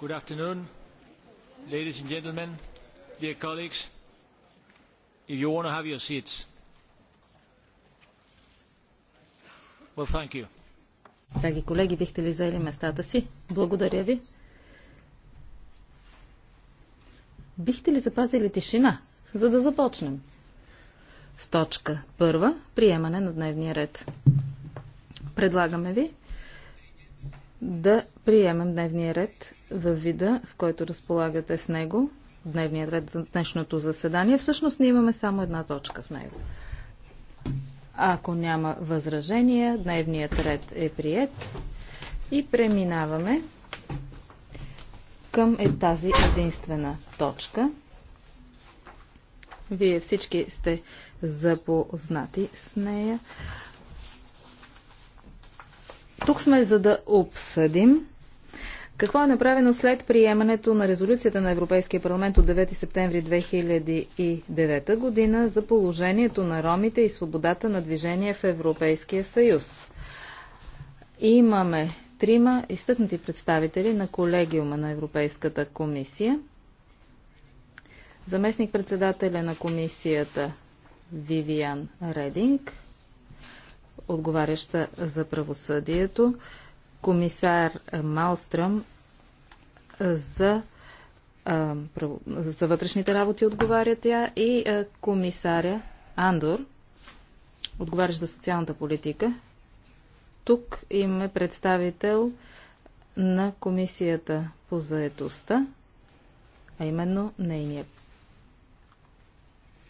Good afternoon, ladies and gentlemen, dear colleagues. If you want to have your seats. Well, thank you. Драги колеги, бихте ли заели местата си? Благодаря ви. Бихте ли запазили тишина, за да започнем? С точка първа – приемане на дневния ред. Предлагаме ви да приемем дневния ред във вида, в който разполагате с него, дневния ред за днешното заседание. Всъщност ние имаме само една точка в него. Ако няма възражения, дневният ред е прият и преминаваме към е тази единствена точка. Вие всички сте запознати с нея. Тук сме за да обсъдим какво е направено след приемането на резолюцията на Европейския парламент от 9 септември 2009 година за положението на ромите и свободата на движение в Европейския съюз? Имаме трима изтъкнати представители на колегиума на Европейската комисия. Заместник председателя на комисията Вивиан Рединг – отговаряща за правосъдието, комисар Малстръм за, за вътрешните работи отговаря тя и комисаря Андор, отговарящ за социалната политика. Тук им е представител на комисията по заедостта, а именно нейният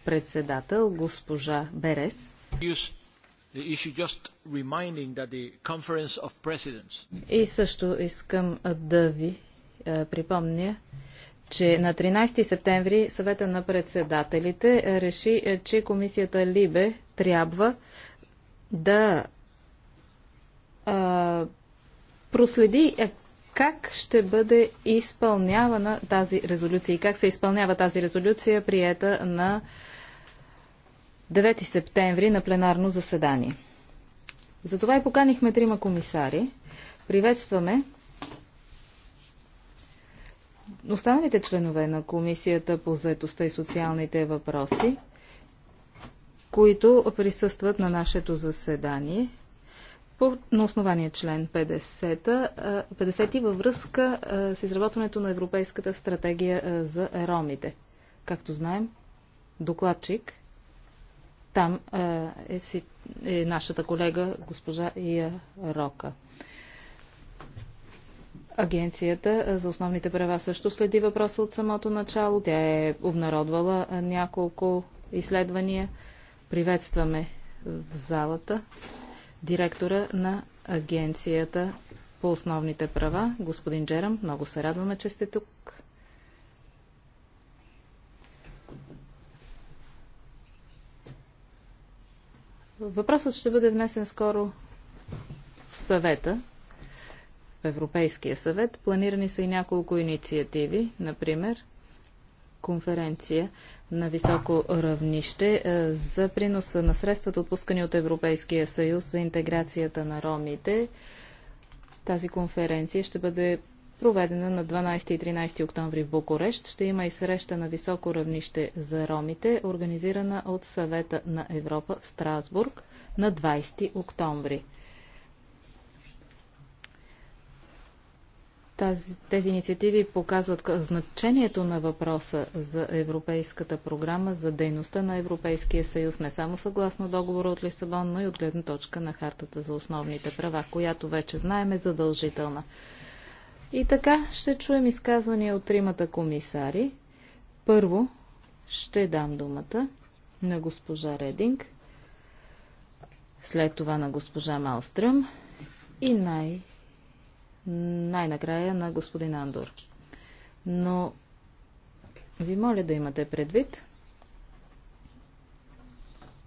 председател, госпожа Берес. The issue just reminding that the Conference of Presidents. И също искам да ви е, припомня, че на 13 септември съвета на председателите реши, че комисията Либе трябва да е, проследи как ще бъде изпълнявана тази резолюция и как се изпълнява тази резолюция, приета на 9 септември на пленарно заседание. Затова и поканихме трима комисари. Приветстваме останалите членове на Комисията по заетостта и социалните въпроси, които присъстват на нашето заседание по, на основание член 50, 50 във връзка с изработването на Европейската стратегия за ромите. Както знаем, докладчик там е, е вси... е нашата колега госпожа Ия Рока. Агенцията е, за основните права също следи въпроса от самото начало. Тя е обнародвала е, няколко изследвания. Приветстваме в залата директора на Агенцията по основните права, господин Джерам. Много се радваме, че сте тук. Въпросът ще бъде внесен скоро в съвета, в Европейския съвет. Планирани са и няколко инициативи, например конференция на високо равнище е, за приноса на средствата, отпускани от Европейския съюз за интеграцията на ромите. Тази конференция ще бъде проведена на 12 и 13 октомври в Букурещ. Ще има и среща на високо равнище за ромите, организирана от Съвета на Европа в Страсбург на 20 октомври. Тази, тези инициативи показват значението на въпроса за Европейската програма за дейността на Европейския съюз, не само съгласно договора от Лисабон, но и от гледна точка на Хартата за основните права, която вече знаем е задължителна. И така ще чуем изказвания от тримата комисари. Първо ще дам думата на госпожа Рединг, след това на госпожа Малстръм и най- най-накрая на господин Андор. Но ви моля да имате предвид,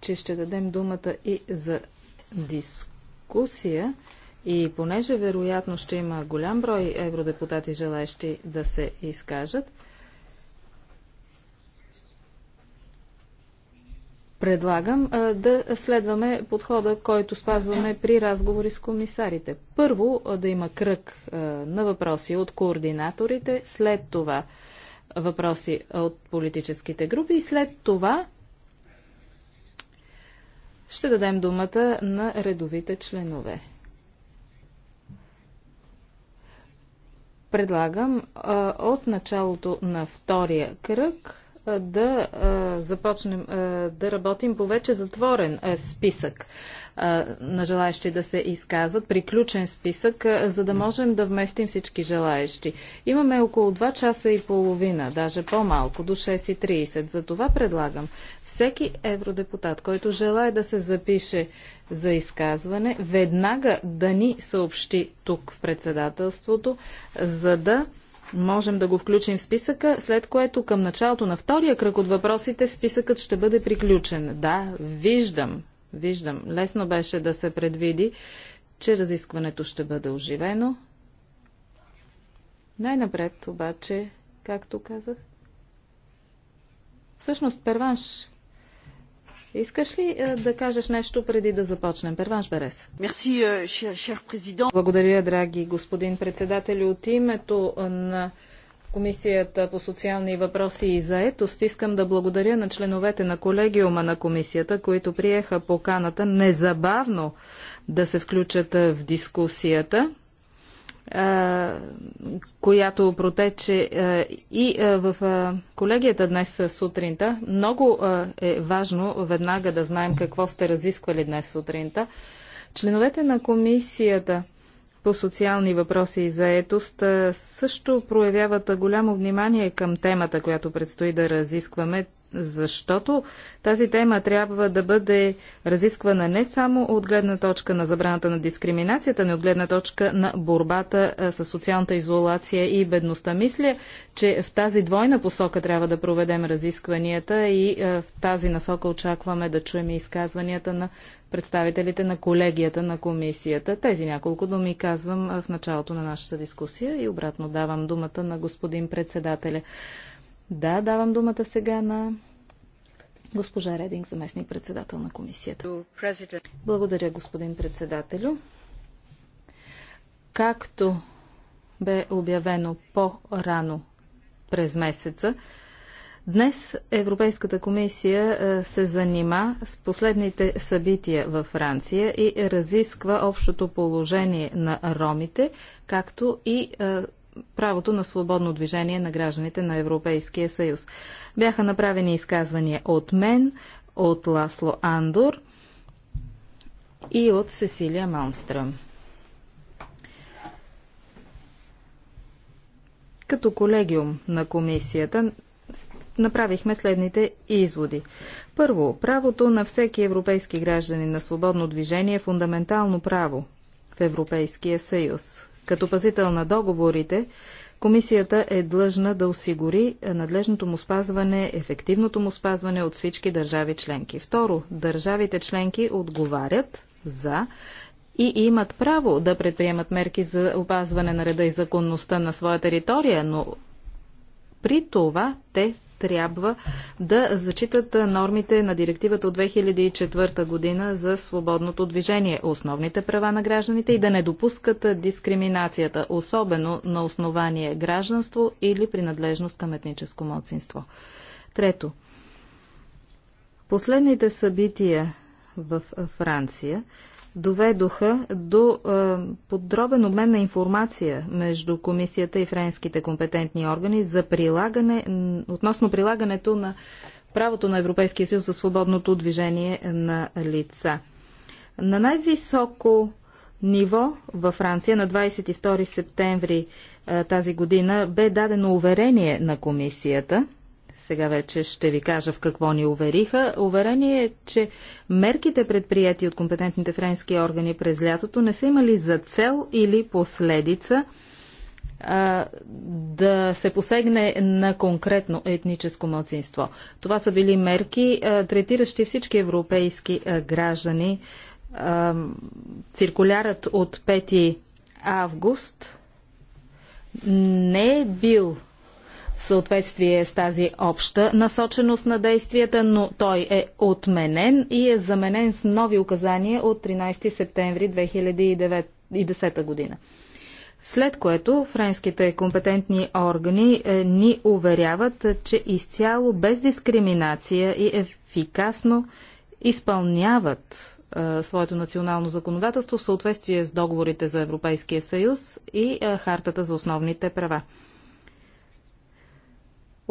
че ще дадем думата и за дискусия и понеже вероятно ще има голям брой евродепутати, желащи да се изкажат, предлагам да следваме подхода, който спазваме при разговори с комисарите. Първо да има кръг на въпроси от координаторите, след това въпроси от политическите групи и след това ще дадем думата на редовите членове. предлагам а, от началото на втория кръг е, да е, започнем е, да работим по вече затворен списък на желаящи да се изказват, приключен списък, за да можем да вместим всички желаящи. Имаме около 2 часа и половина, даже по-малко, до 6.30. За това предлагам всеки евродепутат, който желая да се запише за изказване, веднага да ни съобщи тук в председателството, за да можем да го включим в списъка, след което към началото на втория кръг от въпросите списъкът ще бъде приключен. Да, виждам, виждам. Лесно беше да се предвиди, че разискването ще бъде оживено. Най-напред обаче, както казах, всъщност перванш Искаш ли е, да кажеш нещо преди да започнем? Перванш Берес. Мерси, шер президент. Благодаря, драги господин председател. От името е, на Комисията по социални въпроси и заетост искам да благодаря на членовете на колегиума на комисията, които приеха поканата незабавно да се включат е, в дискусията която протече и в колегията днес сутринта. Много е важно веднага да знаем какво сте разисквали днес сутринта. Членовете на комисията по социални въпроси и заетост също проявяват голямо внимание към темата, която предстои да разискваме защото тази тема трябва да бъде разисквана не само от гледна точка на забраната на дискриминацията, но от гледна точка на борбата с социалната изолация и бедността. Мисля, че в тази двойна посока трябва да проведем разискванията и в тази насока очакваме да чуем и изказванията на представителите на колегията на комисията. Тези няколко думи казвам в началото на нашата дискусия и обратно давам думата на господин председателя. Да, давам думата сега на госпожа Рединг, заместник председател на комисията. Благодаря, господин председателю. Както бе обявено по-рано през месеца, Днес Европейската комисия е, се занима с последните събития във Франция и разисква общото положение на ромите, както и е, правото на свободно движение на гражданите на Европейския съюз. Бяха направени изказвания от мен, от Ласло Андор и от Сесилия Малмстръм. Като колегиум на комисията направихме следните изводи. Първо, правото на всеки европейски гражданин на свободно движение е фундаментално право в Европейския съюз. Като пазител на договорите, Комисията е длъжна да осигури надлежното му спазване, ефективното му спазване от всички държави членки. Второ, държавите членки отговарят за и имат право да предприемат мерки за опазване на реда и законността на своя територия, но при това те трябва да зачитат нормите на директивата от 2004 година за свободното движение, основните права на гражданите и да не допускат дискриминацията, особено на основание гражданство или принадлежност към етническо младсинство. Трето. Последните събития в Франция доведоха до е, подробен обмен на информация между комисията и френските компетентни органи за прилагане, относно прилагането на правото на Европейския съюз за свободното движение на лица. На най-високо ниво във Франция на 22 септември е, тази година бе дадено уверение на комисията – сега вече ще ви кажа в какво ни увериха. Уверение е, че мерките предприяти от компетентните френски органи през лятото не са имали за цел или последица а, да се посегне на конкретно етническо мълцинство. Това са били мерки, а, третиращи всички европейски а, граждани. А, циркулярът от 5 август не е бил съответствие с тази обща насоченост на действията, но той е отменен и е заменен с нови указания от 13 септември 2010 година. След което френските компетентни органи е, ни уверяват, че изцяло без дискриминация и ефикасно изпълняват е, своето национално законодателство в съответствие с договорите за Европейския съюз и е, Хартата за основните права.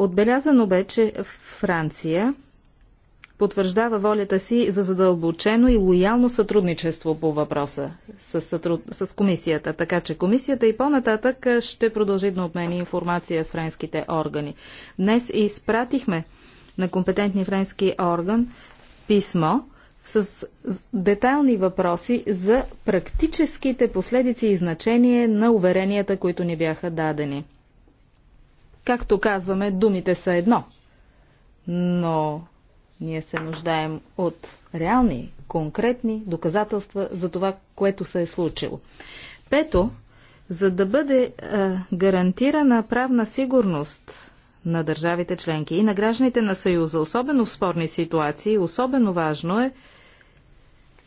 Отбелязано бе, че Франция потвърждава волята си за задълбочено и лоялно сътрудничество по въпроса с, сътруд... с комисията. Така че комисията и по-нататък ще продължи да обмени информация с френските органи. Днес изпратихме на компетентния френски орган писмо с детайлни въпроси за практическите последици и значение на уверенията, които ни бяха дадени. Както казваме, думите са едно, но ние се нуждаем от реални, конкретни доказателства за това, което се е случило. Пето, за да бъде а, е, гарантирана правна сигурност на държавите членки и на гражданите на Съюза, особено в спорни ситуации, особено важно е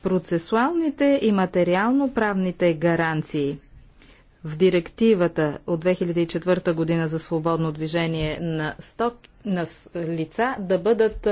процесуалните и материално-правните гаранции в директивата от 2004 година за свободно движение на, сток, на лица да бъдат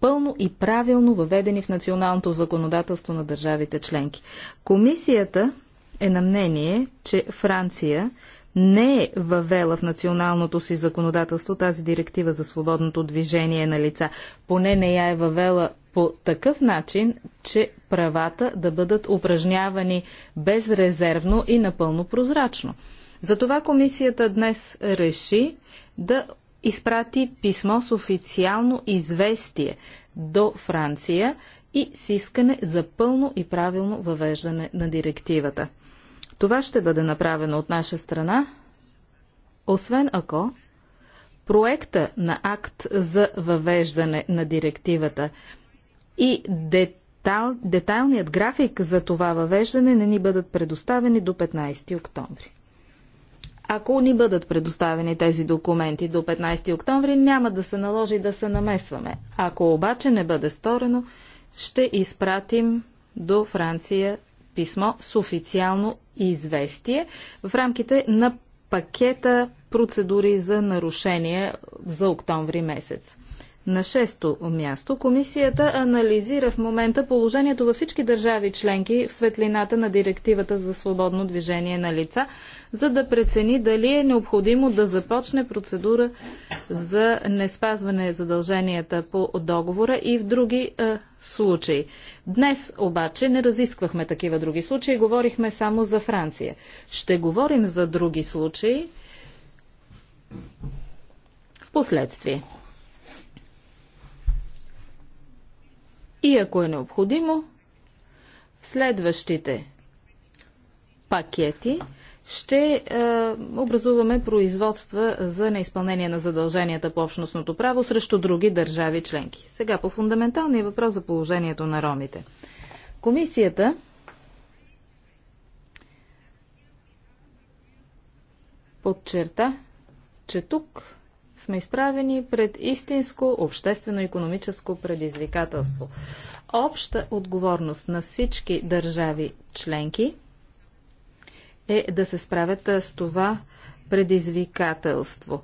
пълно и правилно въведени в националното законодателство на държавите членки. Комисията е на мнение, че Франция не е въвела в националното си законодателство тази директива за свободното движение на лица. Поне не я е въвела по такъв начин, че правата да бъдат упражнявани безрезервно и напълно прозрачно. Затова комисията днес реши да изпрати писмо с официално известие до Франция и с искане за пълно и правилно въвеждане на директивата. Това ще бъде направено от наша страна, освен ако проекта на акт за въвеждане на директивата и детайлите, детал, детайлният график за това въвеждане не ни бъдат предоставени до 15 октомври. Ако ни бъдат предоставени тези документи до 15 октомври, няма да се наложи да се намесваме. Ако обаче не бъде сторено, ще изпратим до Франция писмо с официално известие в рамките на пакета процедури за нарушение за октомври месец. На шесто място комисията анализира в момента положението във всички държави членки в светлината на директивата за свободно движение на лица, за да прецени дали е необходимо да започне процедура за неспазване задълженията по договора и в други е, случаи. Днес обаче не разисквахме такива други случаи, говорихме само за Франция. Ще говорим за други случаи в последствие. и ако е необходимо, в следващите пакети ще е, образуваме производства за неизпълнение на задълженията по общностното право срещу други държави членки. Сега по фундаменталния въпрос за положението на ромите. Комисията подчерта, че тук сме изправени пред истинско обществено-економическо предизвикателство. Обща отговорност на всички държави членки е да се справят с това предизвикателство.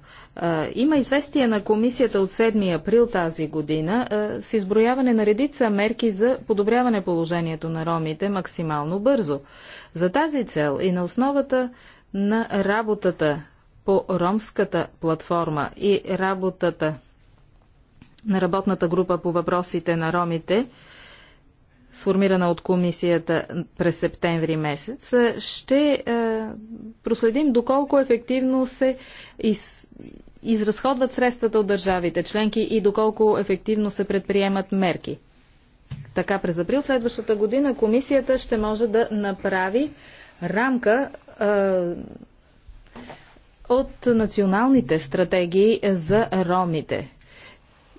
Има известие на комисията от 7 април тази година с изброяване на редица мерки за подобряване положението на ромите максимално бързо. За тази цел и на основата на работата по ромската платформа и работата на работната група по въпросите на ромите, сформирана от комисията през септември месец, е, ще е, проследим доколко ефективно се из, изразходват средствата от държавите членки и доколко ефективно се предприемат мерки. Така през април следващата година комисията ще може да направи рамка е, от националните стратегии за ромите.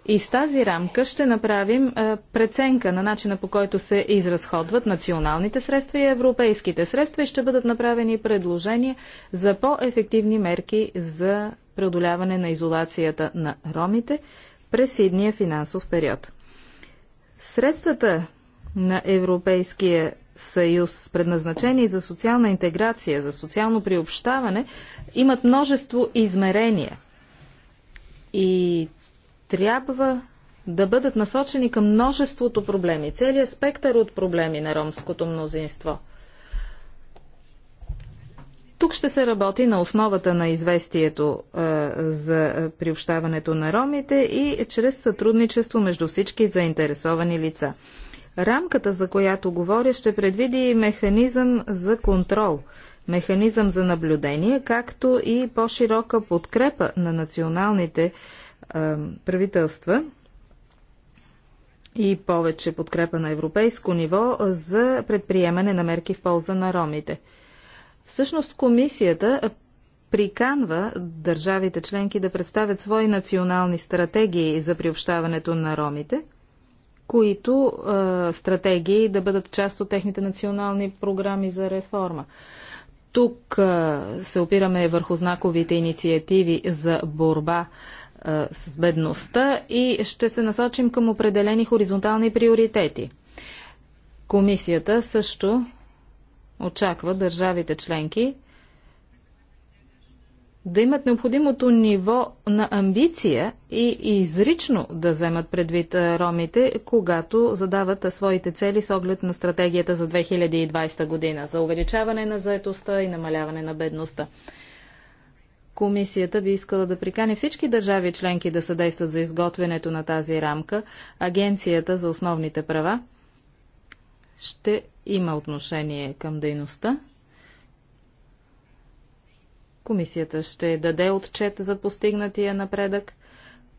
И с тази рамка ще направим е, преценка на начина по който се изразходват националните средства и европейските средства и ще бъдат направени предложения за по-ефективни мерки за преодоляване на изолацията на ромите през идния финансов период. Средствата на Европейския съюз, предназначени за социална интеграция, за социално приобщаване, имат множество измерения. И трябва да бъдат насочени към множеството проблеми, целият спектър от проблеми на ромското мнозинство. Тук ще се работи на основата на известието е, за приобщаването на ромите и чрез сътрудничество между всички заинтересовани лица. Рамката, за която говоря, ще предвиди механизъм за контрол, механизъм за наблюдение, както и по-широка подкрепа на националните е, правителства и повече подкрепа на европейско ниво за предприемане на мерки в полза на ромите. Всъщност комисията приканва държавите членки да представят свои национални стратегии за приобщаването на ромите – които е, стратегии да бъдат част от техните национални програми за реформа. Тук е, се опираме върху знаковите инициативи за борба е, с бедността и ще се насочим към определени хоризонтални приоритети. Комисията също очаква държавите членки да имат необходимото ниво на амбиция и изрично да вземат предвид ромите, когато задават своите цели с оглед на стратегията за 2020 година за увеличаване на заетостта и намаляване на бедността. Комисията би искала да прикани всички държави членки да съдействат за изготвянето на тази рамка. Агенцията за основните права ще има отношение към дейността Комисията ще даде отчет за постигнатия напредък,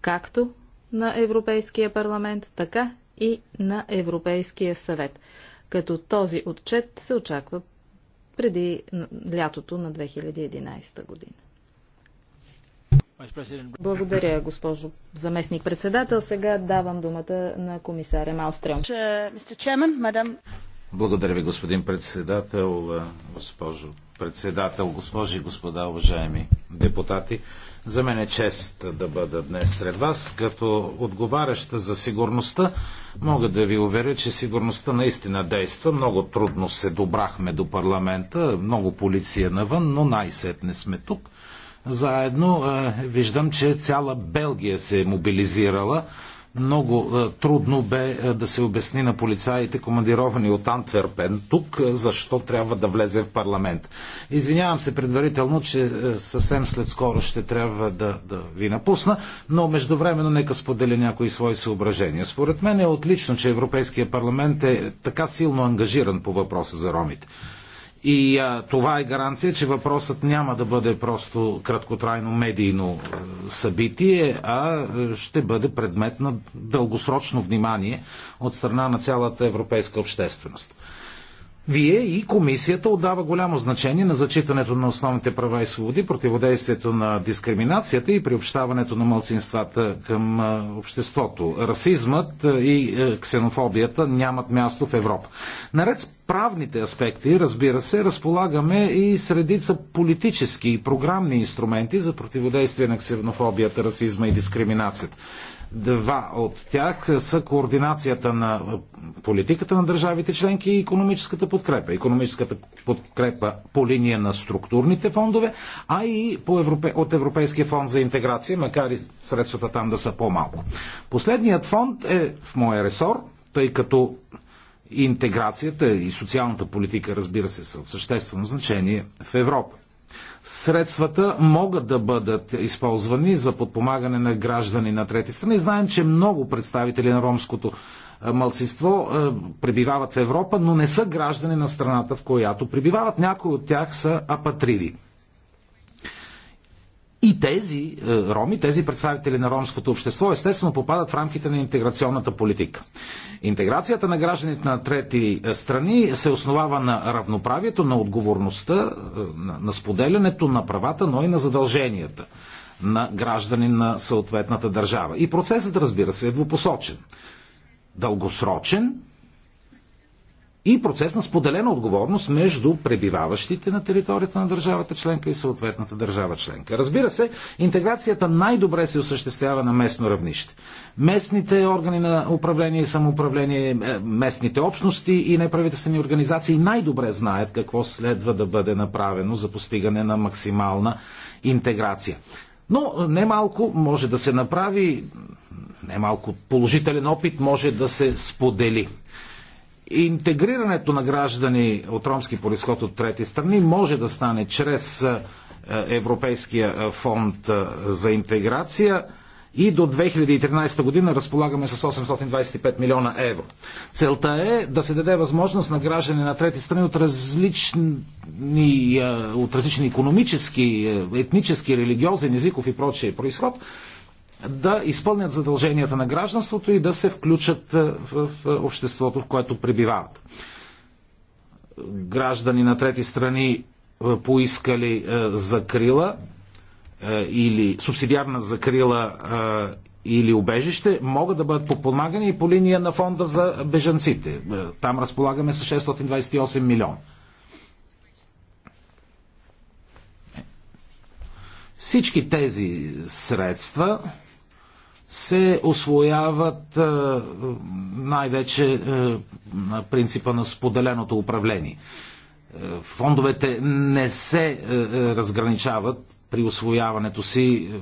както на Европейския парламент, така и на Европейския съвет, като този отчет се очаква преди лятото на 2011 година. Благодаря, госпожо заместник председател. Сега давам думата на комисаря Малстрем. Благодаря ви, господин председател, госпожо председател, госпожи и господа, уважаеми депутати. За мен е чест да бъда днес сред вас. Като отговаряща за сигурността, мога да ви уверя, че сигурността наистина действа. Много трудно се добрахме до парламента, много полиция навън, но най-сетне сме тук. Заедно е, виждам, че цяла Белгия се е мобилизирала много е, трудно бе е, да се обясни на полицаите, командировани от Антверпен, тук е, защо трябва да влезе в парламент. Извинявам се предварително, че съвсем след скоро ще трябва да, да ви напусна, но междувременно нека споделя някои свои съображения. Според мен е отлично, че Европейския парламент е така силно ангажиран по въпроса за ромите. И а, това е гаранция, че въпросът няма да бъде просто краткотрайно медийно е, събитие, а е, ще бъде предмет на дългосрочно внимание от страна на цялата европейска общественост. Вие и комисията отдава голямо значение на зачитането на основните права и свободи, противодействието на дискриминацията и приобщаването на мълцинствата към обществото. Расизмът и ксенофобията нямат място в Европа. Наред с правните аспекти, разбира се, разполагаме и средица политически и програмни инструменти за противодействие на ксенофобията, расизма и дискриминацията. Два от тях са координацията на политиката на държавите членки и економическата подкрепа. Економическата подкрепа по линия на структурните фондове, а и по Европе... от Европейския фонд за интеграция, макар и средствата там да са по-малко. Последният фонд е в моя ресор, тъй като интеграцията и социалната политика, разбира се, са от съществено значение в Европа средствата могат да бъдат използвани за подпомагане на граждани на трети страни. Знаем, че много представители на ромското е, мълсинство е, пребивават в Европа, но не са граждани на страната, в която пребивават. Някои от тях са апатриди. И тези е, роми, тези представители на ромското общество, естествено попадат в рамките на интеграционната политика. Интеграцията на гражданите на трети е, страни се основава на равноправието, на отговорността, е, на споделянето на правата, но и на задълженията на граждани на съответната държава. И процесът, разбира се, е двупосочен. Дългосрочен и процес на споделена отговорност между пребиваващите на територията на държавата членка и съответната държава членка. Разбира се, интеграцията най-добре се осъществява на местно равнище. Местните органи на управление и самоуправление, е, местните общности и неправителствени организации най-добре знаят какво следва да бъде направено за постигане на максимална интеграция. Но немалко може да се направи, немалко положителен опит може да се сподели. Интегрирането на граждани от ромски происход от трети страни може да стане чрез е, Европейския фонд е, за интеграция и до 2013 година разполагаме с 825 милиона евро. Целта е да се даде възможност на граждани на трети страни от различни, е, от различни економически, етнически, религиозен, езиков и прочие происход да изпълнят задълженията на гражданството и да се включат е, в обществото, в което пребивават. Граждани на трети страни е, поискали е, закрила или субсидиарна закрила или убежище могат да бъдат подпомагани и по линия на фонда за бежанците. Там разполагаме с 628 милиона. Всички тези средства се освояват е, най-вече е, на принципа на споделеното управление. Е, фондовете не се разграничават при освояването си е,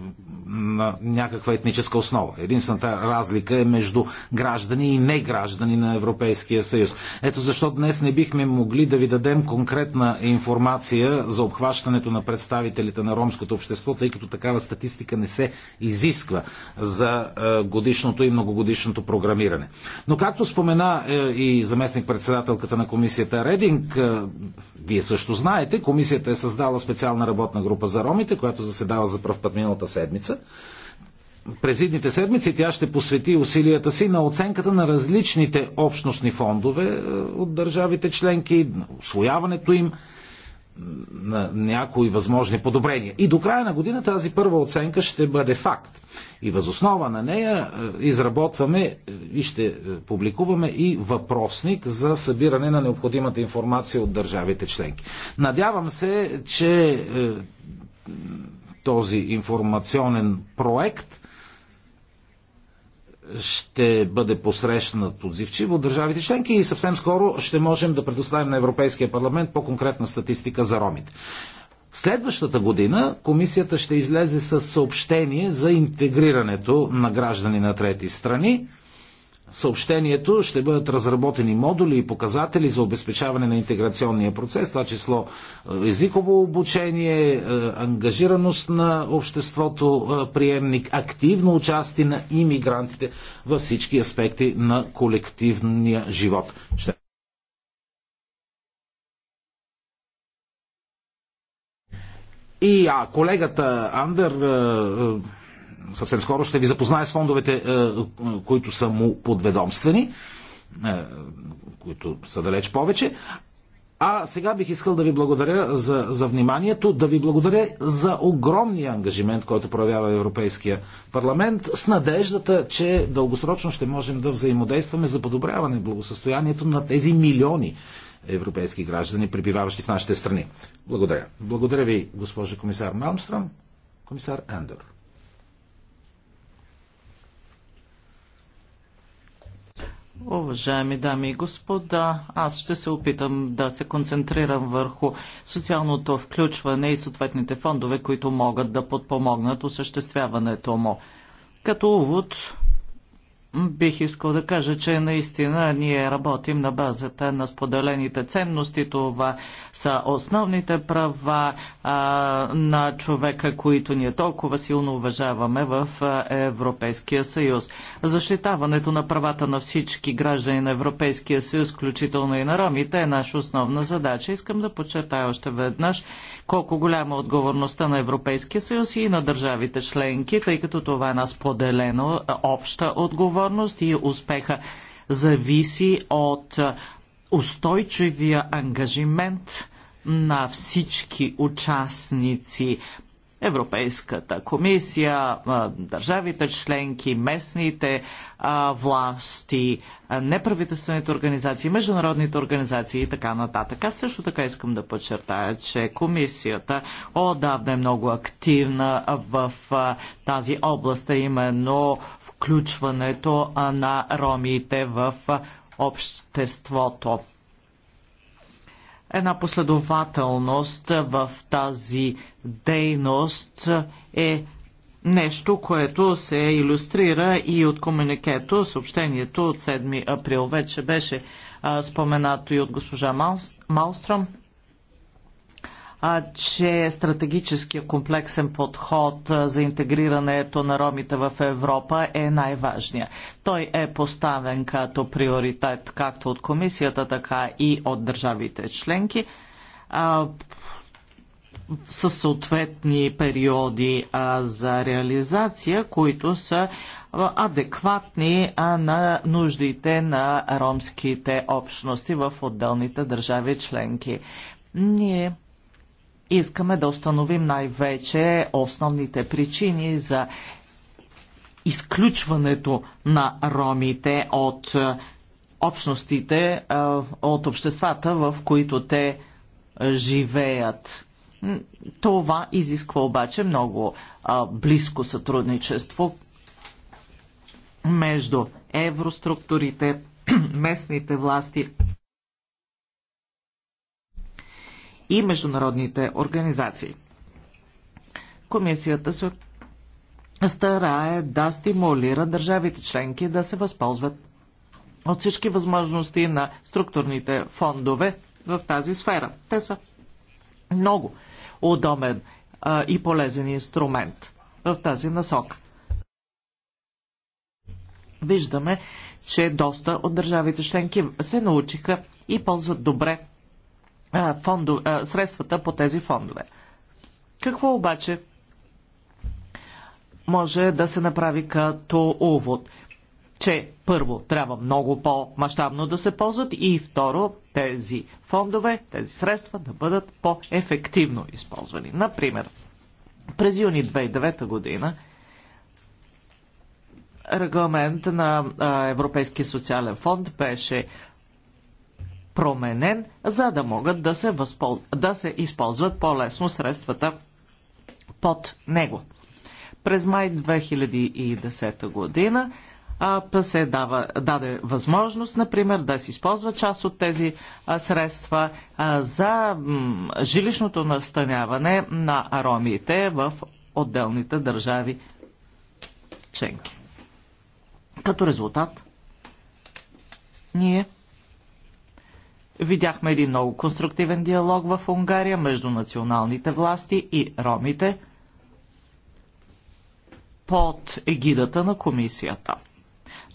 на някаква етническа основа. Единствената разлика е между граждани и не граждани на Европейския съюз. Ето защо днес не бихме могли да ви дадем конкретна информация за обхващането на представителите на ромското общество, тъй като такава статистика не се изисква за е, годишното и многогодишното програмиране. Но както спомена е, и заместник председателката на комисията Рединг, вие също знаете, комисията е създала специална работна група за ромите, която заседава за пръв път миналата седмица. През идните седмици тя ще посвети усилията си на оценката на различните общностни фондове е, от държавите членки, освояването им, на някои възможни подобрения. И до края на година тази първа оценка ще бъде факт. И възоснова на нея е, изработваме е, и ще е, публикуваме и въпросник за събиране на необходимата информация от държавите членки. Надявам се, че този информационен проект – ще бъде посрещнат отзивчиво от държавите членки и съвсем скоро ще можем да предоставим на Европейския парламент по-конкретна статистика за ромите. Следващата година комисията ще излезе с съобщение за интегрирането на граждани на трети страни съобщението ще бъдат разработени модули и показатели за обезпечаване на интеграционния процес, това число е, езиково обучение, е, ангажираност на обществото, е, приемник, активно участие на иммигрантите във всички аспекти на колективния живот. И а, колегата Андер съвсем скоро ще ви запозная с фондовете, е, които са му подведомствени, е, които са далеч повече. А сега бих искал да ви благодаря за, за вниманието, да ви благодаря за огромния ангажимент, който проявява Европейския парламент, с надеждата, че дългосрочно ще можем да взаимодействаме за подобряване благосъстоянието на тези милиони европейски граждани, прибиваващи в нашите страни. Благодаря. Благодаря ви, госпожа комисар Малмстрам, комисар Андер. Уважаеми дами и господа, аз ще се опитам да се концентрирам върху социалното включване и съответните фондове, които могат да подпомогнат осъществяването му. Като увод Бих искал да кажа, че наистина ние работим на базата на споделените ценности. Това са основните права а, на човека, които ние толкова силно уважаваме в Европейския съюз. Защитаването на правата на всички граждани на Европейския съюз, включително и на ромите, е наша основна задача. Искам да подчертая още веднъж колко голяма е отговорността на Европейския съюз и на държавите членки, тъй като това е една споделена обща отговорност отговорност и успеха зависи от устойчивия ангажимент на всички участници Европейската комисия, държавите членки, местните власти, неправителствените организации, международните организации и така нататък. Аз също така искам да подчертая, че комисията отдавна е много активна в тази област, именно включването на ромите в обществото една последователност в тази дейност е нещо, което се иллюстрира и от комуникето, съобщението от 7 април. Вече беше а, споменато и от госпожа Малстром че стратегическия комплексен подход за интегрирането на ромите в Европа е най-важният. Той е поставен като приоритет както от комисията, така и от държавите членки. със съответни периоди а, за реализация, които са адекватни а, на нуждите на ромските общности в отделните държави членки. Ние искаме да установим най-вече основните причини за изключването на ромите от е, общностите, е, от обществата, в които те живеят. Това изисква обаче много е, близко сътрудничество между евроструктурите, местните власти, и международните организации. Комисията се старае да стимулира държавите членки да се възползват от всички възможности на структурните фондове в тази сфера. Те са много удобен а, и полезен инструмент в тази насока. Виждаме, че доста от държавите членки се научиха и ползват добре а, фондо, а, средствата по тези фондове. Какво обаче може да се направи като увод? Че първо трябва много по-масштабно да се ползват и второ тези фондове, тези средства да бъдат по-ефективно използвани. Например, през юни 2009 година регламент на Европейския социален фонд беше променен, за да могат да се, възпол... да се използват по-лесно средствата под него. През май 2010 година а, се дава, даде възможност, например, да се използва част от тези а, средства а, за м, жилищното настаняване на аромите в отделните държави членки. Като резултат, ние Видяхме един много конструктивен диалог в Унгария между националните власти и ромите под егидата на комисията.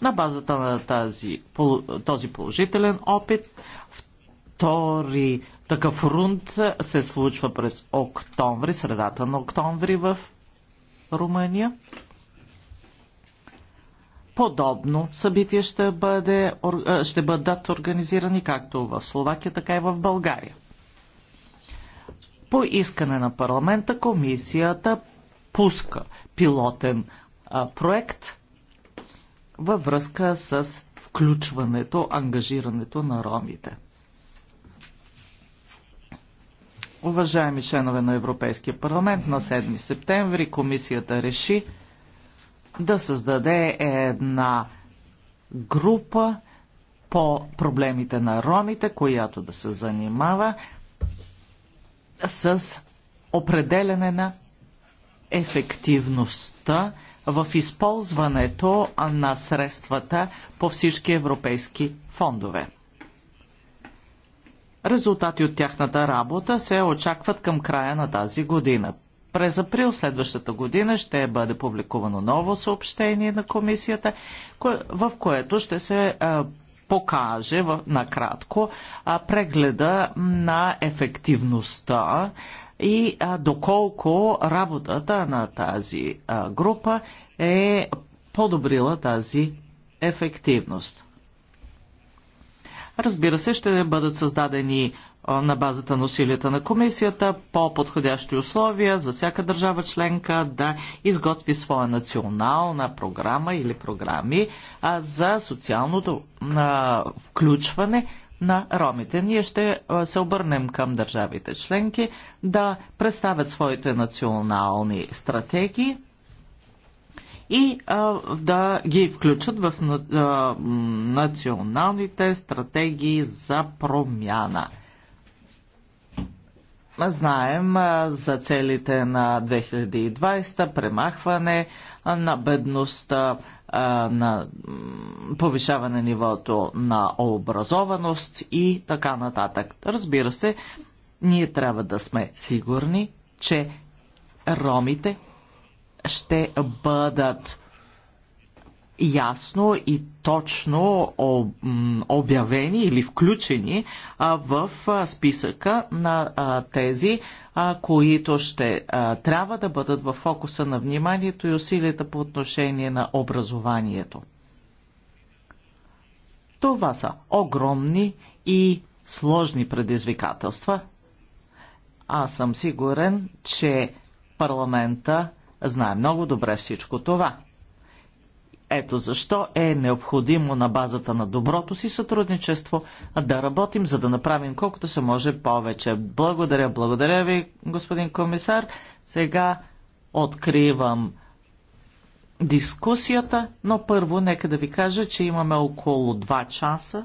На базата на тази, този положителен опит, втори такъв рунд се случва през октомври, средата на октомври в Румъния подобно събитие ще, бъде, ще бъдат организирани както в Словакия, така и в България. По искане на парламента комисията пуска пилотен а, проект във връзка с включването, ангажирането на ромите. Уважаеми членове на Европейския парламент, на 7 септември комисията реши да създаде една група по проблемите на ромите, която да се занимава с определене на ефективността в използването на средствата по всички европейски фондове. Резултати от тяхната работа се очакват към края на тази година през април следващата година ще бъде публикувано ново съобщение на комисията, в което ще се покаже накратко прегледа на ефективността и доколко работата на тази група е подобрила тази ефективност. Разбира се, ще бъдат създадени на базата на усилията на комисията по подходящи условия за всяка държава членка да изготви своя национална програма или програми за социалното включване на ромите. Ние ще се обърнем към държавите членки да представят своите национални стратегии и а, да ги включат в а, националните стратегии за промяна. Знаем за целите на 2020 премахване на бедността, на повишаване нивото на образованост и така нататък. Разбира се, ние трябва да сме сигурни, че ромите ще бъдат ясно и точно обявени или включени в списъка на тези, които ще трябва да бъдат в фокуса на вниманието и усилията по отношение на образованието. Това са огромни и сложни предизвикателства. Аз съм сигурен, че парламента знае много добре всичко това. Ето защо е необходимо на базата на доброто си сътрудничество да работим, за да направим колкото се може повече. Благодаря, благодаря ви, господин комисар. Сега откривам дискусията, но първо нека да ви кажа, че имаме около 2 часа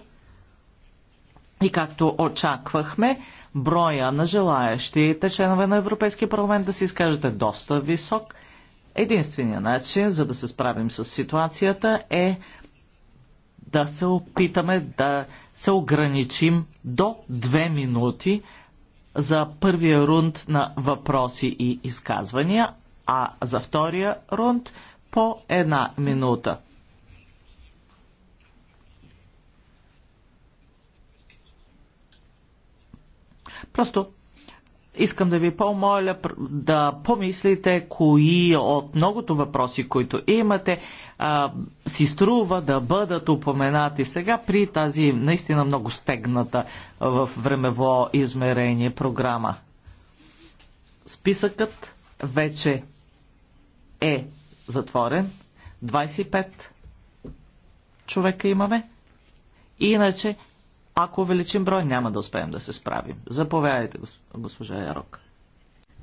и както очаквахме, броя на желаящите членове на Европейския парламент да се изкажат е доста висок – Единственият начин за да се справим с ситуацията е да се опитаме да се ограничим до две минути за първия рунд на въпроси и изказвания, а за втория рунд по една минута. Просто Искам да ви помоля да помислите кои от многото въпроси, които имате, а, си струва да бъдат упоменати сега при тази наистина много стегната в времево измерение програма. Списъкът вече е затворен. 25 човека имаме. Иначе ако увеличим брой, няма да успеем да се справим. Заповядайте, госпожа Ярок.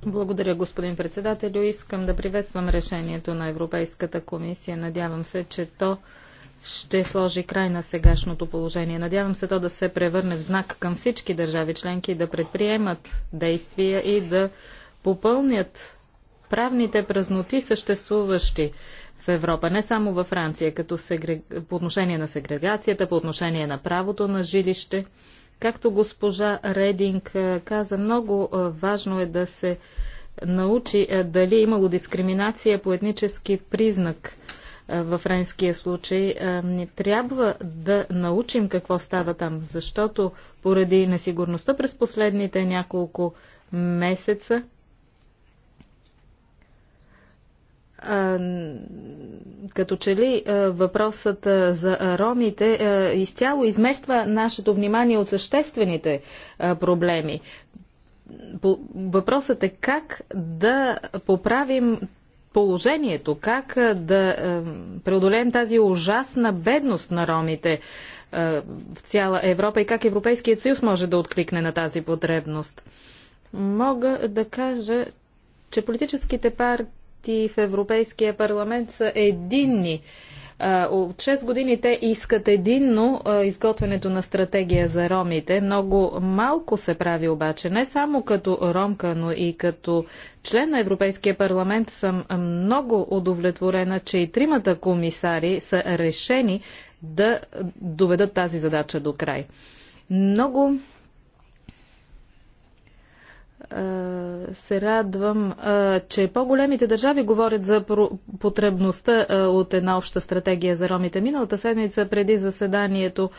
Благодаря, господин председателю. Искам да приветствам решението на Европейската комисия. Надявам се, че то ще сложи край на сегашното положение. Надявам се то да се превърне в знак към всички държави членки да предприемат действия и да попълнят правните празноти, съществуващи в Европа, не само във Франция, като сегрег... по отношение на сегрегацията, по отношение на правото на жилище. Както госпожа Рединг каза, много важно е да се научи дали е имало дискриминация по етнически признак във френския случай. Не трябва да научим какво става там, защото поради несигурността през последните няколко месеца като че ли въпросът за ромите изцяло измества нашето внимание от съществените проблеми. Въпросът е как да поправим положението, как да преодолеем тази ужасна бедност на ромите в цяла Европа и как Европейският съюз може да откликне на тази потребност. Мога да кажа, че политическите партии партии в Европейския парламент са единни. От 6 години те искат единно изготвянето на стратегия за ромите. Много малко се прави обаче, не само като ромка, но и като член на Европейския парламент съм много удовлетворена, че и тримата комисари са решени да доведат тази задача до край. Много се радвам, че по-големите държави говорят за потребността от една обща стратегия за ромите. Миналата седмица преди заседанието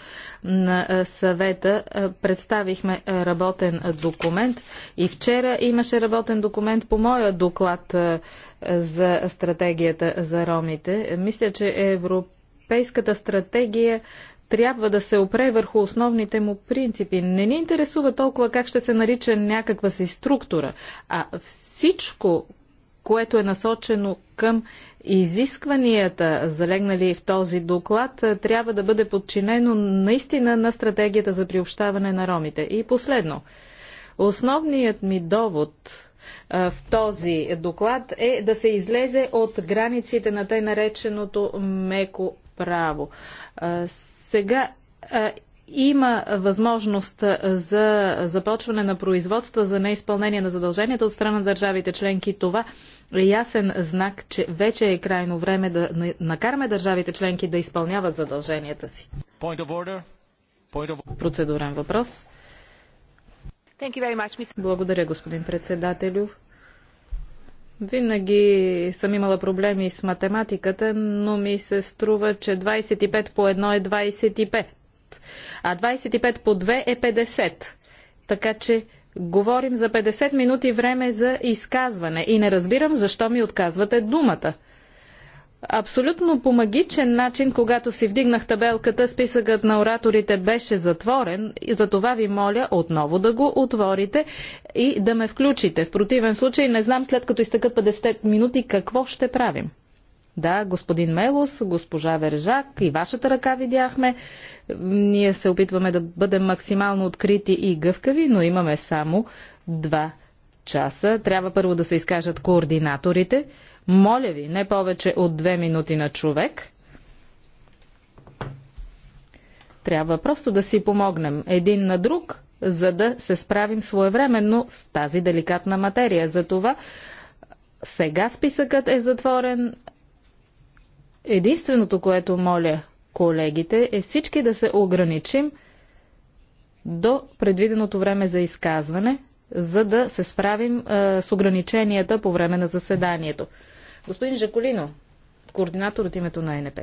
на съвета представихме работен документ и вчера имаше работен документ по моя доклад за стратегията за ромите. Мисля, че Европейската стратегия трябва да се опре върху основните му принципи. Не ни интересува толкова как ще се нарича някаква си структура, а всичко, което е насочено към изискванията, залегнали в този доклад, е, трябва да бъде подчинено наистина на стратегията за приобщаване на ромите. И последно, основният ми довод е, в този доклад е да се излезе от границите на тъй нареченото меко право. Е, сега а, има възможност за започване на производства за неизпълнение на задълженията от страна на държавите членки. Това е ясен знак, че вече е крайно време да накараме държавите членки да изпълняват задълженията си. Point of order. Point of... Процедурен въпрос. Much, Благодаря, господин председателю. Винаги съм имала проблеми с математиката, но ми се струва, че 25 по 1 е 25, а 25 по 2 е 50. Така че говорим за 50 минути време за изказване и не разбирам защо ми отказвате думата. Абсолютно по магичен начин, когато си вдигнах табелката, списъкът на ораторите беше затворен и за това ви моля отново да го отворите и да ме включите. В противен случай не знам след като изтъкат 50 минути какво ще правим. Да, господин Мелос, госпожа Вержак и вашата ръка видяхме. Ние се опитваме да бъдем максимално открити и гъвкави, но имаме само два часа. Трябва първо да се изкажат координаторите. Моля ви, не повече от две минути на човек. Трябва просто да си помогнем един на друг, за да се справим своевременно с тази деликатна материя. Затова сега списъкът е затворен. Единственото, което моля колегите, е всички да се ограничим до предвиденото време за изказване, за да се справим е, с ограниченията по време на заседанието. Господин Жаколино, координатор от името на НП.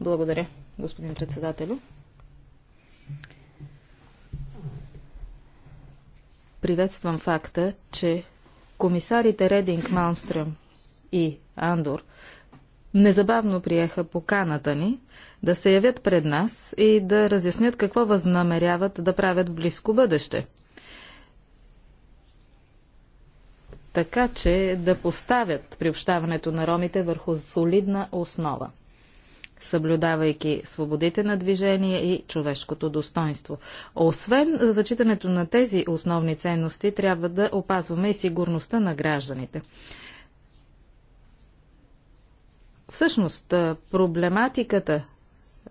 Благодаря, господин председателю. Приветствам факта, че комисарите Рединг, Малмстръм и Андор незабавно приеха поканата ни да се явят пред нас и да разяснят какво възнамеряват да правят в близко бъдеще. така че да поставят приобщаването на ромите върху солидна основа, съблюдавайки свободите на движение и човешкото достоинство. Освен зачитането на тези основни ценности, трябва да опазваме и сигурността на гражданите. Всъщност, проблематиката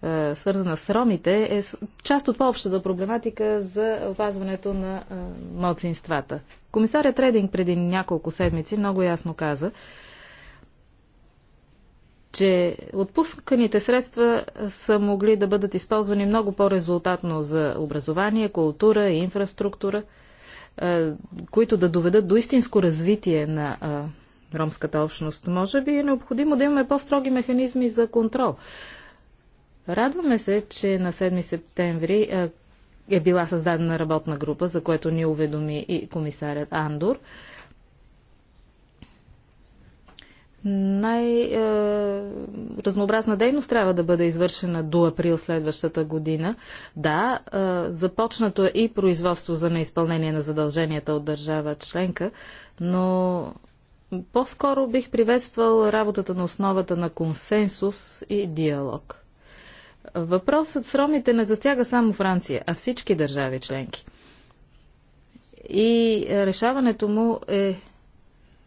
е, свързана с ромите, е част от по-общата проблематика за опазването на е, младсинствата. Комисарят Трединг преди няколко седмици много ясно каза, че отпусканите средства са могли да бъдат използвани много по-резултатно за образование, култура и инфраструктура, е, които да доведат до истинско развитие на ромската общност. Може би е необходимо да имаме по-строги механизми за контрол. Радваме се, че на 7 септември е била създадена работна група, за което ни уведоми и комисарят Андор. Най-разнообразна дейност трябва да бъде извършена до април следващата година. Да, започнато е и производство за неизпълнение на задълженията от държава членка, но по-скоро бих приветствал работата на основата на консенсус и диалог. Въпросът с ромите не засяга само Франция, а всички държави членки. И е, решаването му е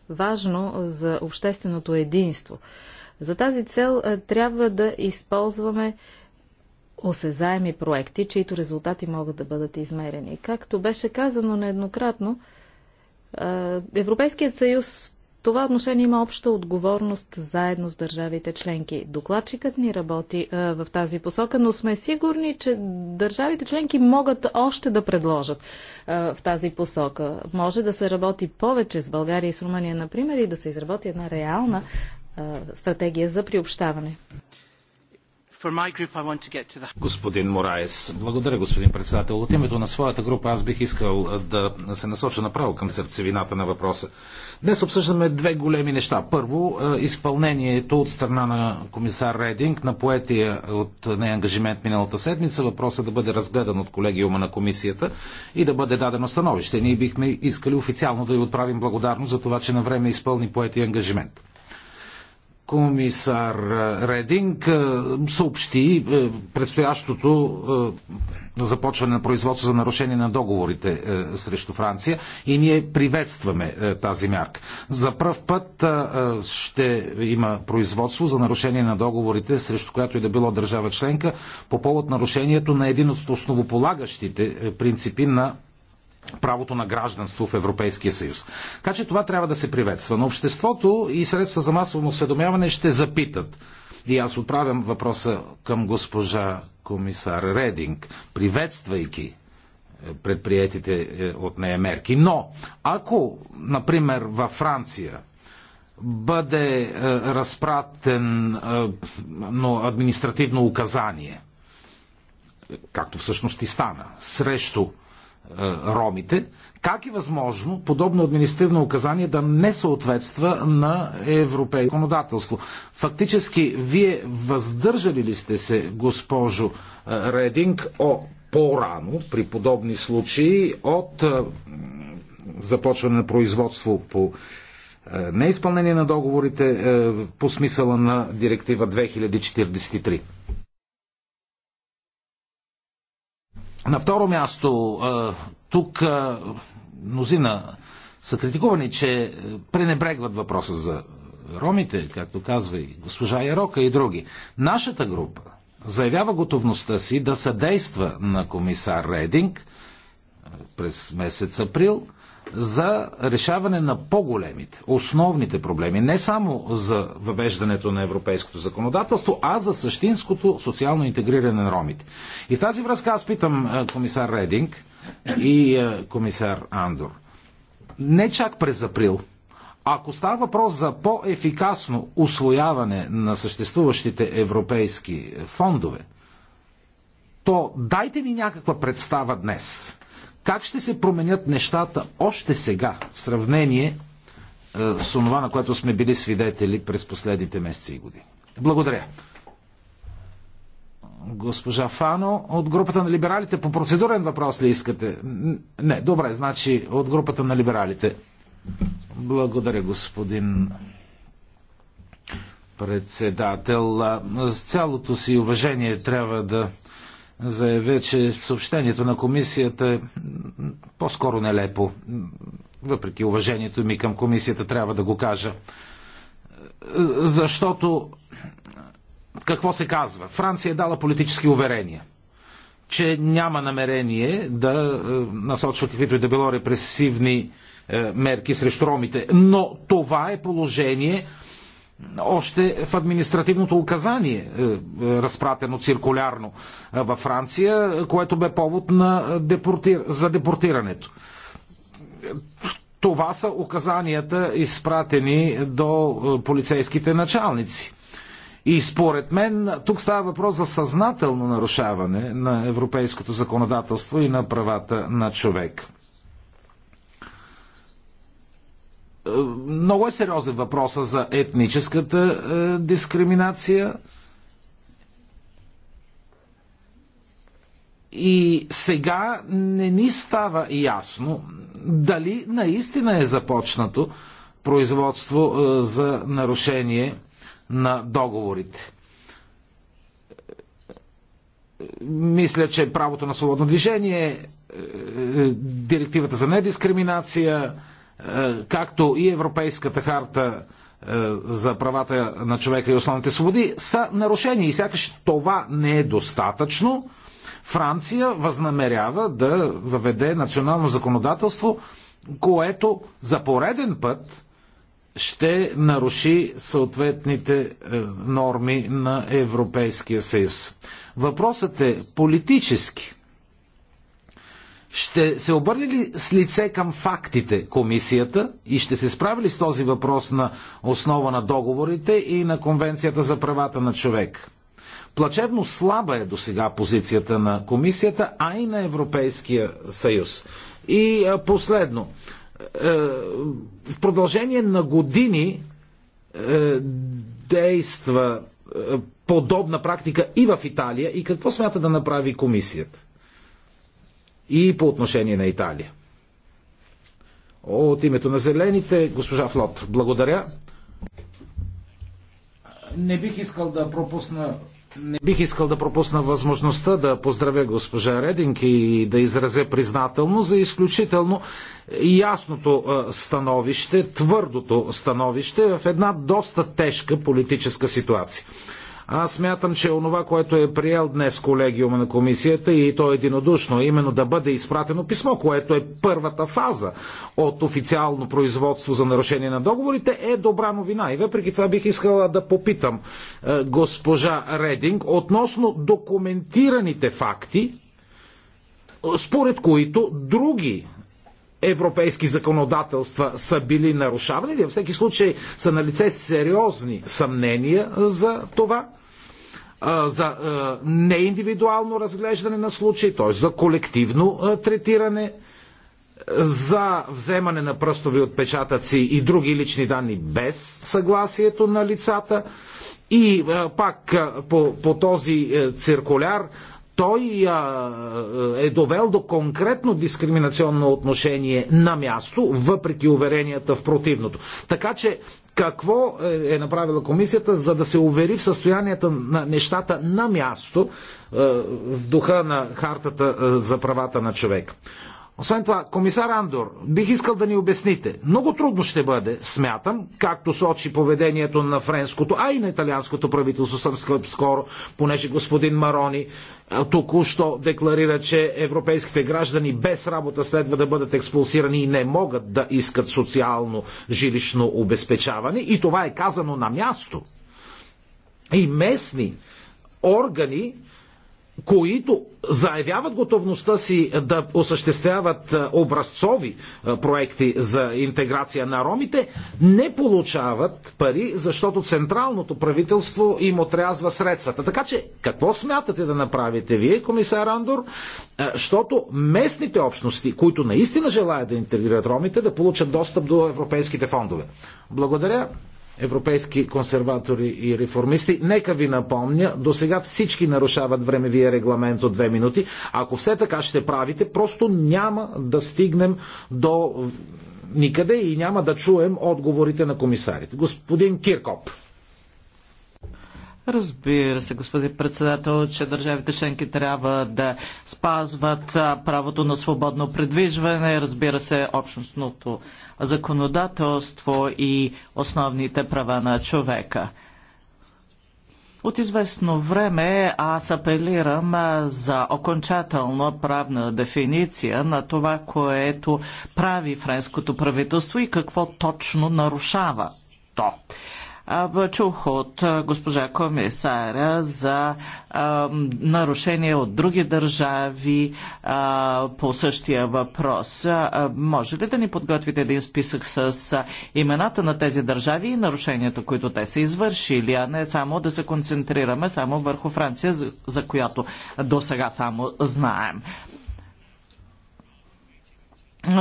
важно за общественото единство. За тази цел е, трябва да използваме осезаеми проекти, чието резултати могат да бъдат измерени. Както беше казано нееднократно, е, Европейският съюз това отношение има обща отговорност заедно с държавите членки. Докладчикът ни работи а, в тази посока, но сме сигурни, че държавите членки могат още да предложат а, в тази посока. Може да се работи повече с България и с Румъния, например, и да се изработи една реална а, стратегия за приобщаване. Господин Мораес, благодаря, господин председател. От името на своята група аз бих искал да се насоча направо към сърцевината на въпроса. Днес обсъждаме две големи неща. Първо, изпълнението от страна на комисар Рединг на поетия от нея ангажимент миналата седмица. Въпросът да бъде разгледан от колегиума на комисията и да бъде дадено становище. Ние бихме искали официално да й отправим благодарност за това, че на време изпълни поетия ангажимент комисар Рединг е, съобщи е, предстоящото е, започване на производство за нарушение на договорите срещу Франция и ние приветстваме тази мярка. За пръв път ще има производство за нарушение на договорите срещу която и да било държава членка по повод нарушението на един от основополагащите принципи на правото на гражданство в Европейския съюз. Така че това трябва да се приветства. Но обществото и средства за масово осведомяване ще запитат. И аз отправям въпроса към госпожа комисар Рединг, приветствайки е, предприятите е, от нея мерки. Но, ако, например, във Франция бъде е, разпратен е, но административно указание, е, както всъщност и стана, срещу е, ромите, как е възможно подобно административно указание да не съответства на европейско законодателство? Фактически, вие въздържали ли сте се, госпожо е, Рединг, о, по-рано, при подобни случаи, от е, започване на производство по неизпълнение на договорите по смисъла на директива 2043? На второ място, тук мнозина са критикувани, че е, пренебрегват въпроса за ромите, както казва и госпожа Ярока и други. Нашата група заявява готовността си да съдейства на комисар Рединг през месец април за решаване на по-големите, основните проблеми, не само за въвеждането на европейското законодателство, а за същинското социално интегриране на ромите. И в тази връзка аз питам е, комисар Рединг и е, комисар Андор. Не чак през април, ако става въпрос за по-ефикасно освояване на съществуващите европейски фондове, то дайте ни някаква представа днес как ще се променят нещата още сега в сравнение е, с онова, на което сме били свидетели през последните месеци и години? Благодаря. Госпожа Фано, от групата на либералите по процедурен въпрос ли искате? Не, добре, значи от групата на либералите. Благодаря, господин председател. С цялото си уважение трябва да заявя, че съобщението на комисията е по-скоро нелепо. Въпреки уважението ми към комисията, трябва да го кажа. Защото какво се казва? Франция е дала политически уверения, че няма намерение да е, насочва каквито и да било репресивни е, мерки срещу ромите. Но това е положение, още в административното указание, е, е, разпратено циркулярно е, във Франция, което бе повод на депортир... за депортирането. Това са указанията, изпратени до полицейските началници. И според мен тук става въпрос за съзнателно нарушаване на европейското законодателство и на правата на човек. много е сериозен въпроса за етническата е, дискриминация. И сега не ни става ясно дали наистина е започнато производство е, за нарушение на договорите. Мисля, че правото на свободно движение, е, директивата за недискриминация, е, както и Европейската харта е, за правата на човека и основните свободи, са нарушени. И сякаш това не е достатъчно. Франция възнамерява да въведе национално законодателство, което за пореден път ще наруши съответните е, норми на Европейския съюз. Въпросът е политически. Ще се обърне ли с лице към фактите комисията и ще се справи ли с този въпрос на основа на договорите и на Конвенцията за правата на човек? Плачевно слаба е до сега позицията на комисията, а и на Европейския съюз. И последно, е, в продължение на години е, действа е, подобна практика и в Италия. И какво смята да направи комисията? и по отношение на Италия. От името на зелените, госпожа Флот, благодаря. Не бих искал да пропусна не бих искал да пропусна възможността да поздравя госпожа Рединг и да изразя признателно за изключително ясното становище, твърдото становище в една доста тежка политическа ситуация. Аз смятам, че онова, което е приел днес колегиума на комисията и то е единодушно, именно да бъде изпратено писмо, което е първата фаза от официално производство за нарушение на договорите, е добра новина. И въпреки това бих искала да попитам е, госпожа Рединг относно документираните факти, според които други европейски законодателства са били нарушавани или във всеки случай са на лице сериозни съмнения за това, за неиндивидуално разглеждане на случаи, т.е. за колективно третиране, за вземане на пръстови отпечатъци и други лични данни без съгласието на лицата. И пак по, по този циркуляр той а, е довел до конкретно дискриминационно отношение на място, въпреки уверенията в противното. Така че какво е, е направила комисията, за да се увери в състоянието на нещата на място в духа на хартата за правата на човека. Освен това, комисар Андор, бих искал да ни обясните. Много трудно ще бъде, смятам, както сочи поведението на френското, а и на италианското правителство съм скоро, понеже господин Марони току-що декларира, че европейските граждани без работа следва да бъдат експулсирани и не могат да искат социално жилищно обезпечаване. И това е казано на място. И местни органи които заявяват готовността си да осъществяват е, образцови е, проекти за интеграция на ромите, не получават пари, защото централното правителство им отрязва средствата. Така че, какво смятате да направите вие, комисар Андор, е, защото местните общности, които наистина желаят да интегрират ромите, да получат достъп до европейските фондове? Благодаря европейски консерватори и реформисти. Нека ви напомня, до сега всички нарушават времевия регламент от две минути. Ако все така ще правите, просто няма да стигнем до никъде и няма да чуем отговорите на комисарите. Господин Киркоп. Разбира се, господин председател, че държавите членки трябва да спазват правото на свободно предвижване, разбира се, общностното законодателство и основните права на човека. От известно време аз апелирам за окончателна правна дефиниция на това, което прави френското правителство и какво точно нарушава то. Чух от госпожа комисаря за нарушения от други държави по същия въпрос. Може ли да ни подготвите един списък с имената на тези държави и нарушенията, които те са извършили, а не само да се концентрираме само върху Франция, за която до сега само знаем?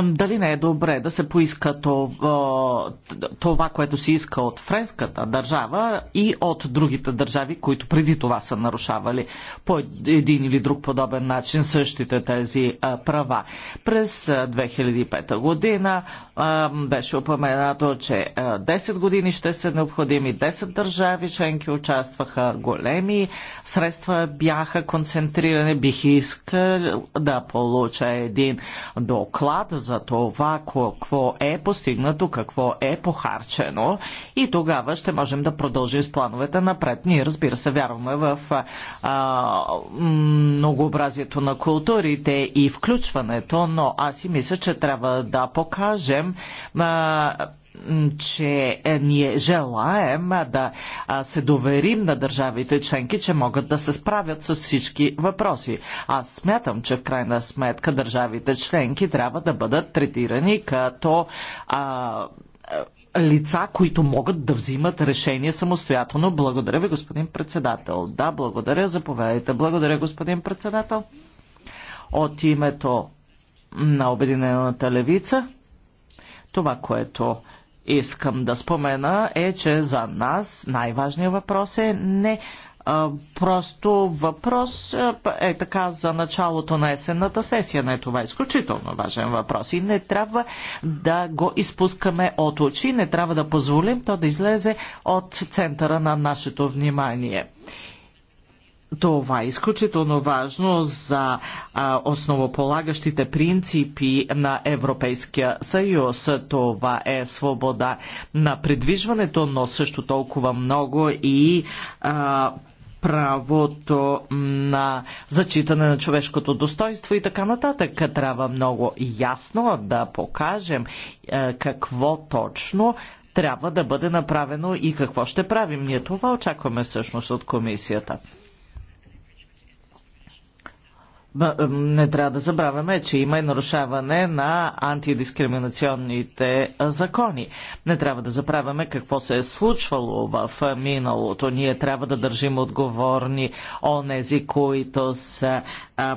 дали не е добре да се поиска това, това, което се иска от френската държава и от другите държави, които преди това са нарушавали по един или друг подобен начин същите тези права. През 2005 година беше упоменато, че 10 години ще са необходими, 10 държави членки участваха, големи средства бяха концентрирани. Бих искал да получа един доклад за това какво е постигнато, какво е похарчено и тогава ще можем да продължим с плановете напред. Ние, разбира се, вярваме в а, многообразието на културите и включването, но аз и мисля, че трябва да покажем а, че е, ние желаем да се доверим на държавите членки, че могат да се справят с всички въпроси. Аз смятам, че в крайна сметка държавите членки трябва да бъдат третирани като а, лица, които могат да взимат решение самостоятелно. Благодаря ви, господин председател. Да, благодаря. Заповядайте. Благодаря, господин председател. От името на Обединената левица, това, което искам да спомена е, че за нас най-важният въпрос е не а, просто въпрос е така за началото на есенната сесия. Не, това е изключително важен въпрос и не трябва да го изпускаме от очи, не трябва да позволим то да излезе от центъра на нашето внимание. Това е изключително важно за а, основополагащите принципи на Европейския съюз. Това е свобода на придвижването, но също толкова много и а, правото на зачитане на човешкото достоинство и така нататък. Трябва много ясно да покажем а, какво точно трябва да бъде направено и какво ще правим. Ние това очакваме всъщност от комисията. Не трябва да забравяме, че има и нарушаване на антидискриминационните закони. Не трябва да забравяме какво се е случвало в миналото. Ние трябва да държим отговорни онези, които са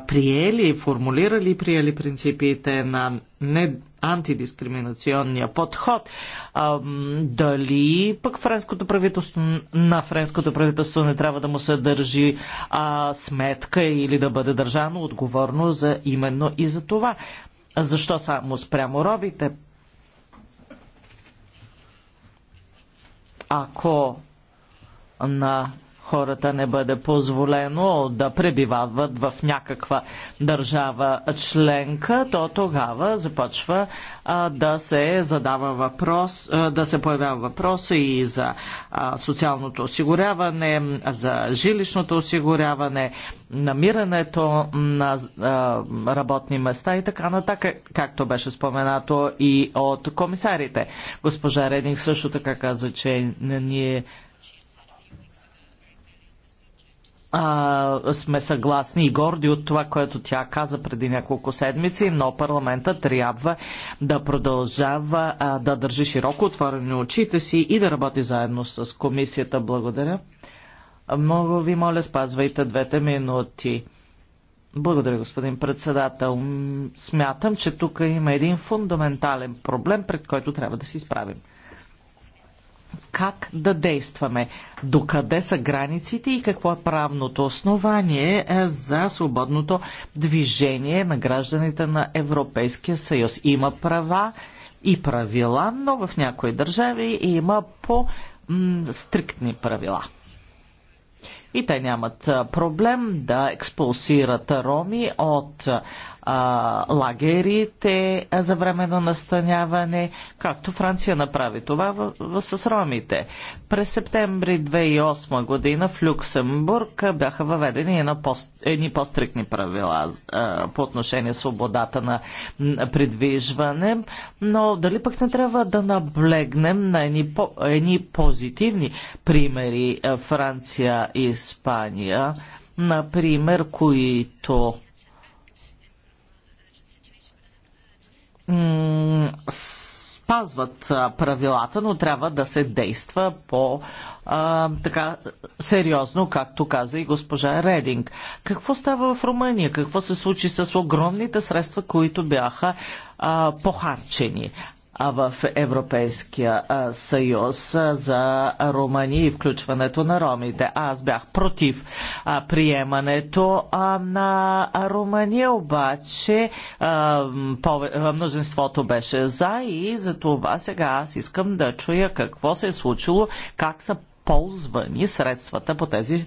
приели, формулирали и приели принципите на не антидискриминационния подход. А, дали пък френското правителство, на френското правителство не трябва да му се държи а, сметка или да бъде държано отговорно за именно и за това? Защо само спрямо робите? Ако на хората не бъде позволено да пребивават в някаква държава членка, то тогава започва а, да се задава въпрос, а, да се появява въпрос и за а, социалното осигуряване, за жилищното осигуряване, намирането на а, работни места и така нататък, както беше споменато и от комисарите. Госпожа Рединг също така каза, че не ние а, сме съгласни и горди от това, което тя каза преди няколко седмици, но парламента трябва да продължава а, да държи широко отворени очите си и да работи заедно с комисията. Благодаря. Много ви моля, спазвайте двете минути. Благодаря, господин председател. Смятам, че тук има един фундаментален проблем, пред който трябва да си справим как да действаме, докъде са границите и какво е правното основание е, за свободното движение на гражданите на Европейския съюз. Има права и правила, но в някои държави има по-стриктни правила и те нямат проблем да експулсират роми от а, лагерите за временно настаняване, както Франция направи това в, в, с ромите. През септември 2008 година в Люксембург бяха въведени едни по-стрикни правила а, по отношение свободата на придвижване, но дали пък не трябва да наблегнем на едни, по, едни позитивни примери Франция и Испания, например, които спазват правилата, но трябва да се действа по а, така сериозно, както каза и госпожа Рединг. Какво става в Румъния? Какво се случи с огромните средства, които бяха а, похарчени? в Европейския съюз за Румъния и включването на ромите. Аз бях против приемането на Румъния, обаче множеството беше за и за това сега аз искам да чуя какво се е случило, как са ползвани средствата по тези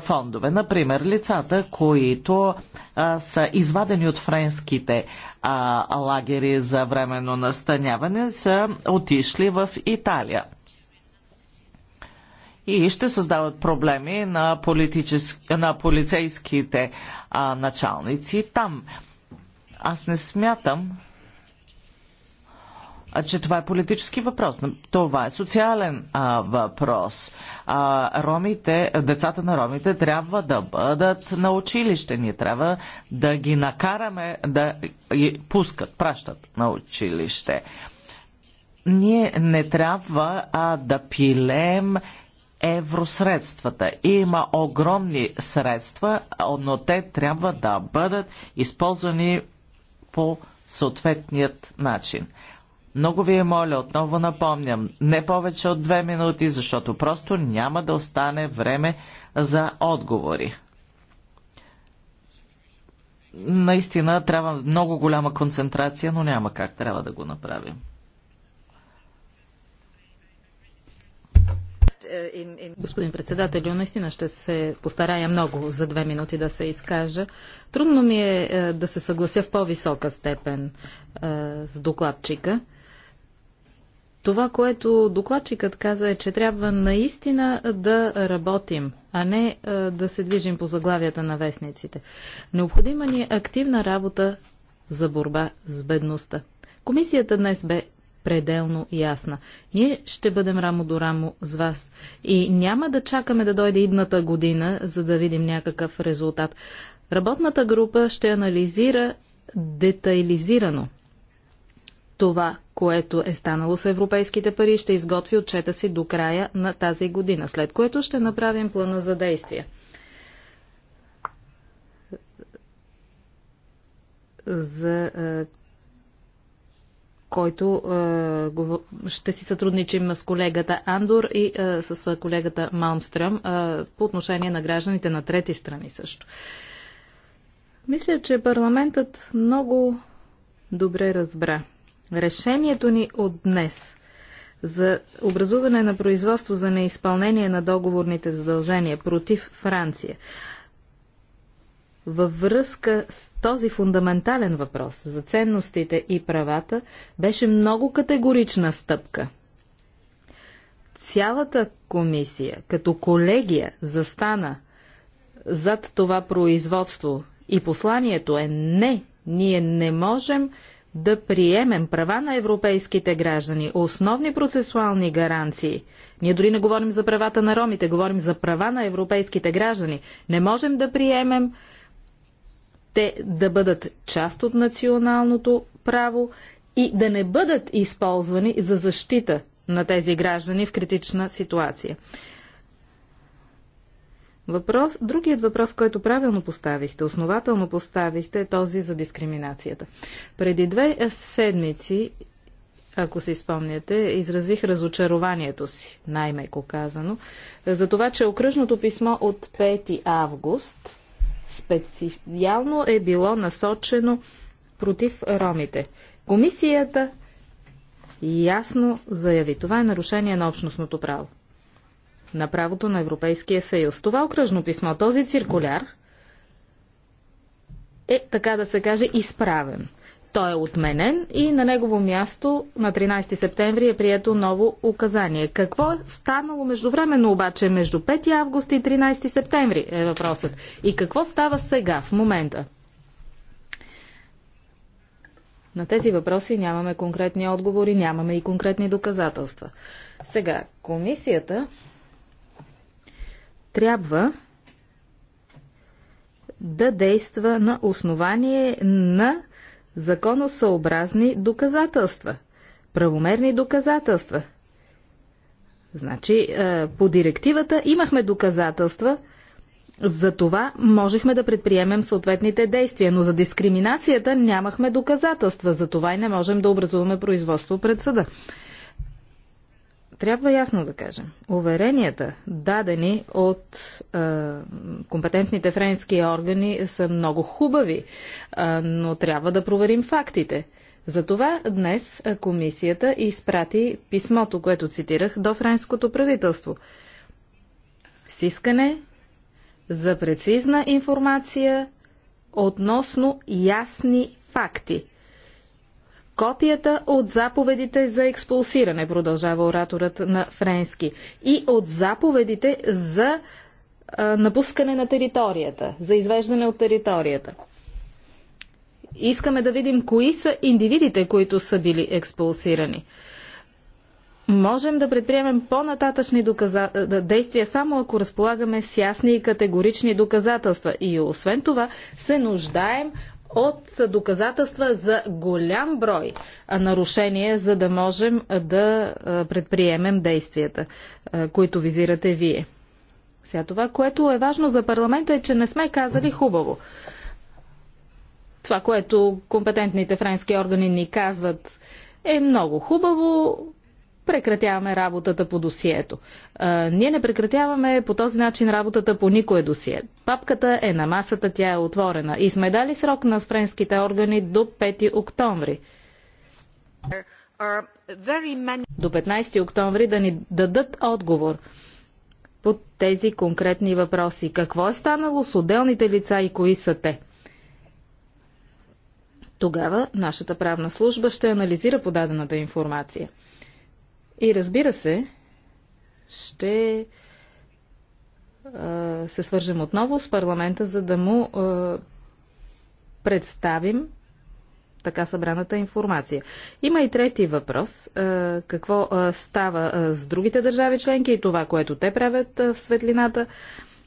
фондове. Например, лицата, които а, са извадени от френските а, лагери за временно настаняване, са отишли в Италия. И ще създават проблеми на, на полицейските а, началници там. Аз не смятам, че това е политически въпрос. Това е социален а, въпрос. А, ромите, децата на ромите трябва да бъдат на училище. Ние трябва да ги накараме да ги пускат, пращат на училище. Ние не трябва а, да пилем евросредствата. Има огромни средства, но те трябва да бъдат използвани по съответният начин. Много ви е моля, отново напомням, не повече от две минути, защото просто няма да остане време за отговори. Наистина трябва много голяма концентрация, но няма как трябва да го направим. Господин председател, наистина ще се постарая много за две минути да се изкажа. Трудно ми е, е да се съглася в по-висока степен е, с докладчика. Това, което докладчикът каза е, че трябва наистина да работим, а не е, да се движим по заглавията на вестниците. Необходима ни е активна работа за борба с бедността. Комисията днес бе пределно ясна. Ние ще бъдем рамо до рамо с вас и няма да чакаме да дойде идната година, за да видим някакъв резултат. Работната група ще анализира детайлизирано това, което е станало с европейските пари, ще изготви отчета си до края на тази година, след което ще направим плана за действие. За е, който е, ще си сътрудничим с колегата Андор и е, с колегата Малмстръм по отношение на гражданите на трети страни също. Мисля, че парламентът много добре разбра Решението ни от днес за образуване на производство за неизпълнение на договорните задължения против Франция във връзка с този фундаментален въпрос за ценностите и правата беше много категорична стъпка. Цялата комисия като колегия застана зад това производство и посланието е не, ние не можем да приемем права на европейските граждани, основни процесуални гаранции. Ние дори не говорим за правата на ромите, говорим за права на европейските граждани. Не можем да приемем те да бъдат част от националното право и да не бъдат използвани за защита на тези граждани в критична ситуация. Въпрос, другият въпрос, който правилно поставихте, основателно поставихте, е този за дискриминацията. Преди две седмици, ако се изпомняте, изразих разочарованието си, най-меко казано, за това, че окръжното писмо от 5 август специално е било насочено против ромите. Комисията ясно заяви, това е нарушение на общностното право на правото на Европейския съюз. Това окръжно писмо, този циркуляр е, така да се каже, изправен. Той е отменен и на негово място на 13 септември е прието ново указание. Какво е станало междувременно обаче между 5 август и 13 септември е въпросът. И какво става сега, в момента? На тези въпроси нямаме конкретни отговори, нямаме и конкретни доказателства. Сега, комисията трябва да действа на основание на законосъобразни доказателства, правомерни доказателства. Значи, е, по директивата имахме доказателства, за това можехме да предприемем съответните действия, но за дискриминацията нямахме доказателства, за това и не можем да образуваме производство пред съда трябва ясно да кажем. Уверенията, дадени от е, компетентните френски органи, са много хубави, е, но трябва да проверим фактите. Затова днес комисията изпрати писмото, което цитирах, до френското правителство. С искане за прецизна информация относно ясни факти копията от заповедите за експулсиране, продължава ораторът на Френски, и от заповедите за а, напускане на територията, за извеждане от територията. Искаме да видим кои са индивидите, които са били експулсирани. Можем да предприемем по-нататъчни доказа... действия само ако разполагаме с ясни и категорични доказателства. И освен това се нуждаем от доказателства за голям брой нарушения, за да можем да предприемем действията, които визирате вие. Сега това, което е важно за парламента е, че не сме казали хубаво. Това, което компетентните френски органи ни казват е много хубаво, прекратяваме работата по досието. А, ние не прекратяваме по този начин работата по никое досие. Папката е на масата, тя е отворена. И сме дали срок на френските органи до 5 октомври. До 15 октомври да ни дадат отговор по тези конкретни въпроси. Какво е станало с отделните лица и кои са те? Тогава нашата правна служба ще анализира подадената информация. И разбира се, ще се свържем отново с парламента, за да му представим така събраната информация. Има и трети въпрос. Какво става с другите държави членки и това, което те правят в светлината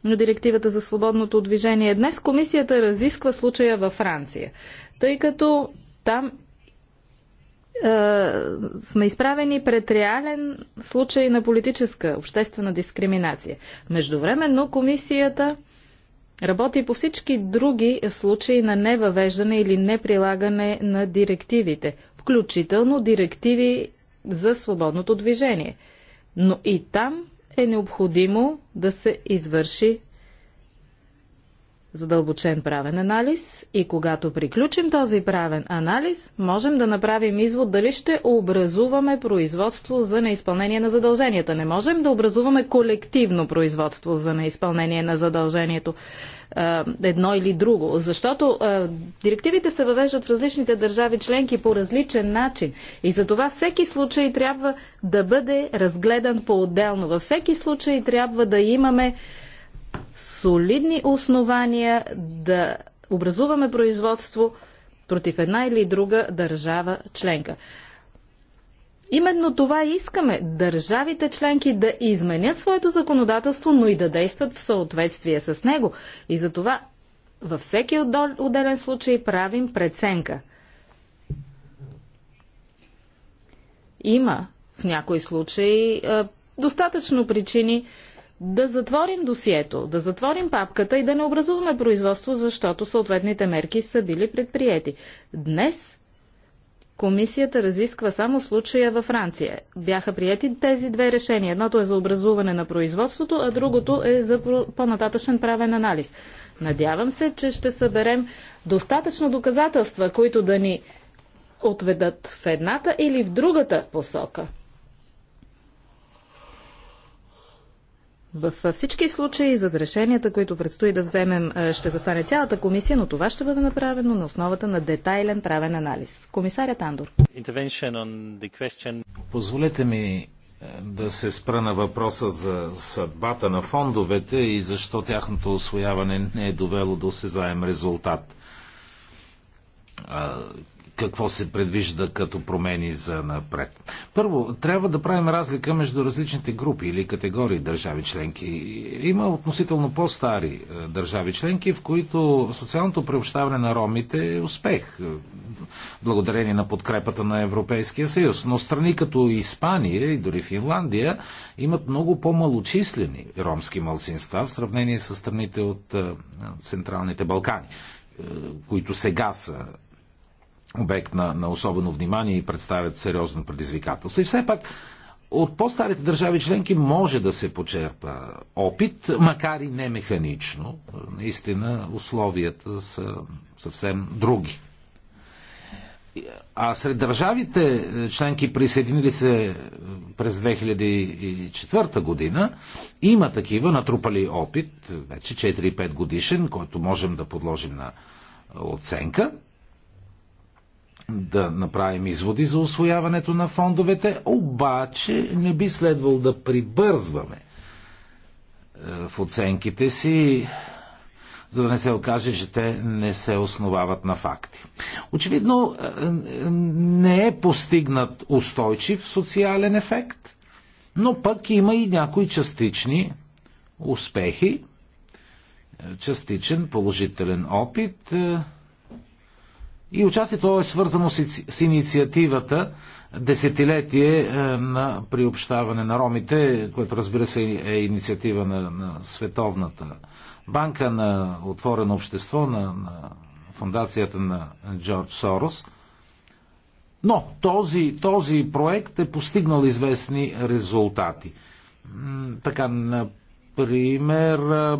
на директивата за свободното движение? Днес комисията разисква случая във Франция, тъй като там е, сме изправени пред реален случай на политическа обществена дискриминация. Междувременно комисията работи по всички други случаи на невъвеждане или неприлагане на директивите, включително директиви за свободното движение. Но и там е необходимо да се извърши задълбочен правен анализ и когато приключим този правен анализ, можем да направим извод дали ще образуваме производство за неизпълнение на задълженията. Не можем да образуваме колективно производство за неизпълнение на задължението едно или друго, защото директивите се въвеждат в различните държави членки по различен начин и за това всеки случай трябва да бъде разгледан по-отделно. Във всеки случай трябва да имаме солидни основания да образуваме производство против една или друга държава членка. Именно това искаме държавите членки да изменят своето законодателство, но и да действат в съответствие с него. И за това във всеки отделен случай правим преценка. Има в някои случаи достатъчно причини да затворим досието, да затворим папката и да не образуваме производство, защото съответните мерки са били предприяти. Днес комисията разисква само случая във Франция. Бяха прияти тези две решения. Едното е за образуване на производството, а другото е за по-нататъчен правен анализ. Надявам се, че ще съберем достатъчно доказателства, които да ни отведат в едната или в другата посока. Във всички случаи, за решенията, които предстои да вземем, е, ще застане цялата комисия, но това ще бъде направено на основата на детайлен правен анализ. Комисарят Андор. Позволете ми е, да се спра на въпроса за съдбата на фондовете и защо тяхното освояване не е довело до сезаем резултат какво се предвижда като промени за напред. Първо, трябва да правим разлика между различните групи или категории държави членки. Има относително по-стари е, държави членки, в които социалното преобщаване на ромите е успех, е, благодарение на подкрепата на Европейския съюз. Но страни като Испания и дори Финландия имат много по-малочислени ромски малцинства в сравнение с страните от е, Централните Балкани които сега са обект на, на особено внимание и представят сериозно предизвикателство. И все пак от по-старите държави членки може да се почерпа опит, макар и не механично. Наистина условията са съвсем други. А сред държавите е, членки присъединили се е, през 2004 година, има такива натрупали опит, вече 4-5 годишен, който можем да подложим на е, оценка да направим изводи за освояването на фондовете, обаче не би следвало да прибързваме е, в оценките си, за да не се окаже, че те не се основават на факти. Очевидно, е, е, не е постигнат устойчив социален ефект, но пък има и някои частични успехи, частичен положителен опит, и участието е свързано с, с инициативата Десетилетие е, на приобщаване на ромите, което разбира се е инициатива на, на Световната банка, на Отворено общество, на, на фундацията на Джордж Сорос. Но този, този проект е постигнал известни резултати. Така, например, е,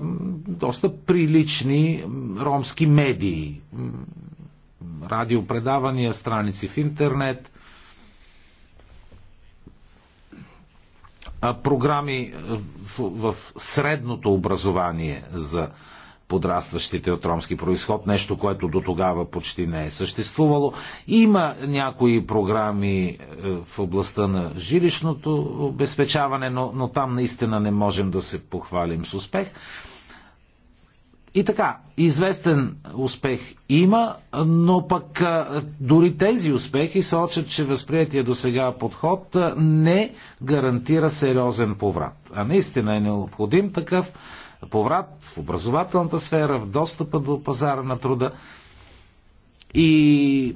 доста прилични ромски медии радиопредавания, страници в интернет, програми е, в, в средното образование за подрастващите от ромски происход, нещо, което до тогава почти не е съществувало. Има някои програми е, в областта на жилищното обезпечаване, но, но там наистина не можем да се похвалим с успех. И така, известен успех има, но пък дори тези успехи сочат, че възприятие до сега подход не гарантира сериозен поврат. А наистина е необходим такъв поврат в образователната сфера, в достъпа до пазара на труда. И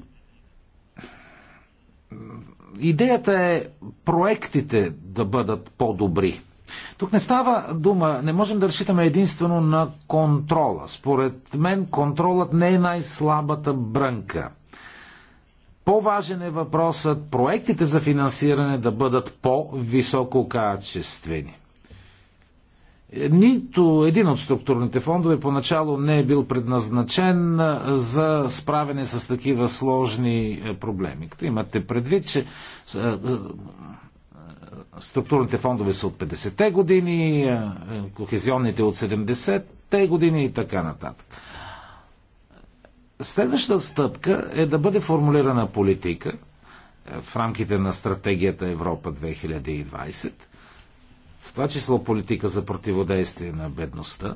идеята е проектите да бъдат по-добри – тук не става дума, не можем да разчитаме единствено на контрола. Според мен контролът не е най-слабата брънка. По-важен е въпросът проектите за финансиране да бъдат по-високо качествени. Нито един от структурните фондове поначало не е бил предназначен за справяне с такива сложни проблеми. Като имате предвид, че структурните фондове са от 50-те години, кохезионните от 70-те години и така нататък. Следващата стъпка е да бъде формулирана политика е, в рамките на стратегията Европа 2020, в това число политика за противодействие на бедността.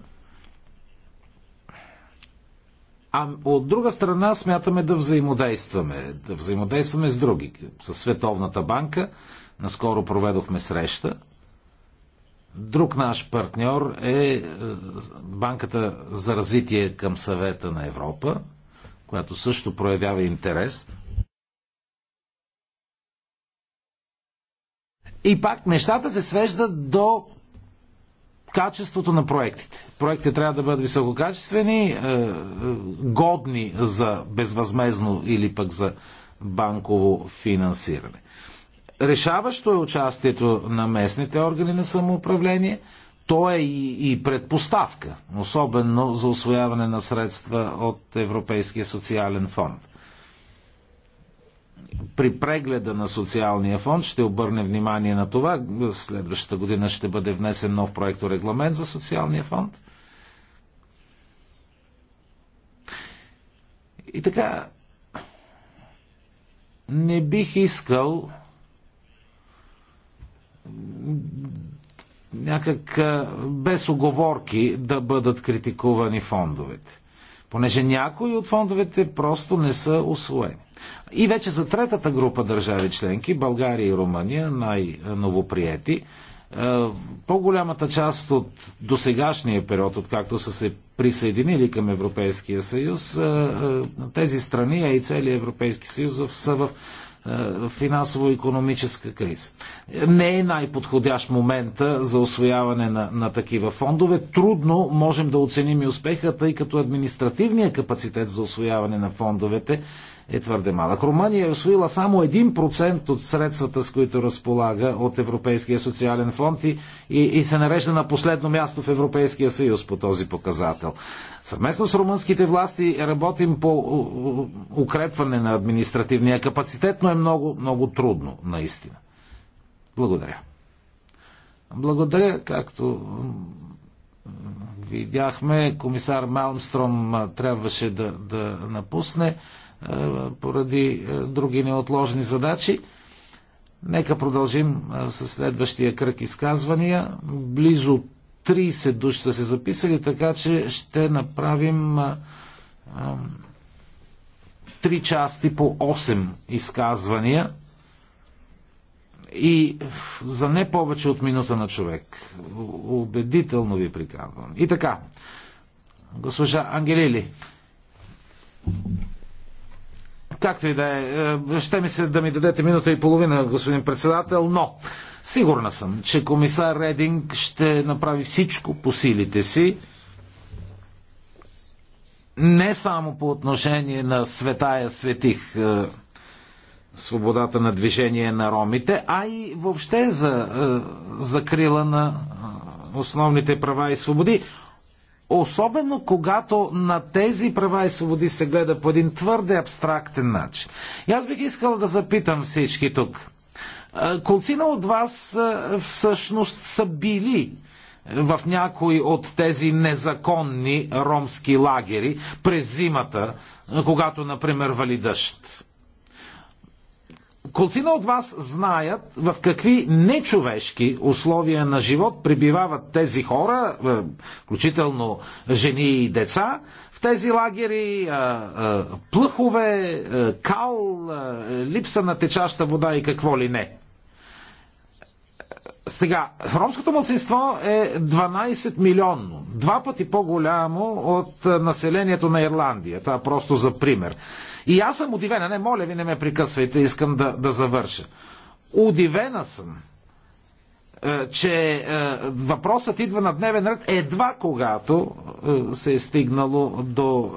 А от друга страна смятаме да взаимодействаме, да взаимодействаме с други, с Световната банка, Наскоро проведохме среща. Друг наш партньор е, е Банката за развитие към съвета на Европа, която също проявява интерес. И пак нещата се свеждат до качеството на проектите. Проектите трябва да бъдат висококачествени, е, е, годни за безвъзмезно или пък за банково финансиране решаващо е участието на местните органи на самоуправление. То е и, и предпоставка, особено за освояване на средства от Европейския социален фонд. При прегледа на социалния фонд ще обърне внимание на това. Следващата година ще бъде внесен нов проект регламент за социалния фонд. И така, не бих искал някак без оговорки да бъдат критикувани фондовете. Понеже някои от фондовете просто не са освоени. И вече за третата група държави членки, България и Румъния, най-новоприети, по-голямата част от досегашния период, откакто са се присъединили към Европейския съюз, тези страни, а и целият Европейски съюз са в е, финансово-економическа криза. Не е най-подходящ момента за освояване на, на такива фондове. Трудно можем да оценим и успеха, тъй като административният капацитет за освояване на фондовете е твърде малък. Румъния е освоила само 1% от средствата, с които разполага от Европейския социален фонд и, и, и се нарежда на последно място в Европейския съюз по този показател. Съвместно с румънските власти работим по укрепване на административния капацитет, но е много, много трудно, наистина. Благодаря. Благодаря, както видяхме, комисар Малмстром трябваше да, да напусне поради други неотложни задачи. Нека продължим с следващия кръг изказвания. Близо 30 души са се записали, така че ще направим три части по 8 изказвания и за не повече от минута на човек. Убедително ви приказвам. И така, госпожа Ангелили. Както и да е, е, ще ми се да ми дадете минута и половина, господин председател, но сигурна съм, че комисар Рединг ще направи всичко по силите си, не само по отношение на светая светих е, свободата на движение на ромите, а и въобще за е, закрила на основните права и свободи. Особено когато на тези права и свободи се гледа по един твърде абстрактен начин. И аз бих искал да запитам всички тук. Е, колцина от вас е, всъщност са били в някои от тези незаконни ромски лагери през зимата, когато, например, вали дъжд. Колцина от вас знаят в какви нечовешки условия на живот прибивават тези хора, е, включително жени и деца, в тези лагери, е, е, плъхове, кал, липса на течаща вода и какво ли не. Сега, ромското младсинство е 12 милионно. Два пъти по-голямо от населението на Ирландия. Това просто за пример. И аз съм удивена, не моля ви, не ме прекъсвайте, искам да, да завърша. Удивена съм, е, че е, въпросът идва на дневен ред едва когато е, се е стигнало до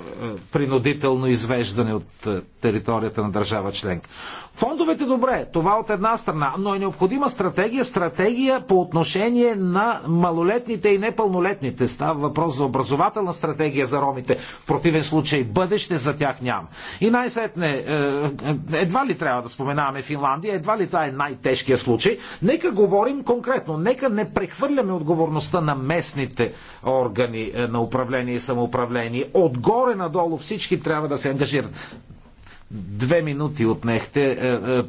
принудително извеждане от територията на държава членка. Фондовете добре, това от една страна, но е необходима стратегия, стратегия по отношение на малолетните и непълнолетните. Става въпрос за образователна стратегия за ромите. В противен случай бъдеще за тях няма. И най-сетне, е, е, едва ли трябва да споменаваме Финландия, едва ли това е най-тежкия случай. Нека говорим конкретно, нека не прехвърляме отговорността на местните органи е, на управление и самоуправление. Отгоре надолу всички трябва да се ангажират. Две минути отнехте, е, е, е,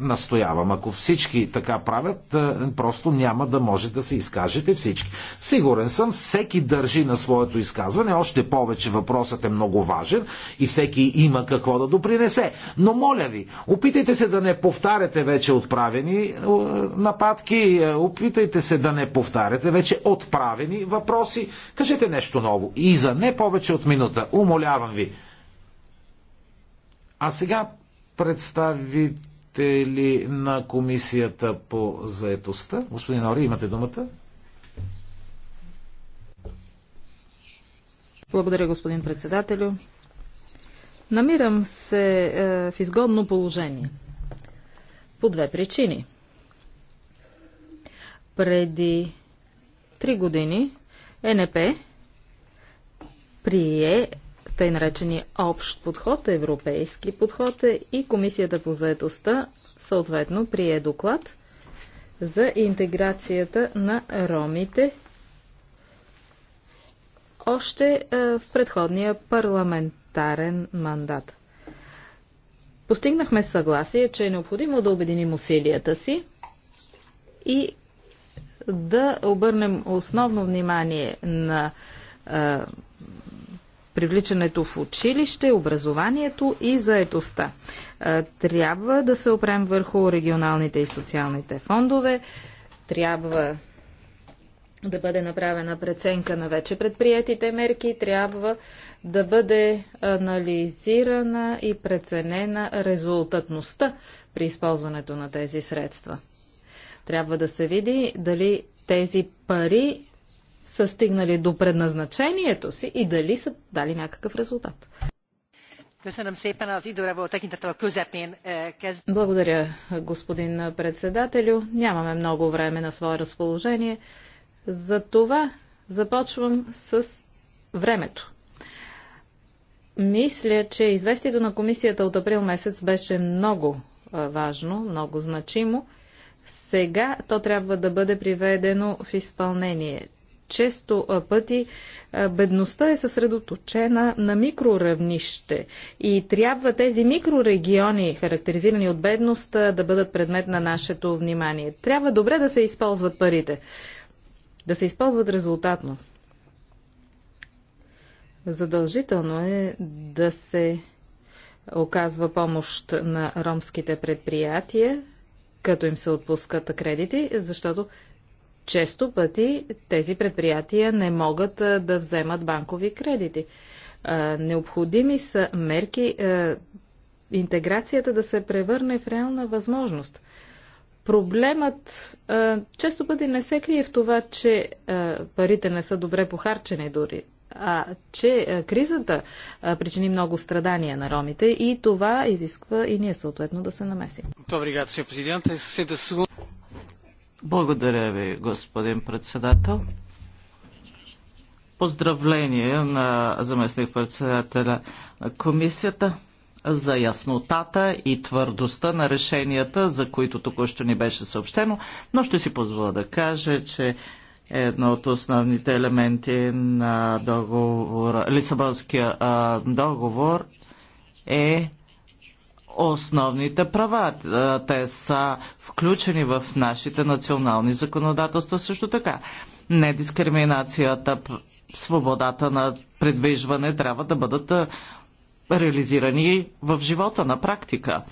настоявам. Ако всички така правят, просто няма да може да се изкажете всички. Сигурен съм, всеки държи на своето изказване, още повече въпросът е много важен и всеки има какво да допринесе. Но моля ви, опитайте се да не повтаряте вече отправени нападки, опитайте се да не повтаряте вече отправени въпроси. Кажете нещо ново и за не повече от минута. Умолявам ви. А сега представители на комисията по заетостта. Господин Ори, имате думата. Благодаря, господин председателю. Намирам се е, в изгодно положение. По две причини. Преди три години е НП прие тъй наречения общ подход, европейски подход е и Комисията по заедостта съответно прие доклад за интеграцията на ромите още е, в предходния парламентарен мандат. Постигнахме съгласие, че е необходимо да обединим усилията си и да обърнем основно внимание на е, привличането в училище, образованието и заетостта. Трябва да се опрем върху регионалните и социалните фондове. Трябва да бъде направена преценка на вече предприятите мерки, трябва да бъде анализирана и преценена резултатността при използването на тези средства. Трябва да се види дали тези пари са стигнали до предназначението си и дали са дали някакъв резултат. Eh, Благодаря, господин председателю. Нямаме много време на свое разположение. За това започвам с времето. Мисля, че известието на комисията от април месец беше много важно, много значимо. Сега то трябва да бъде приведено в изпълнение често пъти бедността е съсредоточена на микроравнище и трябва тези микрорегиони, характеризирани от бедност, да бъдат предмет на нашето внимание. Трябва добре да се използват парите, да се използват резултатно. Задължително е да се оказва помощ на ромските предприятия, като им се отпускат кредити, защото често пъти тези предприятия не могат да вземат банкови кредити. Необходими са мерки интеграцията да се превърне в реална възможност. Проблемът често пъти не се крие в това, че парите не са добре похарчени дори, а че кризата причини много страдания на ромите и това изисква и ние съответно да се намесим. Благодаря ви, господин председател. Поздравление на заместник-председателя на комисията за яснотата и твърдостта на решенията, за които току-що ни беше съобщено, но ще си позволя да кажа, че едно от основните елементи на договора, Лисабонския договор е основните права. Е, те са включени в нашите национални законодателства също така. Недискриминацията, свободата на предвижване трябва да бъдат е, реализирани в живота на практика.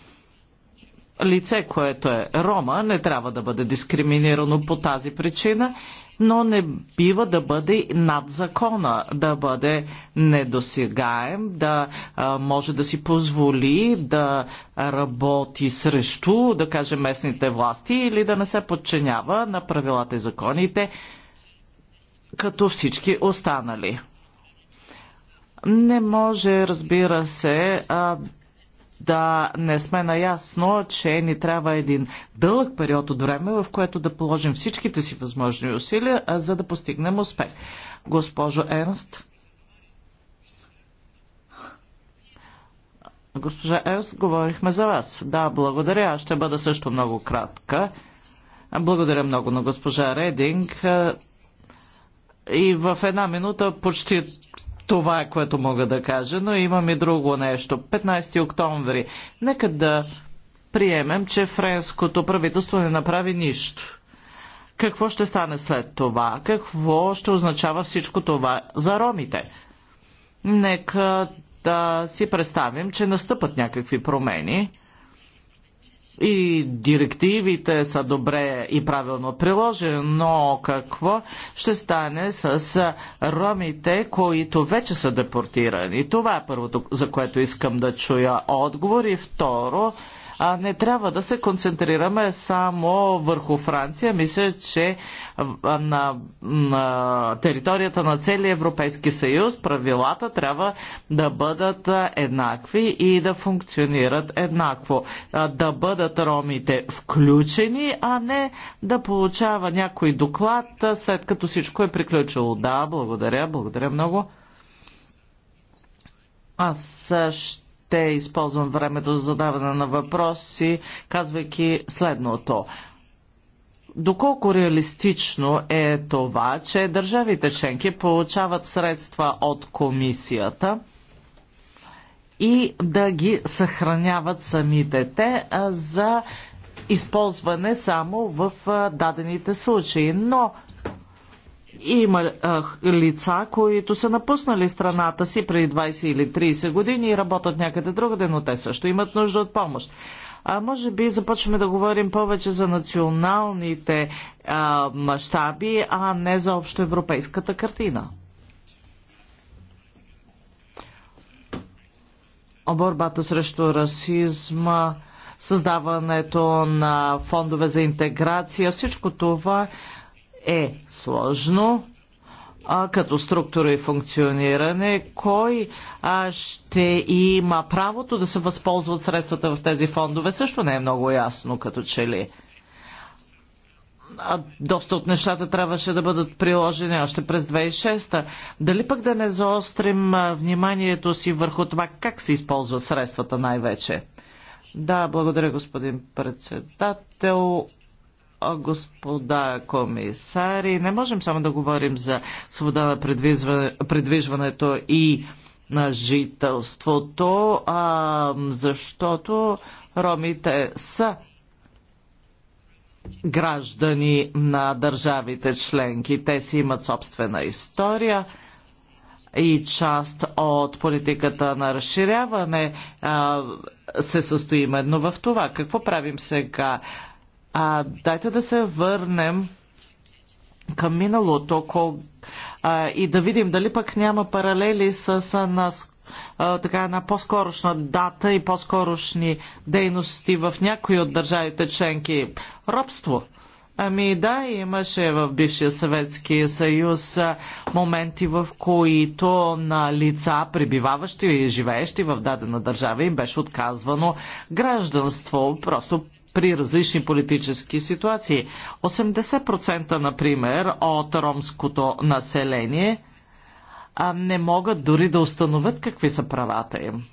Лице, което е рома, не трябва да бъде дискриминирано по тази причина но не бива да бъде над закона, да бъде недосегаем, да а, може да си позволи да работи срещу, да каже, местните власти или да не се подчинява на правилата и законите, като всички останали. Не може, разбира се, а, да не сме наясно, че ни трябва един дълъг период от време, в което да положим всичките си възможни усилия, за да постигнем успех. Госпожо Ернст. Госпожа Ерс, говорихме за вас. Да, благодаря. Аз ще бъда също много кратка. Благодаря много на госпожа Рединг. И в една минута почти това е което мога да кажа, но имам и друго нещо. 15 октомври. Нека да приемем, че френското правителство не направи нищо. Какво ще стане след това? Какво ще означава всичко това за ромите? Нека да си представим, че настъпат някакви промени и директивите са добре и правилно приложени, но какво ще стане с ромите, които вече са депортирани? Това е първото, за което искам да чуя отговор. И второ, а не трябва да се концентрираме само върху Франция. Мисля, че на, на територията на целия Европейски съюз правилата трябва да бъдат еднакви и да функционират еднакво. Да бъдат ромите включени, а не да получава някой доклад след като всичко е приключило. Да, благодаря, благодаря много. Аз ще ще използвам времето за задаване на въпроси, казвайки следното. Доколко реалистично е това, че държавите членки получават средства от комисията и да ги съхраняват самите те за използване само в дадените случаи. Но има а, лица, които са напуснали страната си преди 20 или 30 години и работят някъде другаде, но те също имат нужда от помощ. А може би започваме да говорим повече за националните а, мащаби, а не за общоевропейската картина. борбата срещу расизма, създаването на фондове за интеграция, всичко това е сложно а, като структура и функциониране, кой а, ще има правото да се възползват средствата в тези фондове, също не е много ясно като че ли. А, доста от нещата трябваше да бъдат приложени още през 2006-та. Дали пък да не заострим а, вниманието си върху това как се използват средствата най-вече? Да, благодаря господин председател господа комисари, не можем само да говорим за свобода на предвижването и на жителството, а, защото ромите са граждани на държавите членки. Те си имат собствена история и част от политиката на разширяване а, се състои именно в това. Какво правим сега? А, дайте да се върнем към миналото кол, а, и да видим дали пък няма паралели с а, нас, а, така, една по-скорошна дата и по-скорошни дейности в някои от държавите членки. Робство. Ами да, имаше в бившия Съветски съюз моменти, в които на лица, пребиваващи и живеещи в дадена държава, им беше отказвано гражданство, просто при различни политически ситуации. 80% например от ромското население а не могат дори да установят какви са правата им.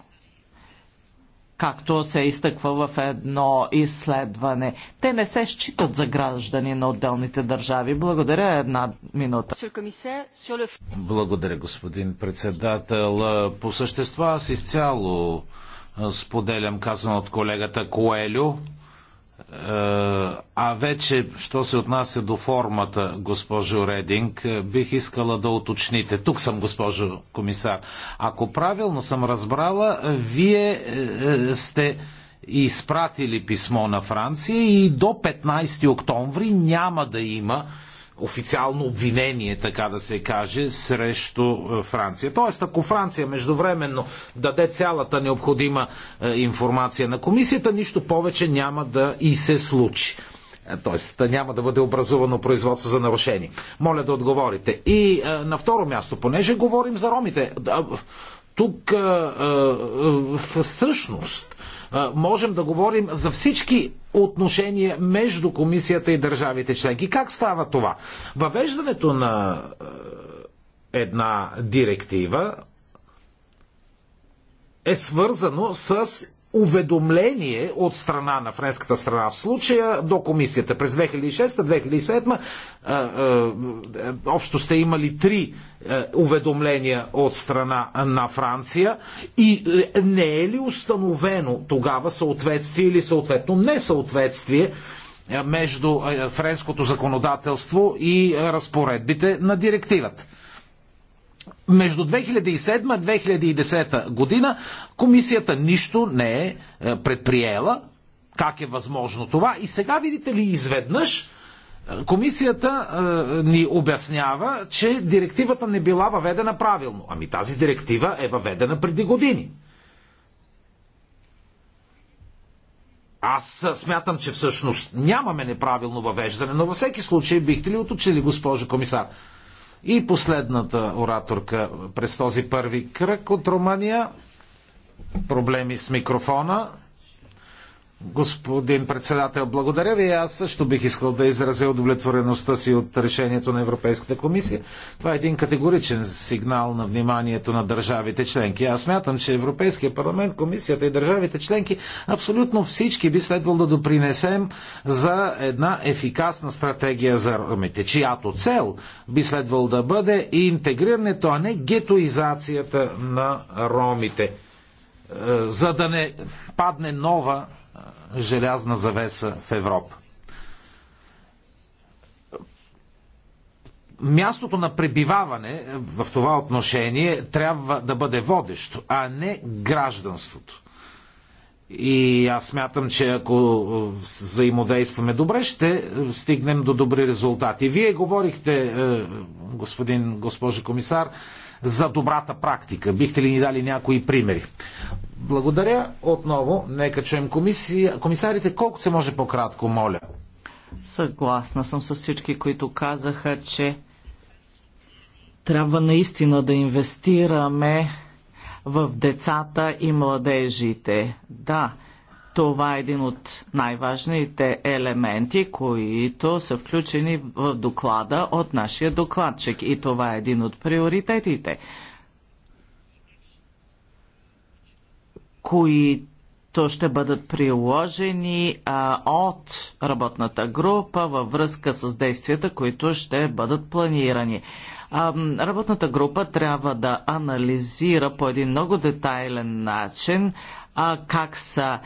Както се изтъква в едно изследване. Те не се считат за граждани на отделните държави. Благодаря една минута. Благодаря, господин председател. По същество аз изцяло споделям казано от колегата Коелю. Е, а вече, що се отнася до формата, госпожо Рединг, е, бих искала да уточните. Тук съм, госпожо комисар. Ако правилно съм разбрала, вие е, сте изпратили писмо на Франция и до 15 октомври няма да има официално обвинение, така да се каже, срещу е, Франция. Тоест, ако Франция междувременно даде цялата необходима е, информация на комисията, нищо повече няма да и се случи. Е, тоест, няма да бъде образувано производство за нарушение. Моля да отговорите. И на второ място, понеже говорим за ромите, тук всъщност можем да говорим за всички отношения между комисията и държавите членки. Как става това? Въвеждането на една директива е свързано с уведомление от страна на френската страна в случая до комисията. През 2006-2007 общо сте имали три е, уведомления от страна на Франция и е, не е ли установено тогава съответствие или съответно несъответствие е, между френското законодателство и разпоредбите на директивата? между 2007-2010 година комисията нищо не е, е предприела. Как е възможно това? И сега, видите ли, изведнъж е, комисията е, ни обяснява, че директивата не била въведена правилно. Ами тази директива е въведена преди години. Аз е, смятам, че всъщност нямаме неправилно въвеждане, но във всеки случай бихте ли уточили, госпожо комисар? И последната ораторка през този първи кръг от Румъния. Проблеми с микрофона. Господин председател, благодаря ви. Аз също бих искал да изразя удовлетвореността си от решението на Европейската комисия. Това е един категоричен сигнал на вниманието на държавите членки. Аз смятам, че Европейския парламент, комисията и държавите членки, абсолютно всички би следвало да допринесем за една ефикасна стратегия за ромите, чиято цел би следвало да бъде и интегрирането, а не гетоизацията на ромите е, за да не падне нова желязна завеса в Европа. мястото на пребиваване в това отношение трябва да бъде водещо, а не гражданството. И аз смятам, че ако взаимодействаме добре, ще стигнем до добри резултати. Вие говорихте, е, господин, госпожо комисар, за добрата практика. Бихте ли ни дали някои примери? Благодаря отново. Нека чуем комисия, комисарите колко се може по-кратко, моля. Съгласна съм с всички, които казаха, че трябва наистина да инвестираме в децата и младежите. Да, това е един от най-важните елементи, които са включени в доклада от нашия докладчик. И това е един от приоритетите. които ще бъдат приложени а, от работната група във връзка с действията, които ще бъдат планирани. А, работната група трябва да анализира по един много детайлен начин а, как са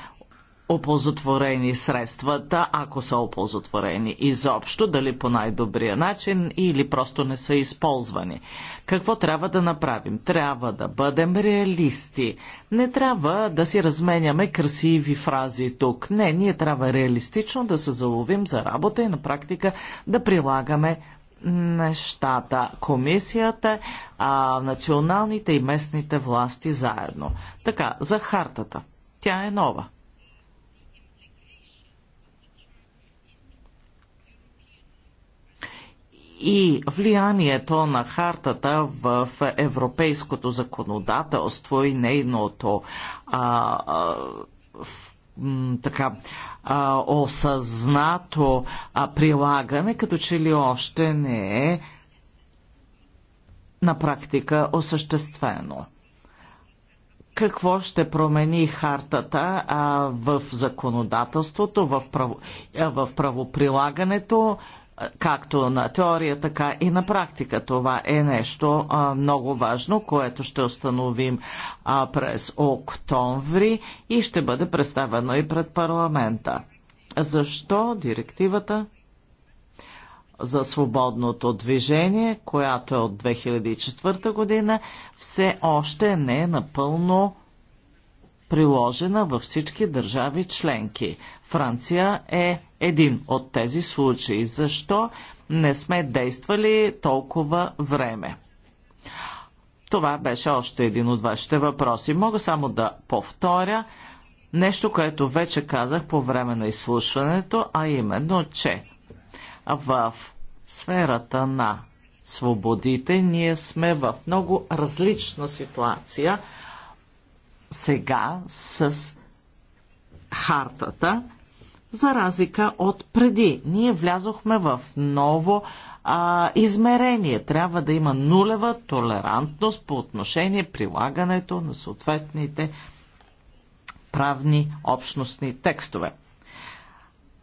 оползотворени средствата, ако са оползотворени изобщо, дали по най-добрия начин или просто не са използвани. Какво трябва да направим? Трябва да бъдем реалисти. Не трябва да си разменяме красиви фрази тук. Не, ние трябва реалистично да се заловим за работа и на практика да прилагаме нещата. Комисията, а, националните и местните власти заедно. Така, за хартата. Тя е нова и влиянието на хартата в европейското законодателство и нейното а, а, в, така а, осъзнато а, прилагане, като че ли още не е на практика осъществено. Какво ще промени хартата а, в законодателството, в, право, а, в правоприлагането? както на теория, така и на практика. Това е нещо а, много важно, което ще установим а, през октомври и ще бъде представено и пред парламента. Защо директивата за свободното движение, която е от 2004 година, все още не е напълно приложена във всички държави членки. Франция е един от тези случаи. Защо не сме действали толкова време? Това беше още един от вашите въпроси. Мога само да повторя нещо, което вече казах по време на изслушването, а именно, че в сферата на свободите ние сме в много различна ситуация сега с хартата, за разлика от преди. Ние влязохме в ново а, измерение. Трябва да има нулева толерантност по отношение прилагането на съответните правни общностни текстове.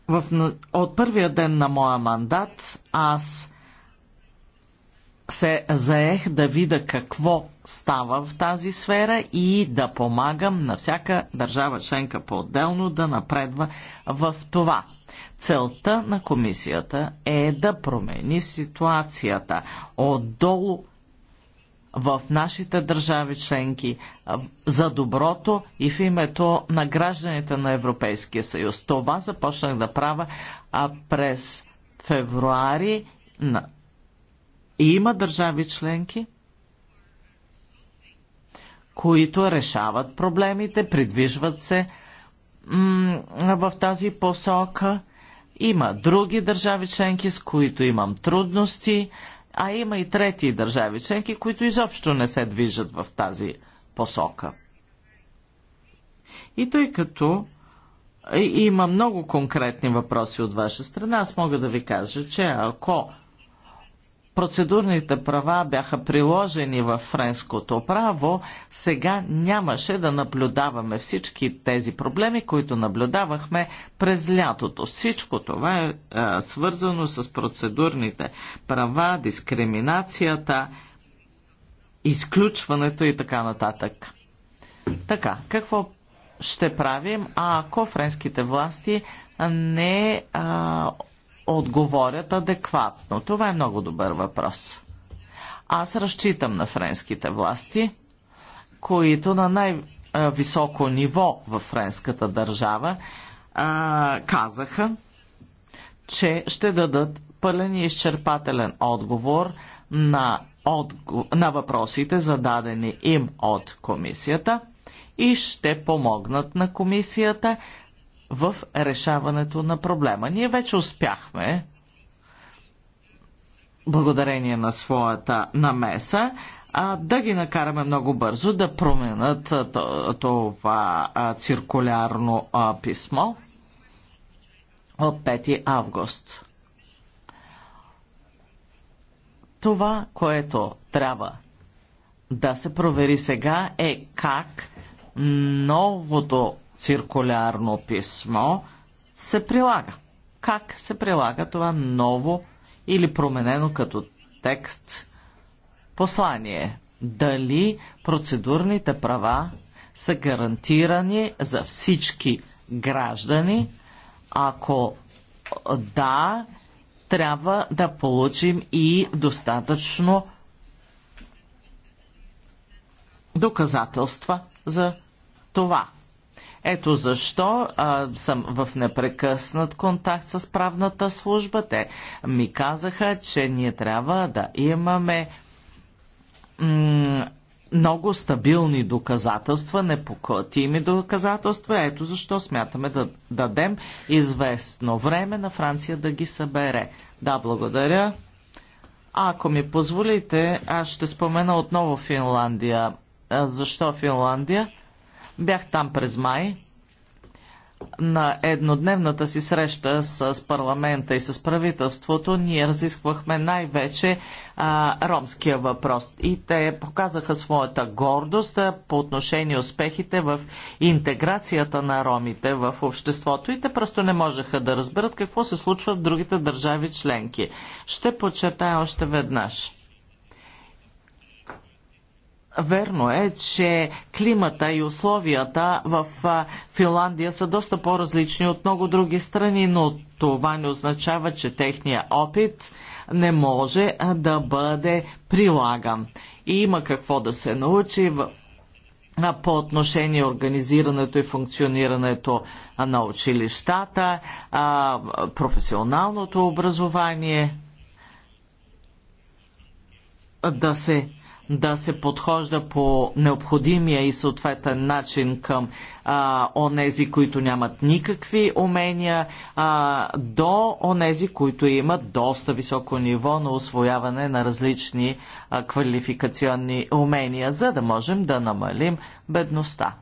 В, от първия ден на моя мандат аз се заех да видя какво става в тази сфера и да помагам на всяка държава членка по-отделно да напредва в това. Целта на комисията е да промени ситуацията отдолу в нашите държави членки за доброто и в името на гражданите на Европейския съюз. Това започнах да правя през февруари на и има държави членки, които решават проблемите, придвижват се в тази посока. Има други държави членки, с които имам трудности, а има и трети държави членки, които изобщо не се движат в тази посока. И тъй като е, има много конкретни въпроси от ваша страна, аз мога да ви кажа, че ако процедурните права бяха приложени в френското право, сега нямаше да наблюдаваме всички тези проблеми, които наблюдавахме през лятото. Всичко това е, е свързано с процедурните права, дискриминацията, изключването и така нататък. Така, какво ще правим, ако френските власти не а, отговорят адекватно? Това е много добър въпрос. Аз разчитам на френските власти, които на най-високо ниво в френската държава а, казаха, че ще дадат пълен и изчерпателен отговор на, отго... на въпросите, зададени им от комисията и ще помогнат на комисията в решаването на проблема. Ние вече успяхме, благодарение на своята намеса, а, да ги накараме много бързо да променят това циркулярно писмо от 5 август. Това, което трябва да се провери сега е как новото циркулярно писмо се прилага. Как се прилага това ново или променено като текст послание? Дали процедурните права са гарантирани за всички граждани? Ако да, трябва да получим и достатъчно доказателства за това. Ето защо а, съм в непрекъснат контакт с правната служба. Те ми казаха, че ние трябва да имаме много стабилни доказателства, непоклатими доказателства. Ето защо смятаме да дадем известно време на Франция да ги събере. Да, благодаря. Ако ми позволите, аз ще спомена отново Финландия. Защо Финландия? Бях там през май на еднодневната си среща с парламента и с правителството ние разисквахме най-вече ромския въпрос. И те показаха своята гордост а, по отношение успехите в интеграцията на ромите в обществото. И те просто не можеха да разберат какво се случва в другите държави членки. Ще подчертая още веднъж. Верно е, че климата и условията в Финландия са доста по-различни от много други страни, но това не означава, че техния опит не може да бъде прилаган. И има какво да се научи в по отношение организирането и функционирането на училищата, професионалното образование, да се да се подхожда по необходимия и съответен начин към а, онези, които нямат никакви умения, а, до онези, които имат доста високо ниво на освояване на различни а, квалификационни умения, за да можем да намалим бедността.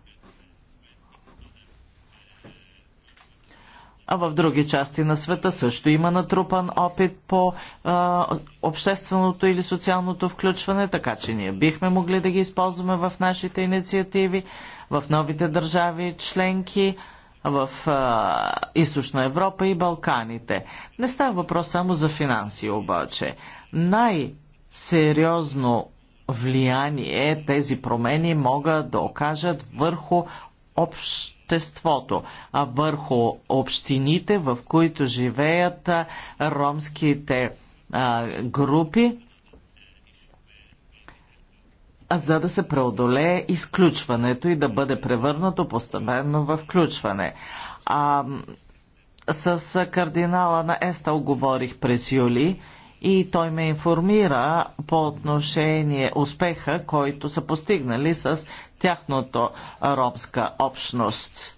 а в други части на света също има натрупан опит по а, общественото или социалното включване, така че ние бихме могли да ги използваме в нашите инициативи, в новите държави членки в а, Източна Европа и Балканите. Не става въпрос само за финанси, обаче. Най-сериозно влияние тези промени могат да окажат върху обществото, а върху общините, в които живеят ромските групи, за да се преодолее изключването и да бъде превърнато постепенно в включване. А, с кардинала на Естал говорих през юли и той ме информира по отношение успеха, който са постигнали с Тяхната ромска общност.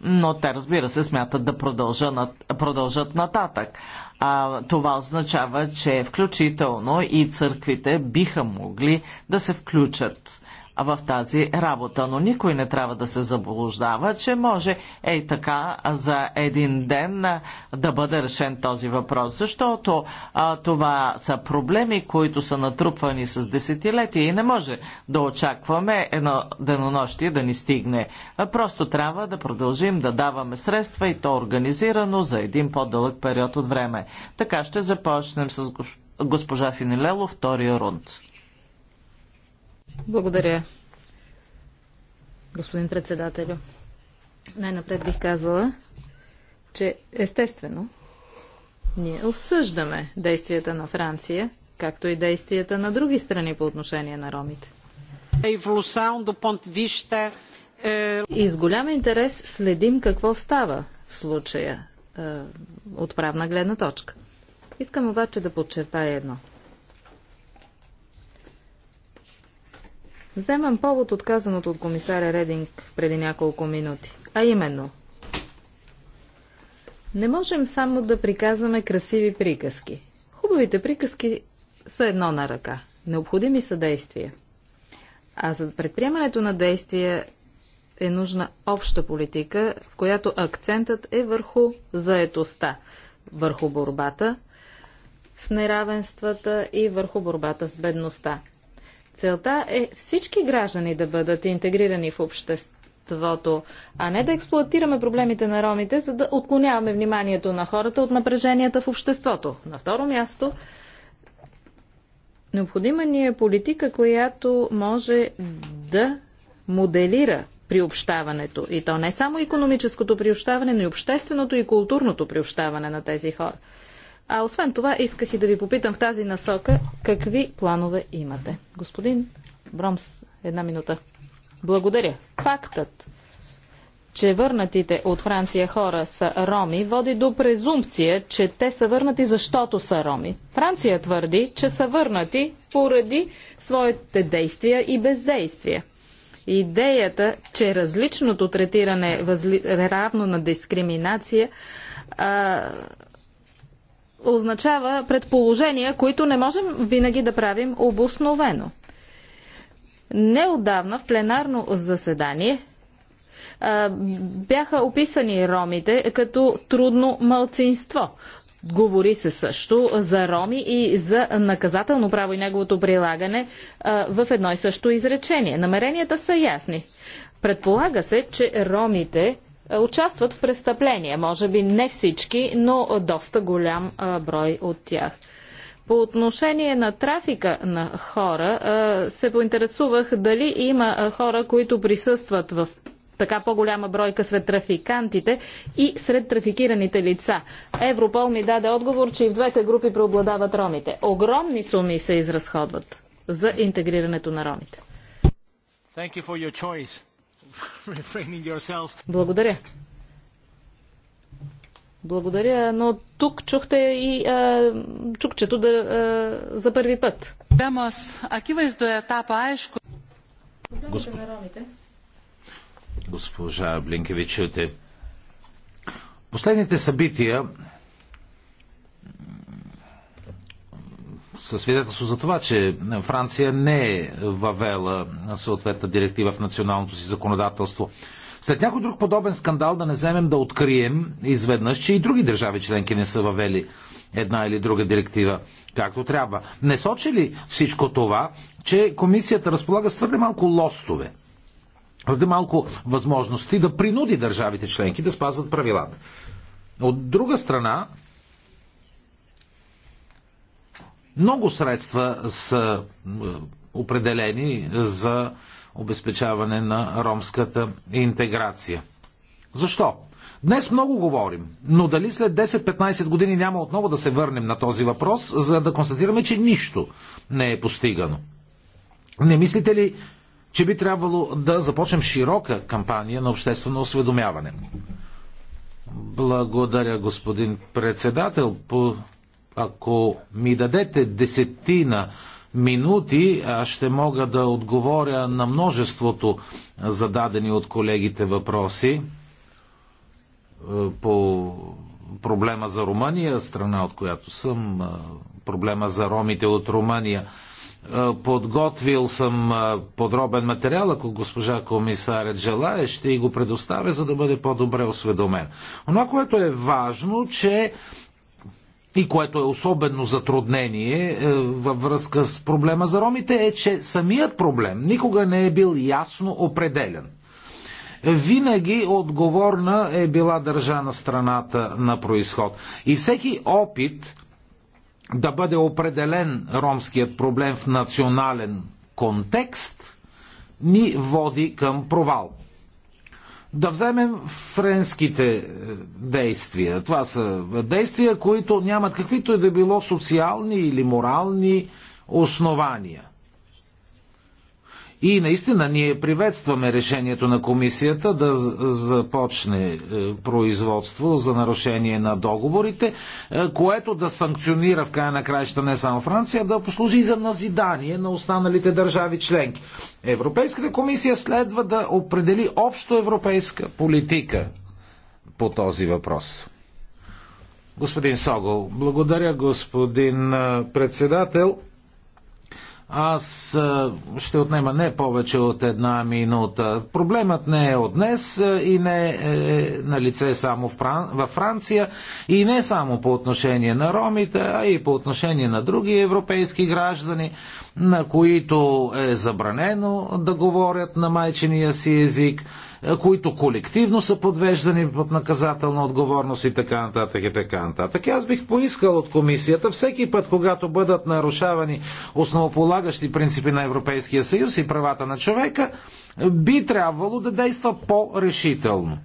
Но те, разбира се, смятат да продължат, продължат нататък. А, това означава, че включително и църквите биха могли да се включат в тази работа. Но никой не трябва да се заблуждава, че може ей така за един ден да бъде решен този въпрос, защото а, това са проблеми, които са натрупвани с десетилетия и не може да очакваме едно денонощие да ни стигне. А, просто трябва да продължим да даваме средства и то организирано за един по-дълъг период от време. Така ще започнем с госпожа Финилело, втория рунд. Благодаря, господин председателю. Най-напред бих казала, че естествено ние осъждаме действията на Франция, както и действията на други страни по отношение на ромите. Е, и с голям интерес следим какво става в случая е, от правна гледна точка. Искам обаче да подчертая едно – Вземам повод от казаното от комисаря Рединг преди няколко минути. А именно, не можем само да приказваме красиви приказки. Хубавите приказки са едно на ръка. Необходими са действия. А за предприемането на действия е нужна обща политика, в която акцентът е върху заетостта, върху борбата с неравенствата и върху борбата с бедността. Целта е всички граждани да бъдат интегрирани в обществото, а не да експлуатираме проблемите на ромите, за да отклоняваме вниманието на хората от напреженията в обществото. На второ място, необходима ни е политика, която може да моделира приобщаването. И то не само економическото приобщаване, но и общественото и културното приобщаване на тези хора. А освен това, исках и да ви попитам в тази насока, какви планове имате? Господин Бромс, една минута. Благодаря. Фактът, че върнатите от Франция хора са роми, води до презумпция, че те са върнати защото са роми. Франция твърди, че са върнати поради своите действия и бездействия. Идеята, че различното третиране е възли... равно на дискриминация, а означава предположения, които не можем винаги да правим обосновено. Неодавна в пленарно заседание бяха описани ромите като трудно мълцинство. Говори се също за роми и за наказателно право и неговото прилагане в едно и също изречение. Намеренията са ясни. Предполага се, че ромите участват в престъпления. Може би не всички, но доста голям брой от тях. По отношение на трафика на хора, се поинтересувах дали има хора, които присъстват в така по-голяма бройка сред трафикантите и сред трафикираните лица. Европол ми даде отговор, че и в двете групи преобладават ромите. Огромни суми се изразходват за интегрирането на ромите. Thank you for your choice. Благодаря. Благодаря, но тук чухте и а, чукчето да, а, за първи път. Е Госп... Госпожа Блинкевич, последните събития със свидетелство за това, че Франция не е въвела съответна директива в националното си законодателство. След някой друг подобен скандал да не вземем да открием изведнъж, че и други държави членки не са въвели една или друга директива както трябва. Не сочи ли всичко това, че комисията разполага с твърде малко лостове? Твърде малко възможности да принуди държавите членки да спазват правилата. От друга страна, Много средства са е, определени за обезпечаване на ромската интеграция. Защо? Днес много говорим, но дали след 10-15 години няма отново да се върнем на този въпрос, за да констатираме, че нищо не е постигано? Не мислите ли, че би трябвало да започнем широка кампания на обществено осведомяване? Благодаря, господин председател. По ако ми дадете десетина минути, аз ще мога да отговоря на множеството зададени от колегите въпроси е, по проблема за Румъния, страна от която съм, е, проблема за ромите от Румъния. Е, подготвил съм подробен материал, ако госпожа комисарят желая, ще и го предоставя, за да бъде по-добре осведомен. Но което е важно, че и което е особено затруднение е, във връзка с проблема за ромите, е, че самият проблем никога не е бил ясно определен. Винаги отговорна е била държана страната на происход. И всеки опит да бъде определен ромският проблем в национален контекст ни води към провал. Да вземем френските е, действия. Това са действия, които нямат каквито и да било социални или морални основания. И наистина ние приветстваме решението на комисията да започне е, производство за нарушение на договорите, е, което да санкционира в края на краища не само Франция, а да послужи и за назидание на останалите държави членки. Европейската комисия следва да определи общо европейска политика по този въпрос. Господин Согол, благодаря господин е, председател. Аз ще отнема не повече от една минута. Проблемът не е от днес и не е, е на лице само във Франция и не само по отношение на ромите, а и по отношение на други европейски граждани, на които е забранено да говорят на майчиния си език е, които колективно са подвеждани под наказателна отговорност и така нататък и така нататък. Аз бих поискал от комисията всеки път, когато бъдат нарушавани основополагащи принципи на Европейския съюз и правата на човека, би трябвало да действа по-решително.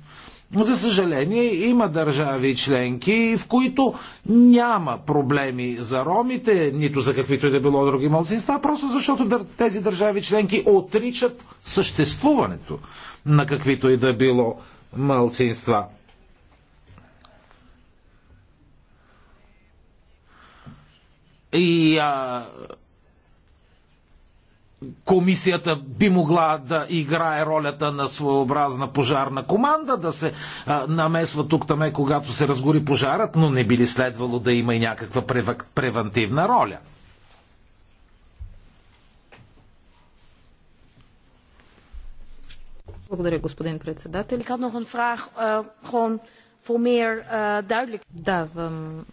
За съжаление, има държави членки, в които няма проблеми за ромите, нито за каквито и да било други малцинства, просто защото тези държави членки отричат съществуването на каквито и да било малцинства. И а, комисията би могла да играе ролята на своеобразна пожарна команда, да се а, намесва тук-таме, когато се разгори пожарът, но не би ли следвало да има и някаква превентивна роля? Благодаря, господин председател. Eh, eh, Давам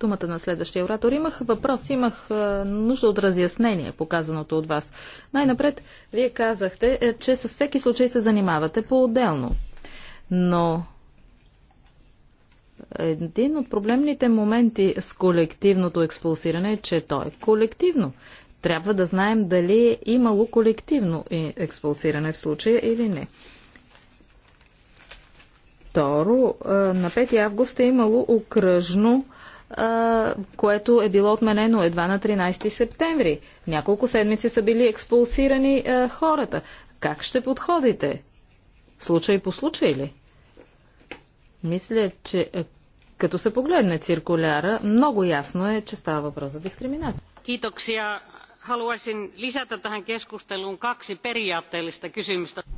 думата на следващия оратор. Имах въпрос, имах нужда от разяснение, показаното от вас. Най-напред, вие казахте, е, че с всеки случай се занимавате по-отделно. Но един от проблемните моменти с колективното експулсиране е, че то е колективно. Трябва да знаем дали е имало колективно експулсиране в случая или не. Второ, на 5 август е имало окръжно което е било отменено едва на 13 септември. Няколко седмици са били експулсирани хората. Как ще подходите? Случай по случай ли? Мисля, че е, като се погледне циркуляра, много ясно е, че става въпрос за дискриминация.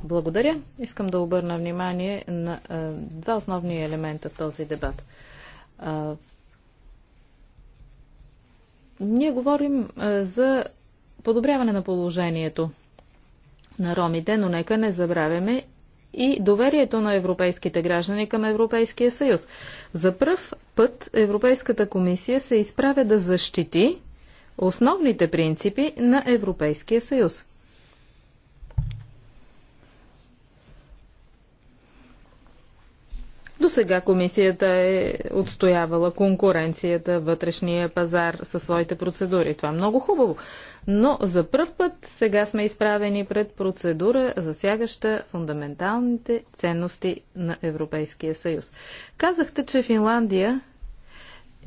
Благодаря. Искам да обърна внимание на е, два основни елемента в този дебат. Ние говорим е, за подобряване на положението на ромите, но нека не забравяме и доверието на европейските граждани към Европейския съюз. За пръв път Европейската комисия се изправя да защити основните принципи на Европейския съюз. До сега комисията е отстоявала конкуренцията, вътрешния пазар със своите процедури. Това е много хубаво. Но за първ път сега сме изправени пред процедура, засягаща фундаменталните ценности на Европейския съюз. Казахте, че Финландия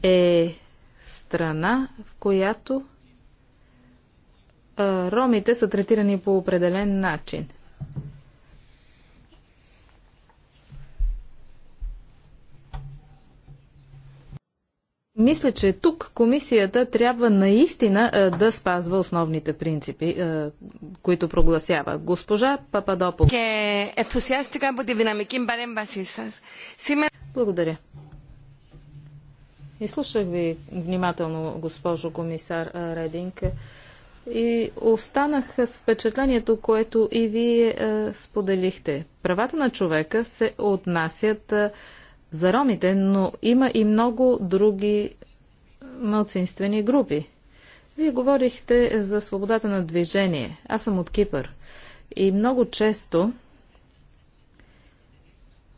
е страна, в която ромите са третирани по определен начин. Мисля, че тук комисията трябва наистина е, да спазва основните принципи, е, които прогласява. Госпожа Пападопол. Благодаря. Изслушах ви внимателно, госпожо комисар е, Рединг. И останах с впечатлението, което и вие споделихте. Правата на човека се отнасят за ромите, но има и много други мълцинствени групи. Вие говорихте за свободата на движение. Аз съм от Кипър. И много често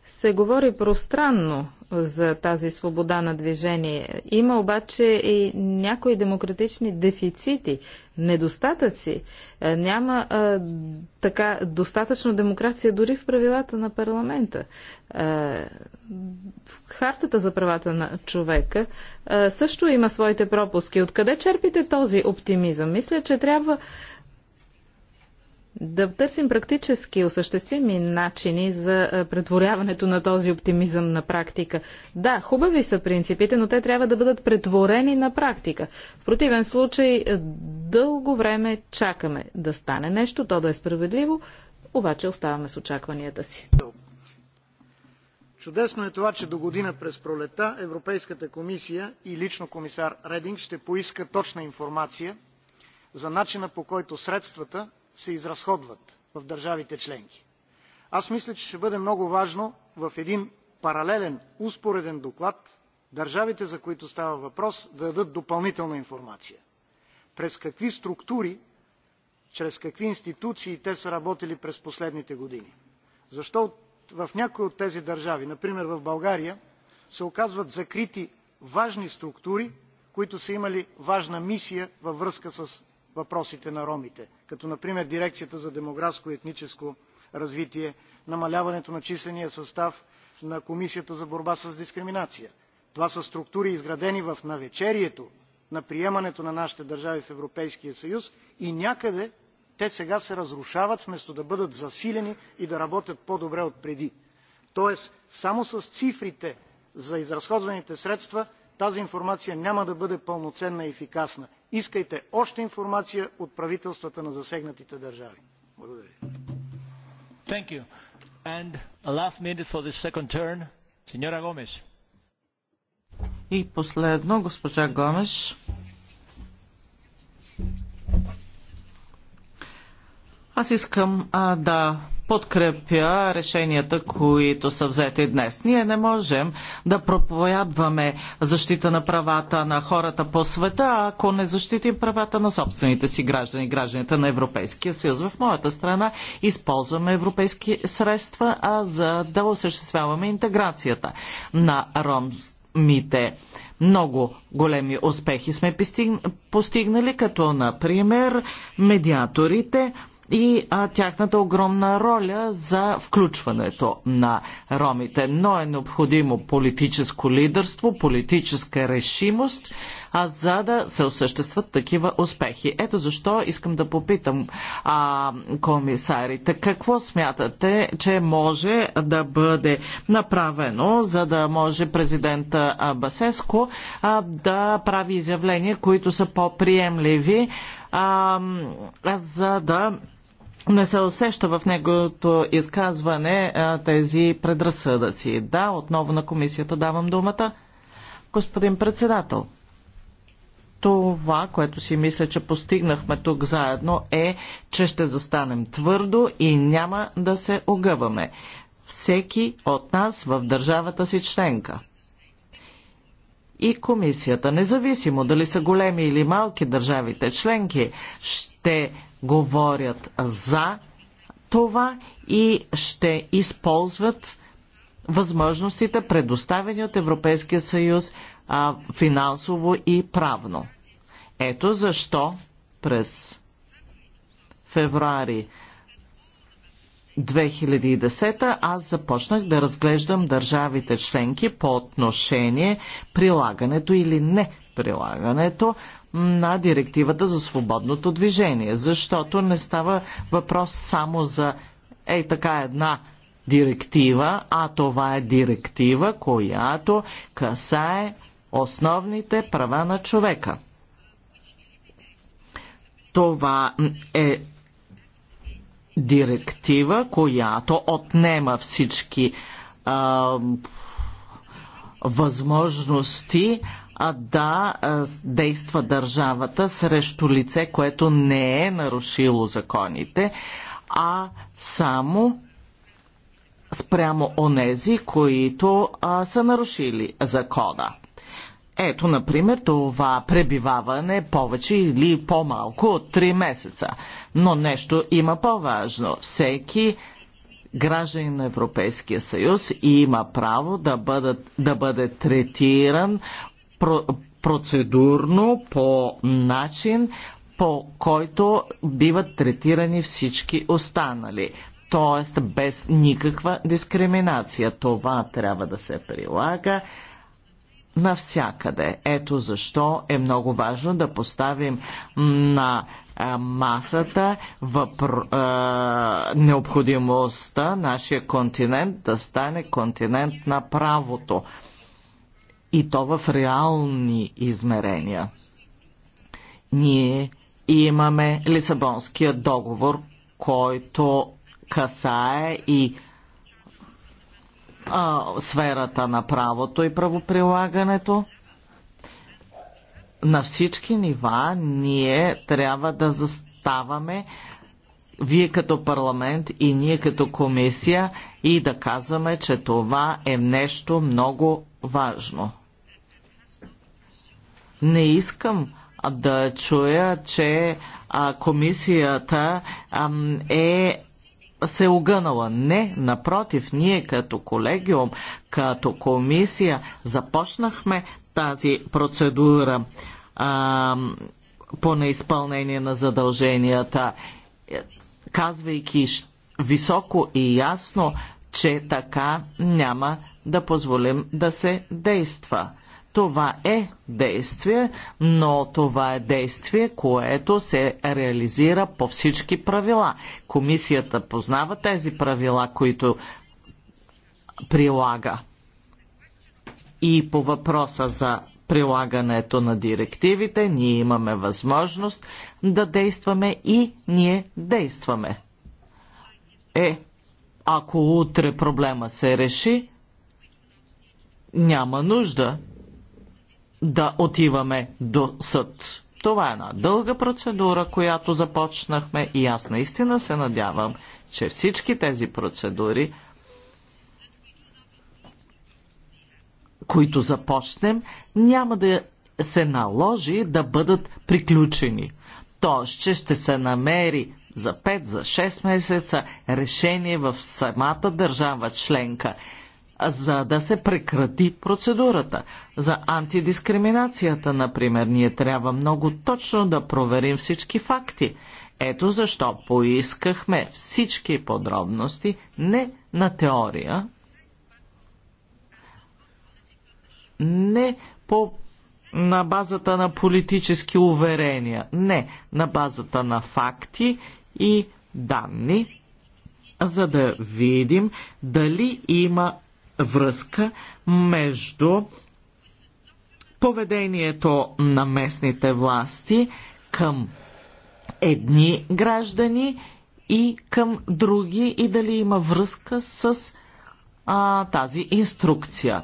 се говори пространно за тази свобода на движение. Има обаче и някои демократични дефицити, недостатъци. Е, няма а, е, така достатъчно демокрация дори в правилата на парламента. А, е, в хартата за правата на човека а, също има своите пропуски. Откъде черпите този оптимизъм? Мисля, че трябва да търсим практически осъществими начини за претворяването на този оптимизъм на практика. Да, хубави са принципите, но те трябва да бъдат претворени на практика. В противен случай дълго време чакаме да стане нещо, то да е справедливо, обаче оставаме с очакванията си. Чудесно е това, че до година през пролета Европейската комисия и лично комисар Рединг ще поиска точна информация за начина по който средствата, се изразходват в държавите членки. Аз мисля, че ще бъде много важно в един паралелен, успореден доклад държавите, за които става въпрос, да дадат допълнителна информация. През какви структури, чрез какви институции те са работили през последните години. Защо в някои от тези държави, например в България, се оказват закрити важни структури, които са имали важна мисия във връзка с въпросите на ромите като например Дирекцията за демографско и етническо развитие, намаляването на числения състав на Комисията за борба с дискриминация. Това са структури, изградени в навечерието на приемането на нашите държави в Европейския съюз и някъде те сега се разрушават, вместо да бъдат засилени и да работят по-добре от преди. Тоест, само с цифрите за изразходваните средства тази информация няма да бъде пълноценна и ефикасна. Искайте още информация от правителствата на засегнатите държави. Благодаря. Thank you. And a last minute for the second turn. Señora Gómez. И последно, госпожа Гомеш. Аз искам а, да подкрепя решенията, които са взети днес. Ние не можем да проповядваме защита на правата на хората по света, ако не защитим правата на собствените си граждани, гражданите на Европейския съюз. В моята страна използваме европейски средства, а за да осъществяваме интеграцията на ромите. Много големи успехи сме постигнали, като например медиаторите – и а, тяхната огромна роля за включването на ромите. Но е необходимо политическо лидерство, политическа решимост, а за да се осъществат такива успехи. Ето защо искам да попитам а, комисарите, какво смятате, че може да бъде направено, за да може президента Басеско а, да прави изявления, които са по-приемливи, а, за да не се усеща в негото изказване а, тези предразсъдъци. Да, отново на комисията давам думата. Господин председател, това, което си мисля, че постигнахме тук заедно е, че ще застанем твърдо и няма да се огъваме. Всеки от нас в държавата си членка. И комисията, независимо дали са големи или малки държавите членки, ще говорят за това и ще използват възможностите, предоставени от Европейския съюз а, финансово и правно. Ето защо през февруари 2010 аз започнах да разглеждам държавите членки по отношение прилагането или не прилагането на директивата за свободното движение, защото не става въпрос само за е така една директива, а това е директива, която касае основните права на човека. Това е директива, която отнема всички а, възможности а да действа държавата срещу лице, което не е нарушило законите, а само спрямо онези, които а, са нарушили закона. Ето, например, това пребиваване повече или по-малко от 3 месеца. Но нещо има по-важно. Всеки гражданин на Европейския съюз има право да, бъдат, да бъде третиран процедурно по начин, по който биват третирани всички останали. Тоест без никаква дискриминация. Това трябва да се прилага навсякъде. Ето защо е много важно да поставим на масата въпр... е, необходимостта нашия континент да стане континент на правото и то в реални измерения. Ние имаме Лисабонския договор, който касае и а, сферата на правото и правоприлагането. На всички нива ние трябва да заставаме вие като парламент и ние като комисия и да казваме, че това е нещо много важно. Не искам да чуя, че а, комисията а, е се огънала. Не, напротив, ние като колегиум, като комисия започнахме тази процедура а, по неизпълнение на задълженията, казвайки високо и ясно, че така няма да позволим да се действа. Това е действие, но това е действие, което се реализира по всички правила. Комисията познава тези правила, които прилага. И по въпроса за прилагането на директивите, ние имаме възможност да действаме и ние действаме. Е, ако утре проблема се реши, няма нужда да отиваме до съд. Това е една дълга процедура, която започнахме и аз наистина се надявам, че всички тези процедури, които започнем, няма да се наложи да бъдат приключени. Тоест, че ще се намери за 5, за 6 месеца решение в самата държава членка за да се прекрати процедурата. За антидискриминацията, например, ние трябва много точно да проверим всички факти. Ето защо поискахме всички подробности не на теория, не по на базата на политически уверения, не на базата на факти и данни, за да видим дали има връзка между поведението на местните власти към едни граждани и към други и дали има връзка с а, тази инструкция,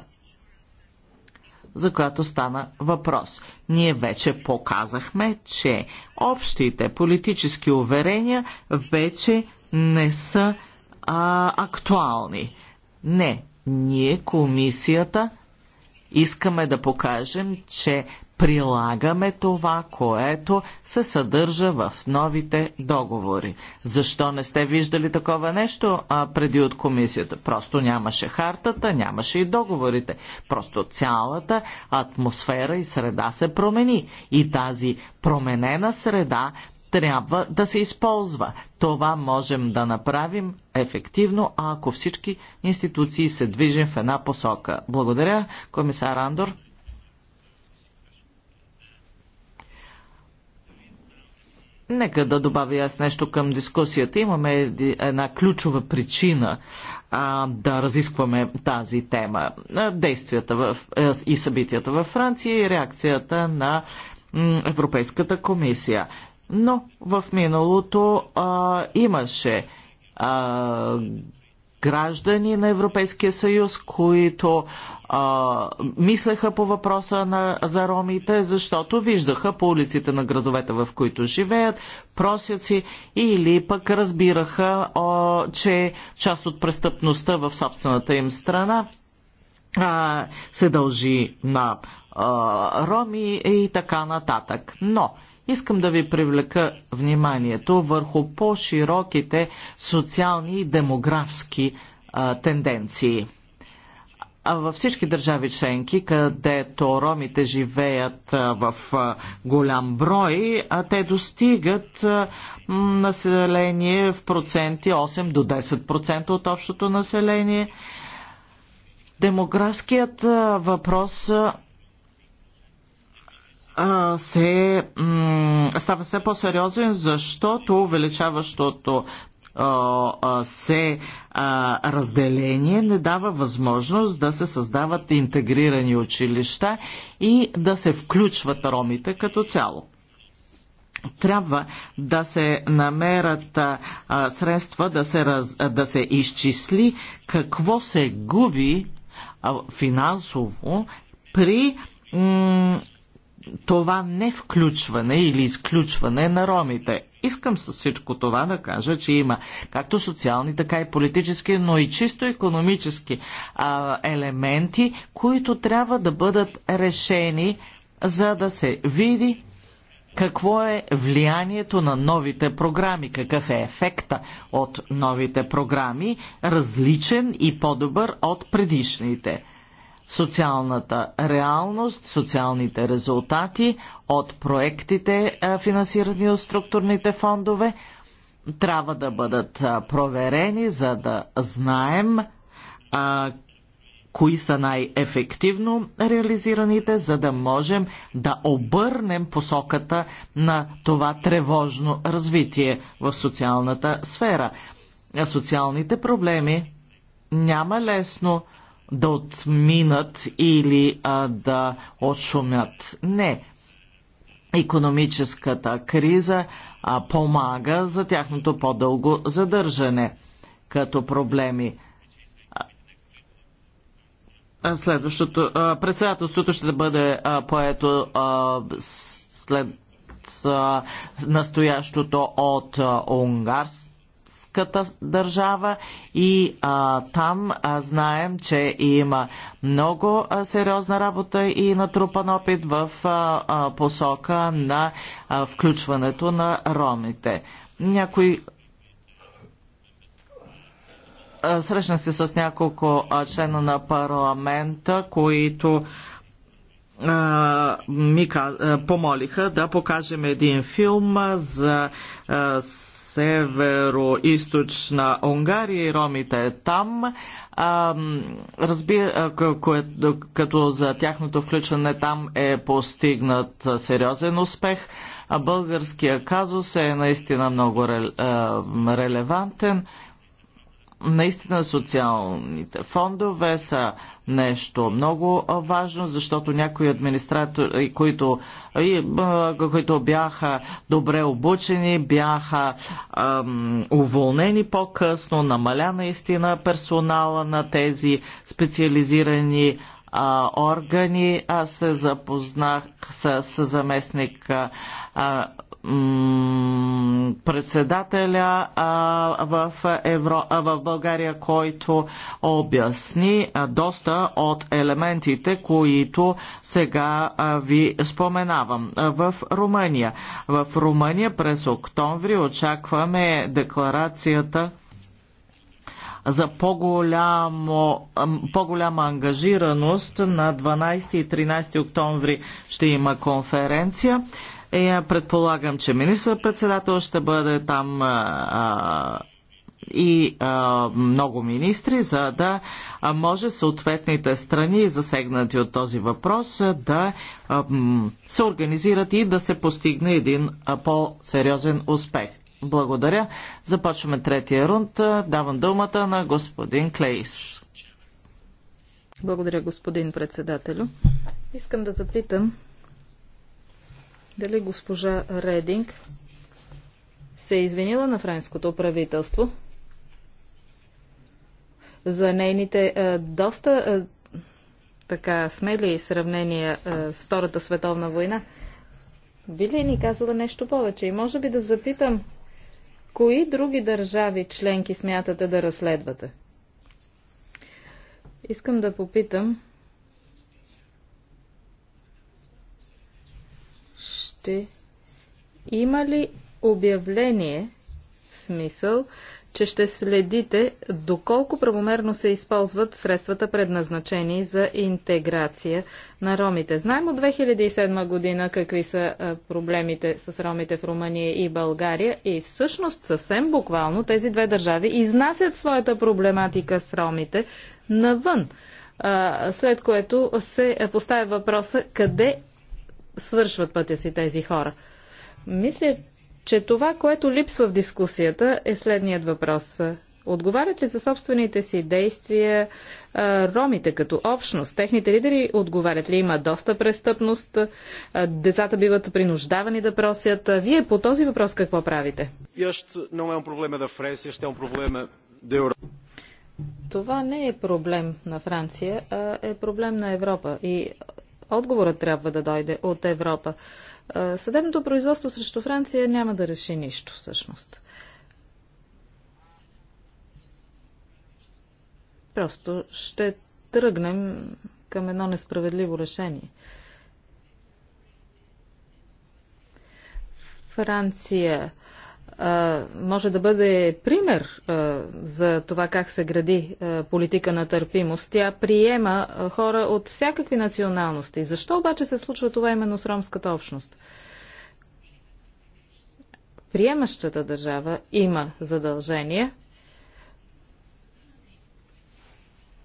за която стана въпрос. Ние вече показахме, че общите политически уверения вече не са а, актуални. Не, ние, комисията, искаме да покажем, че прилагаме това, което се съдържа в новите договори. Защо не сте виждали такова нещо а, преди от комисията? Просто нямаше хартата, нямаше и договорите. Просто цялата атмосфера и среда се промени. И тази променена среда трябва да се използва. Това можем да направим ефективно, ако всички институции се движим в една посока. Благодаря, комисар Андор. Нека да добавя аз нещо към дискусията. Имаме една ключова причина а, да разискваме тази тема. Действията в, и събитията във Франция и реакцията на Европейската комисия. Но в миналото а, имаше а, граждани на Европейския съюз, които а, мислеха по въпроса на, за ромите, защото виждаха по улиците на градовете, в които живеят, просяци или пък разбираха, а, че част от престъпността в собствената им страна а, се дължи на а, роми и така нататък. Но Искам да ви привлека вниманието върху по-широките социални и демографски а, тенденции. А във всички държави членки, където ромите живеят в голям брой, те достигат население в проценти 8 до 10% от общото население. Демографският въпрос се, става все по-сериозен, защото увеличаващото се разделение не дава възможност да се създават интегрирани училища и да се включват ромите като цяло трябва да се намерят а, средства да се, раз, да се изчисли какво се губи а, финансово при това не включване или изключване на ромите. Искам с всичко това да кажа, че има както социални, така и политически, но и чисто економически а, елементи, които трябва да бъдат решени, за да се види какво е влиянието на новите програми, какъв е ефекта от новите програми, различен и по-добър от предишните социалната реалност, социалните резултати от проектите, финансирани от структурните фондове, трябва да бъдат проверени, за да знаем а, кои са най-ефективно реализираните, за да можем да обърнем посоката на това тревожно развитие в социалната сфера. Социалните проблеми няма лесно да отминат или а, да отшумят. Не. Економическата криза а, помага за тяхното по-дълго задържане като проблеми. А, следващото, а, председателството ще бъде а, поето а, след а, настоящото от а, унгарство турската държава и а, там а, знаем, че има много а, сериозна работа и натрупан опит в а, а, посока на а, включването на ромите. Някои срещнах се с няколко члена на парламента, които ми помолиха да покажем един филм за северо-источна Унгария и ромите там, а, разби, а, кое, като за тяхното включване там е постигнат сериозен успех. А българския казус е наистина много релевантен. Наистина социалните фондове са нещо много важно, защото някои администратори, които, които бяха добре обучени, бяха ам, уволнени по-късно, намаля наистина персонала на тези специализирани а, органи. Аз се запознах с, с заместник а, председателя в, Евро, в България, който обясни доста от елементите, които сега ви споменавам. В Румъния. В Румъния през октомври очакваме декларацията за по-голяма по ангажираност на 12 и 13 октомври ще има конференция. И е, предполагам, че министър-председател ще бъде там а, и а, много министри, за да може съответните страни, засегнати от този въпрос, да а, се организират и да се постигне един по-сериозен успех. Благодаря. Започваме третия рунд. Давам думата на господин Клейс. Благодаря, господин председателю. Искам да запитам дали госпожа Рединг се е извинила на френското правителство за нейните е, доста е, така смели сравнения е, с Втората световна война. Би ли ни казала нещо повече? И може би да запитам, кои други държави членки смятате да разследвате? Искам да попитам ще има ли обявление в смисъл, че ще следите доколко правомерно се използват средствата предназначени за интеграция на ромите. Знаем от 2007 година какви са проблемите с ромите в Румъния и България и всъщност съвсем буквално тези две държави изнасят своята проблематика с ромите навън. След което се поставя въпроса къде свършват пътя си тези хора. Мисля, че това, което липсва в дискусията е следният въпрос. Отговарят ли за собствените си действия ромите като общност? Техните лидери отговарят ли? Има доста престъпност, децата биват принуждавани да просят. вие по този въпрос какво правите? Е е това не е проблем на Франция, а е проблем на Европа. И Отговорът трябва да дойде от Европа. Съдебното производство срещу Франция няма да реши нищо, всъщност. Просто ще тръгнем към едно несправедливо решение. Франция може да бъде пример за това как се гради политика на търпимост. Тя приема хора от всякакви националности. Защо обаче се случва това именно с ромската общност? Приемащата държава има задължение,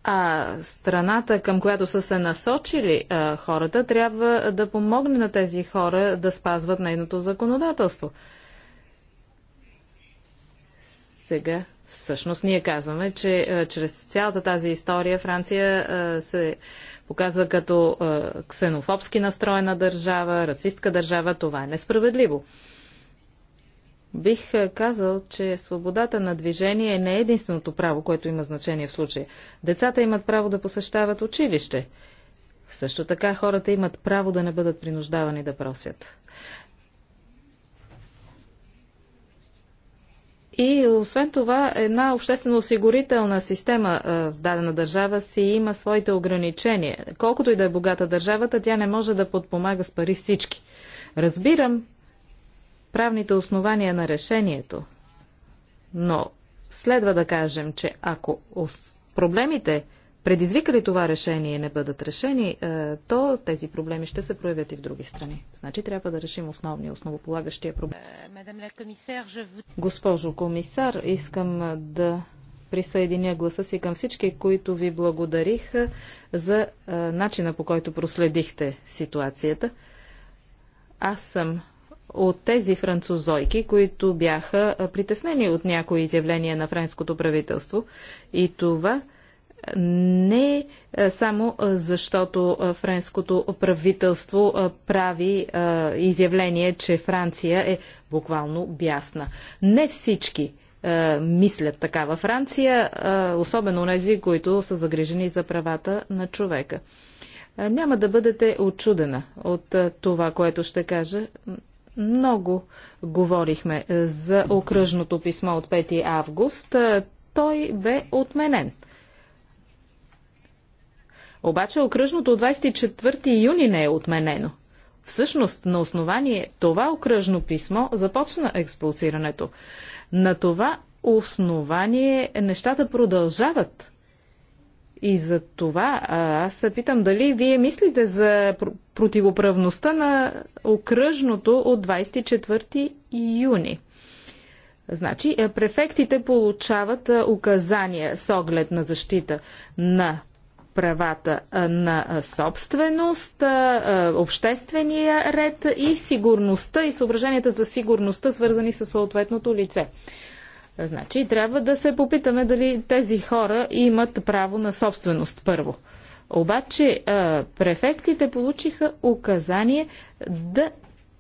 а страната, към която са се насочили а, хората, трябва да помогне на тези хора да спазват нейното законодателство. Сега всъщност ние казваме, че а, чрез цялата тази история Франция а, се показва като а, ксенофобски настроена държава, расистка държава. Това е несправедливо. Бих казал, че свободата на движение не е единственото право, което има значение в случая. Децата имат право да посещават училище. Също така хората имат право да не бъдат принуждавани да просят. И освен това, една обществено-осигурителна система в дадена държава си има своите ограничения. Колкото и да е богата държавата, тя не може да подпомага с пари всички. Разбирам правните основания на решението, но следва да кажем, че ако проблемите предизвикали това решение и не бъдат решени, е, то тези проблеми ще се проявят и в други страни. Значи трябва да решим основния, основополагащия проблем. Е, Госпожо комисар, искам да присъединя гласа си към всички, които ви благодарих, за е, начина по който проследихте ситуацията. Аз съм от тези французойки, които бяха притеснени от някои изявления на френското правителство. И това не е, само е, защото е, френското правителство прави изявление, че Франция е буквално бясна. Не всички мислят така във Франция, особено тези, които са загрижени за правата на човека. Няма да бъдете очудена от това, което ще кажа. Много говорихме за окръжното писмо от 5 август. Той бе отменен. Обаче окръжното от 24 юни не е отменено. Всъщност, на основание това окръжно писмо започна експулсирането. На това основание нещата продължават. И за това аз се питам дали вие мислите за противоправността на окръжното от 24 юни. Значи, е, префектите получават е, указания с оглед на защита на правата на собственост, обществения ред и сигурността и съображенията за сигурността, свързани с съответното лице. Значи трябва да се попитаме дали тези хора имат право на собственост първо. Обаче префектите получиха указание да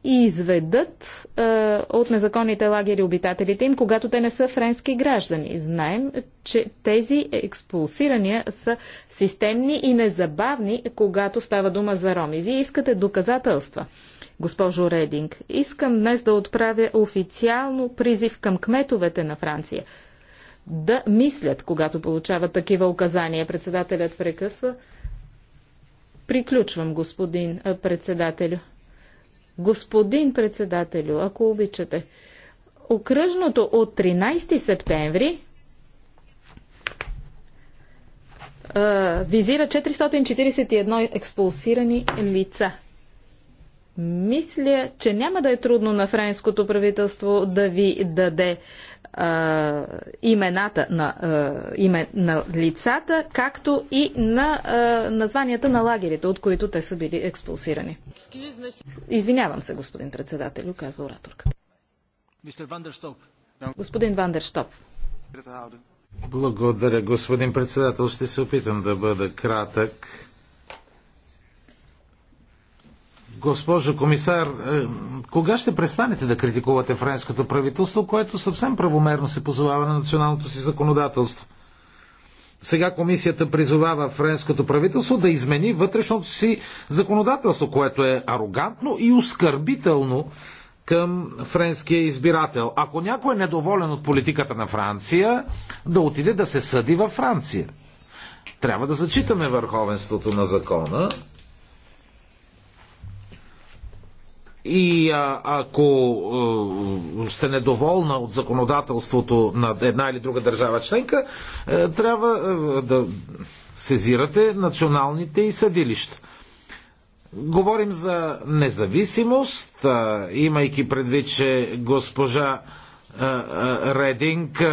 и изведат е, от незаконните лагери обитателите им, когато те не са френски граждани. Знаем, че тези експулсирания са системни и незабавни, когато става дума за роми. Вие искате доказателства. Госпожо Рединг, искам днес да отправя официално призив към кметовете на Франция да мислят, когато получават такива указания. Председателят прекъсва. Приключвам, господин председателю. Господин председателю, ако обичате, окръжното от 13 септември визира 441 експулсирани лица. Мисля, че няма да е трудно на френското правителство да ви даде а, имената на, а, име, на лицата, както и на а, названията на лагерите, от които те са били експулсирани. Извинявам се, господин председател, казва ораторката. Господин Вандерштоп. Благодаря, господин председател. Ще се опитам да бъда кратък. Госпожо комисар, е, кога ще престанете да критикувате френското правителство, което съвсем правомерно се позовава на националното си законодателство? Сега комисията призовава френското правителство да измени вътрешното си законодателство, което е арогантно и оскърбително към френския избирател. Ако някой е недоволен от политиката на Франция, да отиде да се съди във Франция. Трябва да зачитаме върховенството на закона И а, ако а, сте недоволна от законодателството на една или друга държава членка, а, е, трябва а, е, да сезирате националните и съдилища. Говорим за независимост, а, имайки предвид, че госпожа е, е, Рединг е,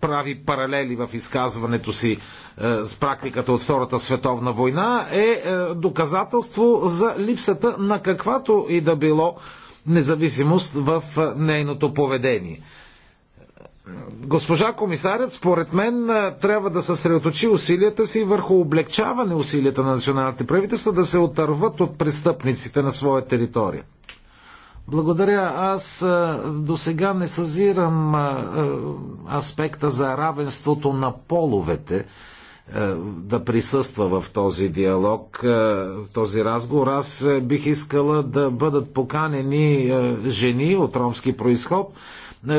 прави паралели в изказването си с практиката от Втората световна война, е доказателство за липсата на каквато и да било независимост в нейното поведение. Госпожа комисарят, според мен, трябва да съсредоточи усилията си върху облегчаване усилията на националните правителства да се отърват от престъпниците на своя територия. Благодаря. Аз до сега не съзирам аспекта за равенството на половете да присъства в този диалог, в този разговор. Аз бих искала да бъдат поканени жени от ромски происход,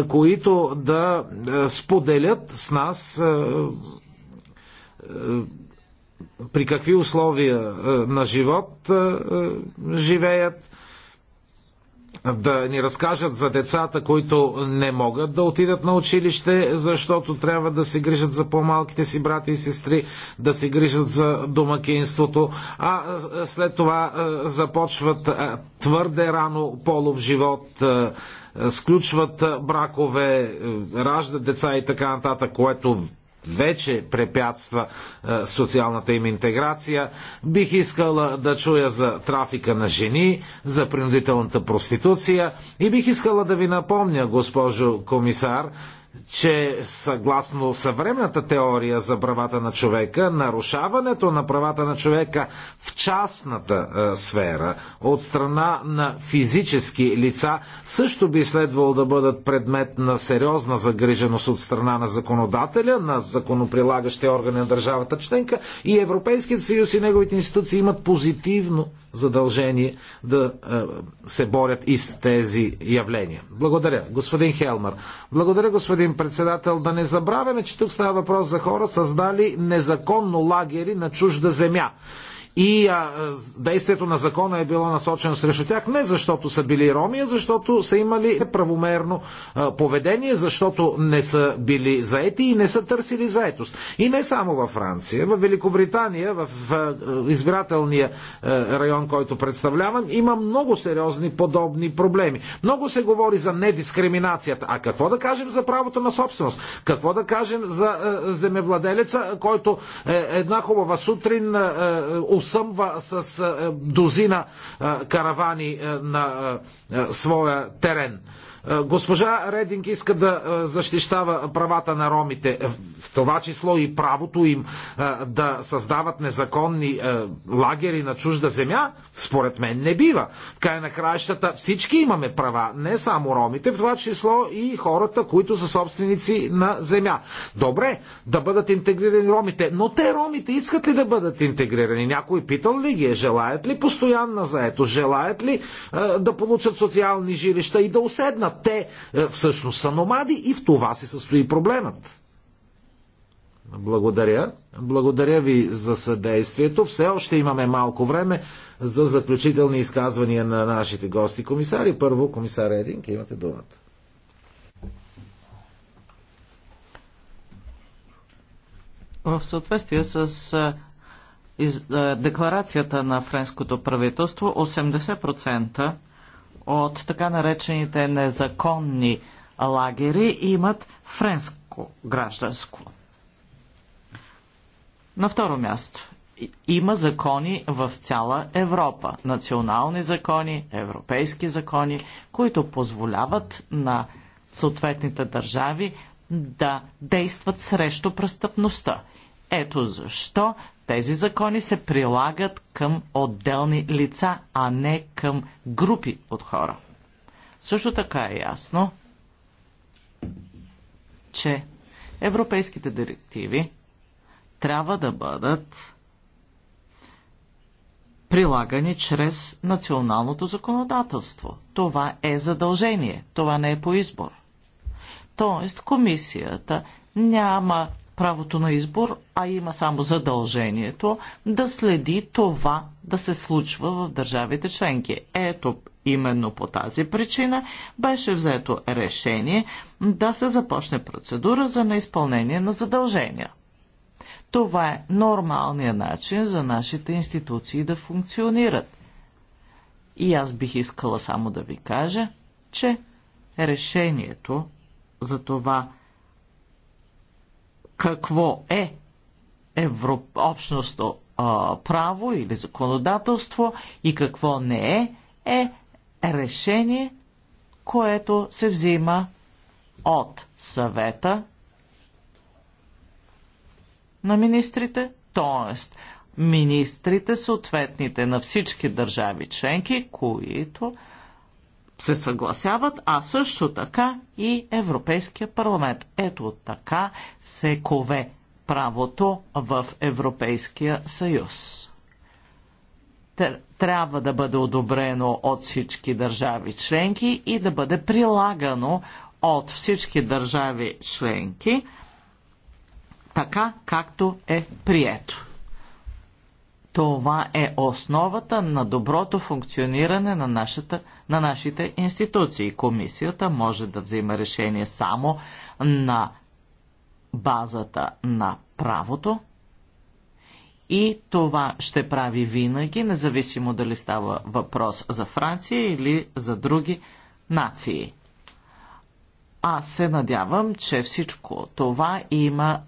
които да споделят с нас при какви условия на живот живеят, да ни разкажат за децата, които не могат да отидат на училище, защото трябва да се грижат за по-малките си брати и сестри, да се грижат за домакинството, а след това започват твърде рано полов живот, сключват бракове, раждат деца и така нататък, което вече препятства е, социалната им интеграция. Бих искала да чуя за трафика на жени, за принудителната проституция и бих искала да ви напомня, госпожо комисар, че съгласно съвременната теория за правата на човека, нарушаването на правата на човека в частната е, сфера от страна на физически лица също би следвало да бъдат предмет на сериозна загриженост от страна на законодателя, на законоприлагащите органи на държавата членка и Европейският съюз и неговите институции имат позитивно задължени да е, се борят и с тези явления. Благодаря, господин Хелмар. Благодаря, господин председател. Да не забравяме, че тук става въпрос за хора, създали незаконно лагери на чужда земя и а, действието на закона е било насочено срещу тях не защото са били роми, а защото са имали правомерно а, поведение, защото не са били заети и не са търсили заетост. И не само във Франция, в Великобритания, в в избирателния а, район, който представлявам, има много сериозни подобни проблеми. Много се говори за недискриминацията. А какво да кажем за правото на собственост? Какво да кажем за а, земевладелеца, който е, една хубава сутрин а, посъмва с е, дозина е, каравани е, на своя терен. Е, госпожа Рединг иска да е, защищава правата на ромите, е, в това число и правото им да създават незаконни лагери на чужда земя, според мен не бива. В край на краищата всички имаме права, не само ромите, в това число и хората, които са собственици на земя. Добре, да бъдат интегрирани ромите, но те ромите искат ли да бъдат интегрирани? Някой питал ли ги е? Желаят ли постоянна заето? Желаят ли да получат социални жилища и да уседнат? те е, всъщност са номади и в това се състои проблемът. Благодаря. Благодаря ви за съдействието. Все още имаме малко време за заключителни изказвания на нашите гости комисари. Първо, комисар Единки, имате думата. В съответствие с е, е, декларацията на френското правителство, 80% от така наречените незаконни лагери имат френско гражданство. На второ място, има закони в цяла Европа. Национални закони, европейски закони, които позволяват на съответните държави да действат срещу престъпността. Ето защо тези закони се прилагат към отделни лица, а не към групи от хора. Също така е ясно, че европейските директиви трябва да бъдат прилагани чрез националното законодателство. Това е задължение, това не е по избор. Тоест комисията няма правото на избор, а има само задължението да следи това да се случва в държавите членки. Ето, именно по тази причина беше взето решение да се започне процедура за неизпълнение на задължения. Това е нормалният начин за нашите институции да функционират. И аз бих искала само да ви кажа, че решението за това какво е евро... общностно а, право или законодателство и какво не е, е решение, което се взима от съвета на министрите, т.е. министрите съответните на всички държави членки, които се съгласяват, а също така и Европейския парламент. Ето така се кове правото в Европейския съюз. Трябва да бъде одобрено от всички държави членки и да бъде прилагано от всички държави членки, така както е прието. Това е основата на доброто функциониране на, нашата, на нашите институции. Комисията може да взима решение само на базата на правото и това ще прави винаги, независимо дали става въпрос за Франция или за други нации. Аз се надявам, че всичко това има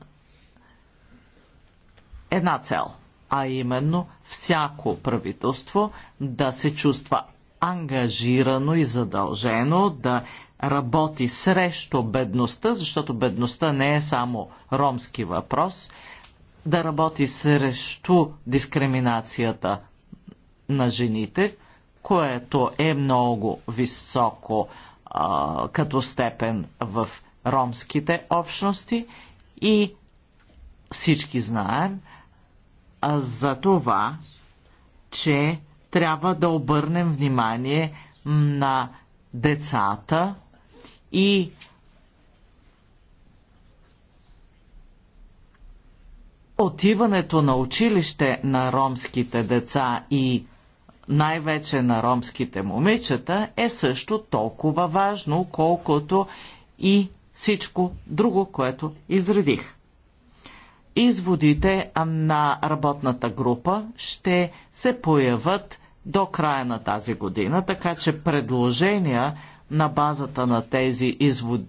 една цел – а именно всяко правителство да се чувства ангажирано и задължено да работи срещу бедността, защото бедността не е само ромски въпрос, да работи срещу дискриминацията на жените, което е много високо а, като степен в ромските общности и всички знаем, за това, че трябва да обърнем внимание на децата и отиването на училище на ромските деца и най-вече на ромските момичета е също толкова важно, колкото и всичко друго, което изредих. Изводите на работната група ще се появят до края на тази година, така че предложения на базата на тези, извод,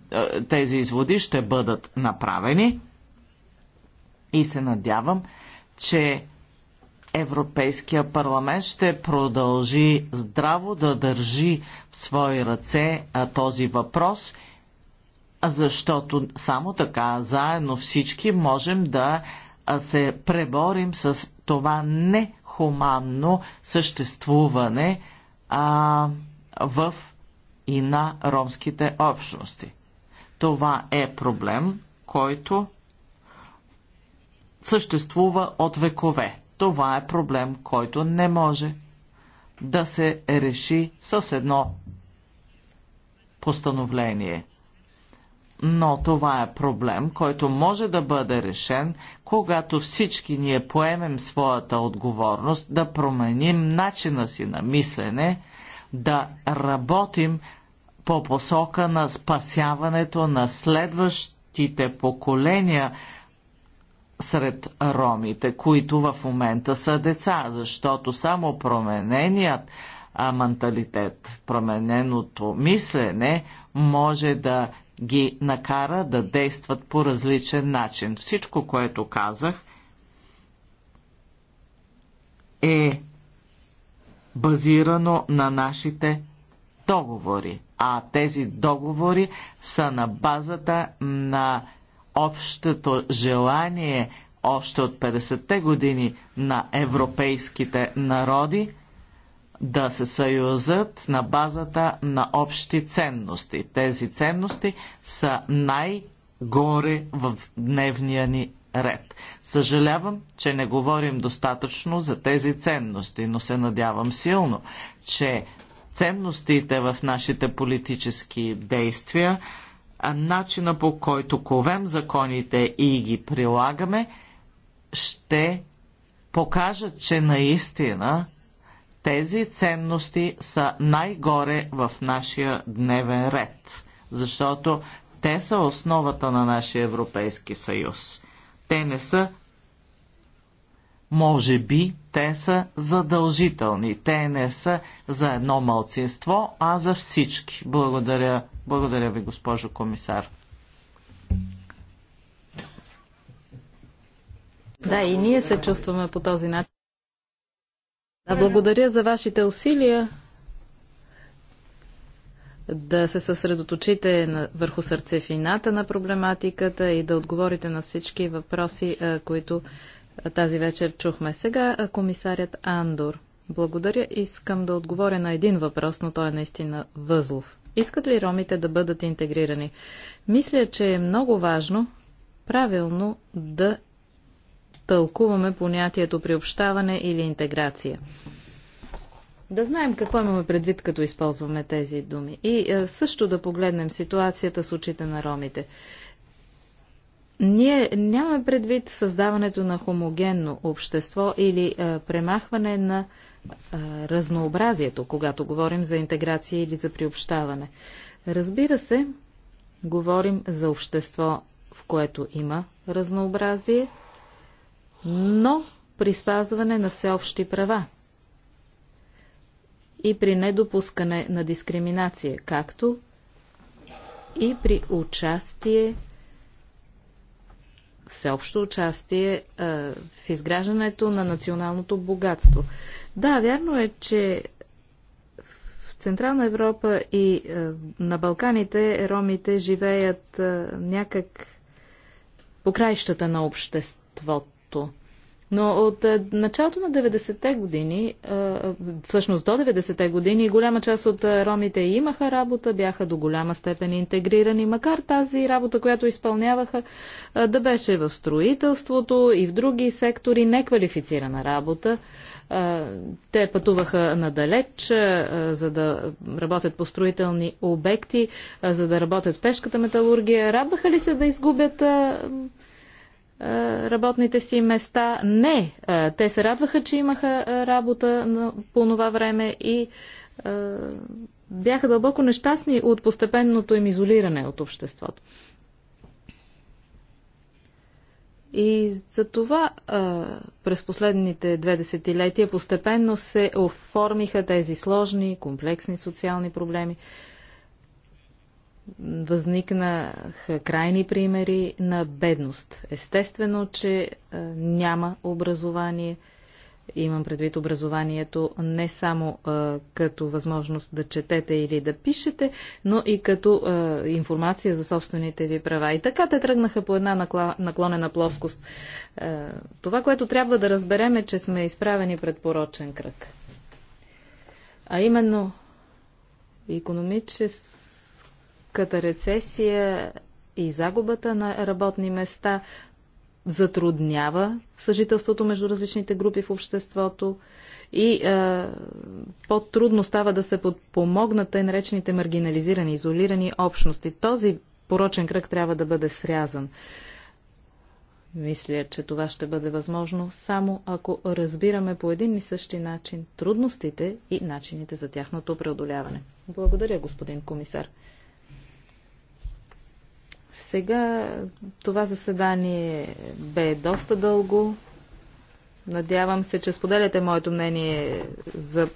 тези изводи ще бъдат направени и се надявам, че Европейския парламент ще продължи здраво да държи в свои ръце този въпрос – защото само така, заедно всички можем да се преборим с това нехуманно съществуване а, в и на ромските общности. Това е проблем, който съществува от векове. Това е проблем, който не може да се реши с едно постановление но това е проблем, който може да бъде решен, когато всички ние поемем своята отговорност да променим начина си на мислене, да работим по посока на спасяването на следващите поколения сред ромите, които в момента са деца, защото само промененият а, менталитет, промененото мислене може да ги накара да действат по различен начин. Всичко, което казах, е базирано на нашите договори. А тези договори са на базата на общото желание още от 50-те години на европейските народи да се съюзат на базата на общи ценности. Тези ценности са най-горе в дневния ни ред. Съжалявам, че не говорим достатъчно за тези ценности, но се надявам силно, че ценностите в нашите политически действия, а начина по който ковем законите и ги прилагаме, ще покажат, че наистина тези ценности са най-горе в нашия дневен ред, защото те са основата на нашия Европейски съюз. Те не са може би те са задължителни. Те не са за едно малцинство, а за всички. Благодаря, благодаря ви, госпожо комисар. Да, и ние се чувстваме по този начин. А благодаря за вашите усилия да се съсредоточите на, върху сърцефината на проблематиката и да отговорите на всички въпроси, които тази вечер чухме. Сега комисарят Андор. Благодаря. Искам да отговоря на един въпрос, но той е наистина възлов. Искат ли ромите да бъдат интегрирани? Мисля, че е много важно правилно да тълкуваме понятието приобщаване или интеграция. Да знаем какво имаме предвид, като използваме тези думи. И е, също да погледнем ситуацията с очите на ромите. Ние нямаме предвид създаването на хомогенно общество или е, премахване на е, разнообразието, когато говорим за интеграция или за приобщаване. Разбира се, говорим за общество, в което има разнообразие, но при спазване на всеобщи права и при недопускане на дискриминация, както и при участие, всеобщо участие а, е, в изграждането на националното богатство. Да, вярно е, че в Централна Европа и а, е, на Балканите ромите живеят а, е, някак по краищата на обществото миналото. Но от е, началото на 90-те години, е, всъщност до 90-те години, голяма част от е, ромите имаха работа, бяха до голяма степен интегрирани, макар тази работа, която изпълняваха, да беше в строителството и в други сектори неквалифицирана работа. Те пътуваха надалеч, за да работят по строителни обекти, за да работят в тежката металургия. Радваха ли се да изгубят работните си места. Не, те се радваха, че имаха работа по това време и бяха дълбоко нещастни от постепенното им изолиране от обществото. И за това през последните две десетилетия постепенно се оформиха тези сложни, комплексни социални проблеми възникнаха крайни примери на бедност. Естествено, че е, няма образование. Имам предвид образованието не само а, е, като възможност да четете или да пишете, но и като а, е, информация за собствените ви права. И така те тръгнаха по една наклонена плоскост. А, това, което трябва да разберем е, че сме изправени пред порочен кръг. А именно економически тежката рецесия и загубата на работни места затруднява съжителството между различните групи в обществото и е, по-трудно става да се подпомогнат тъй наречените маргинализирани, изолирани общности. Този порочен кръг трябва да бъде срязан. Мисля, че това ще бъде възможно само ако разбираме по един и същи начин трудностите и начините за тяхното преодоляване. Благодаря, господин комисар. Сега това заседание бе доста дълго. Надявам се, че споделяте моето мнение за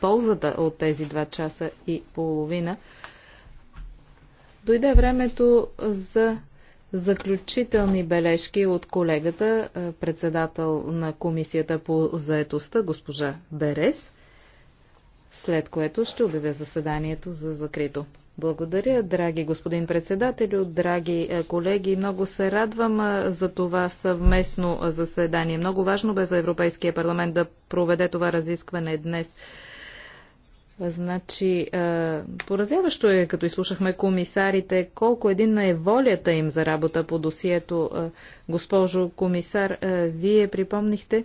ползата от тези два часа и половина. Дойде времето за заключителни бележки от колегата, председател на Комисията по заетостта, госпожа Берес, след което ще обявя заседанието за закрито. Благодаря, драги господин председателю, драги е, колеги. Много се радвам е, за това съвместно е, заседание. Много важно бе за Европейския парламент да проведе това разискване днес. Значи, поразяващо е, като изслушахме комисарите, колко един е волята им за работа по досието. Госпожо комисар, вие припомнихте,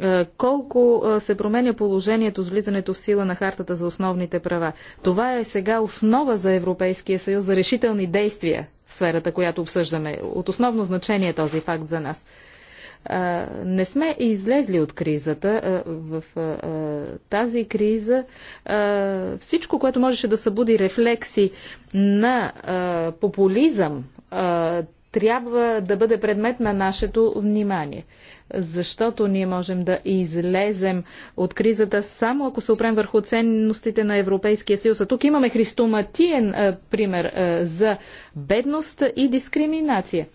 е, колко е, се променя положението с влизането в сила на Хартата за основните права. Това е сега основа за Европейския съюз за решителни действия в сферата, която обсъждаме. От основно значение е този факт за нас. Е, не сме излезли от кризата. В тази криза всичко, което можеше да събуди рефлекси на популизъм, трябва да бъде предмет на нашето внимание. Защото ние можем да излезем от кризата само ако се опрем върху ценностите на Европейския съюз. А тук имаме христоматиен а, е, пример а, е, за бедност и дискриминация.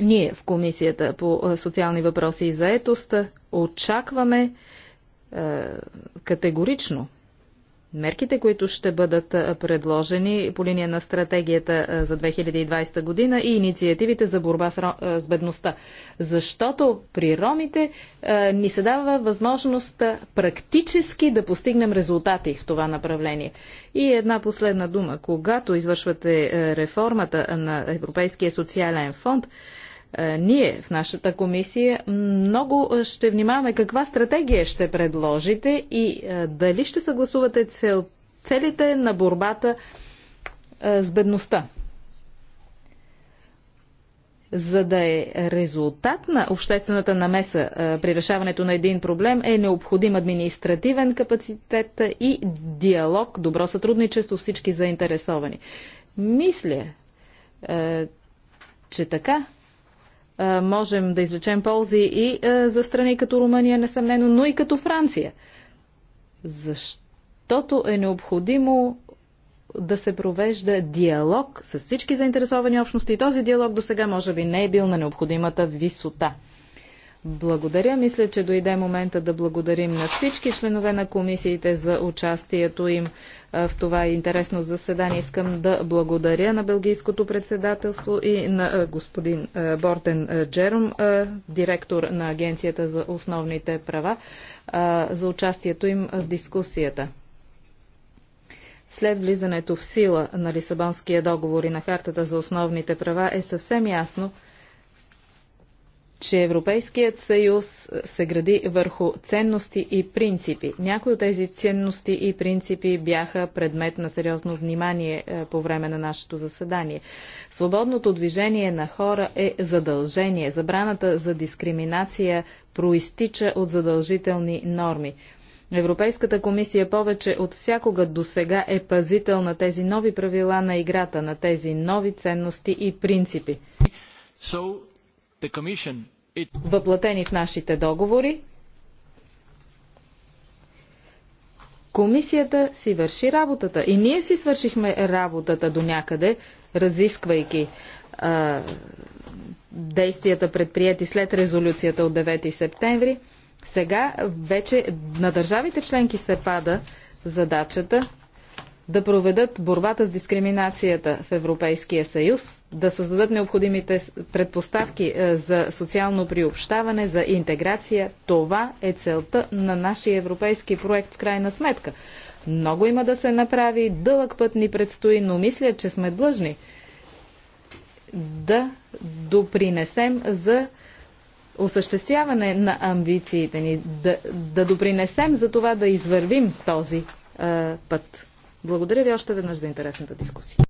Ние в Комисията по е, социални въпроси и заетост очакваме а, категорично мерките, които ще бъдат предложени по линия на стратегията за 2020 година и инициативите за борба с бедността. Защото при ромите ни се дава възможност практически да постигнем резултати в това направление. И една последна дума. Когато извършвате реформата на Европейския социален фонд, е, ние в нашата комисия много ще внимаваме каква стратегия ще предложите и е, дали ще съгласувате цел, целите на борбата е, с бедността. За да е резултат на обществената намеса при решаването на един проблем е необходим административен капацитет и диалог, добро сътрудничество всички заинтересовани. Мисля, че така е, можем да излечем ползи и е, за страни като Румъния, несъмнено, но и като Франция. Защото е необходимо да се провежда диалог с всички заинтересовани общности и този диалог до сега може би не е бил на необходимата висота. Благодаря. Мисля, че дойде момента да благодарим на всички членове на комисиите за участието им в това интересно заседание. Искам да благодаря на Белгийското председателство и на господин Бортен Джером, директор на Агенцията за основните права, за участието им в дискусията. След влизането в сила на Лисабонския договор и на Хартата за основните права е съвсем ясно, че Европейският съюз се гради върху ценности и принципи. Някои от тези ценности и принципи бяха предмет на сериозно внимание е, по време на нашето заседание. Свободното движение на хора е задължение. Забраната за дискриминация проистича от задължителни норми. Европейската комисия повече от всякога до сега е пазител на тези нови правила на играта, на тези нови ценности и принципи. So въплатени в нашите договори, комисията си върши работата. И ние си свършихме работата до някъде, разисквайки а, действията предприяти след резолюцията от 9 септември. Сега вече на държавите членки се пада задачата да проведат борбата с дискриминацията в Европейския съюз, да създадат необходимите предпоставки е, за социално приобщаване, за интеграция. Това е целта на нашия европейски проект в крайна сметка. Много има да се направи, дълъг път ни предстои, но мисля, че сме длъжни да допринесем за осъществяване на амбициите ни, да, да допринесем за това да извървим този е, път. Благодаря ви още веднъж за интересната дискусия.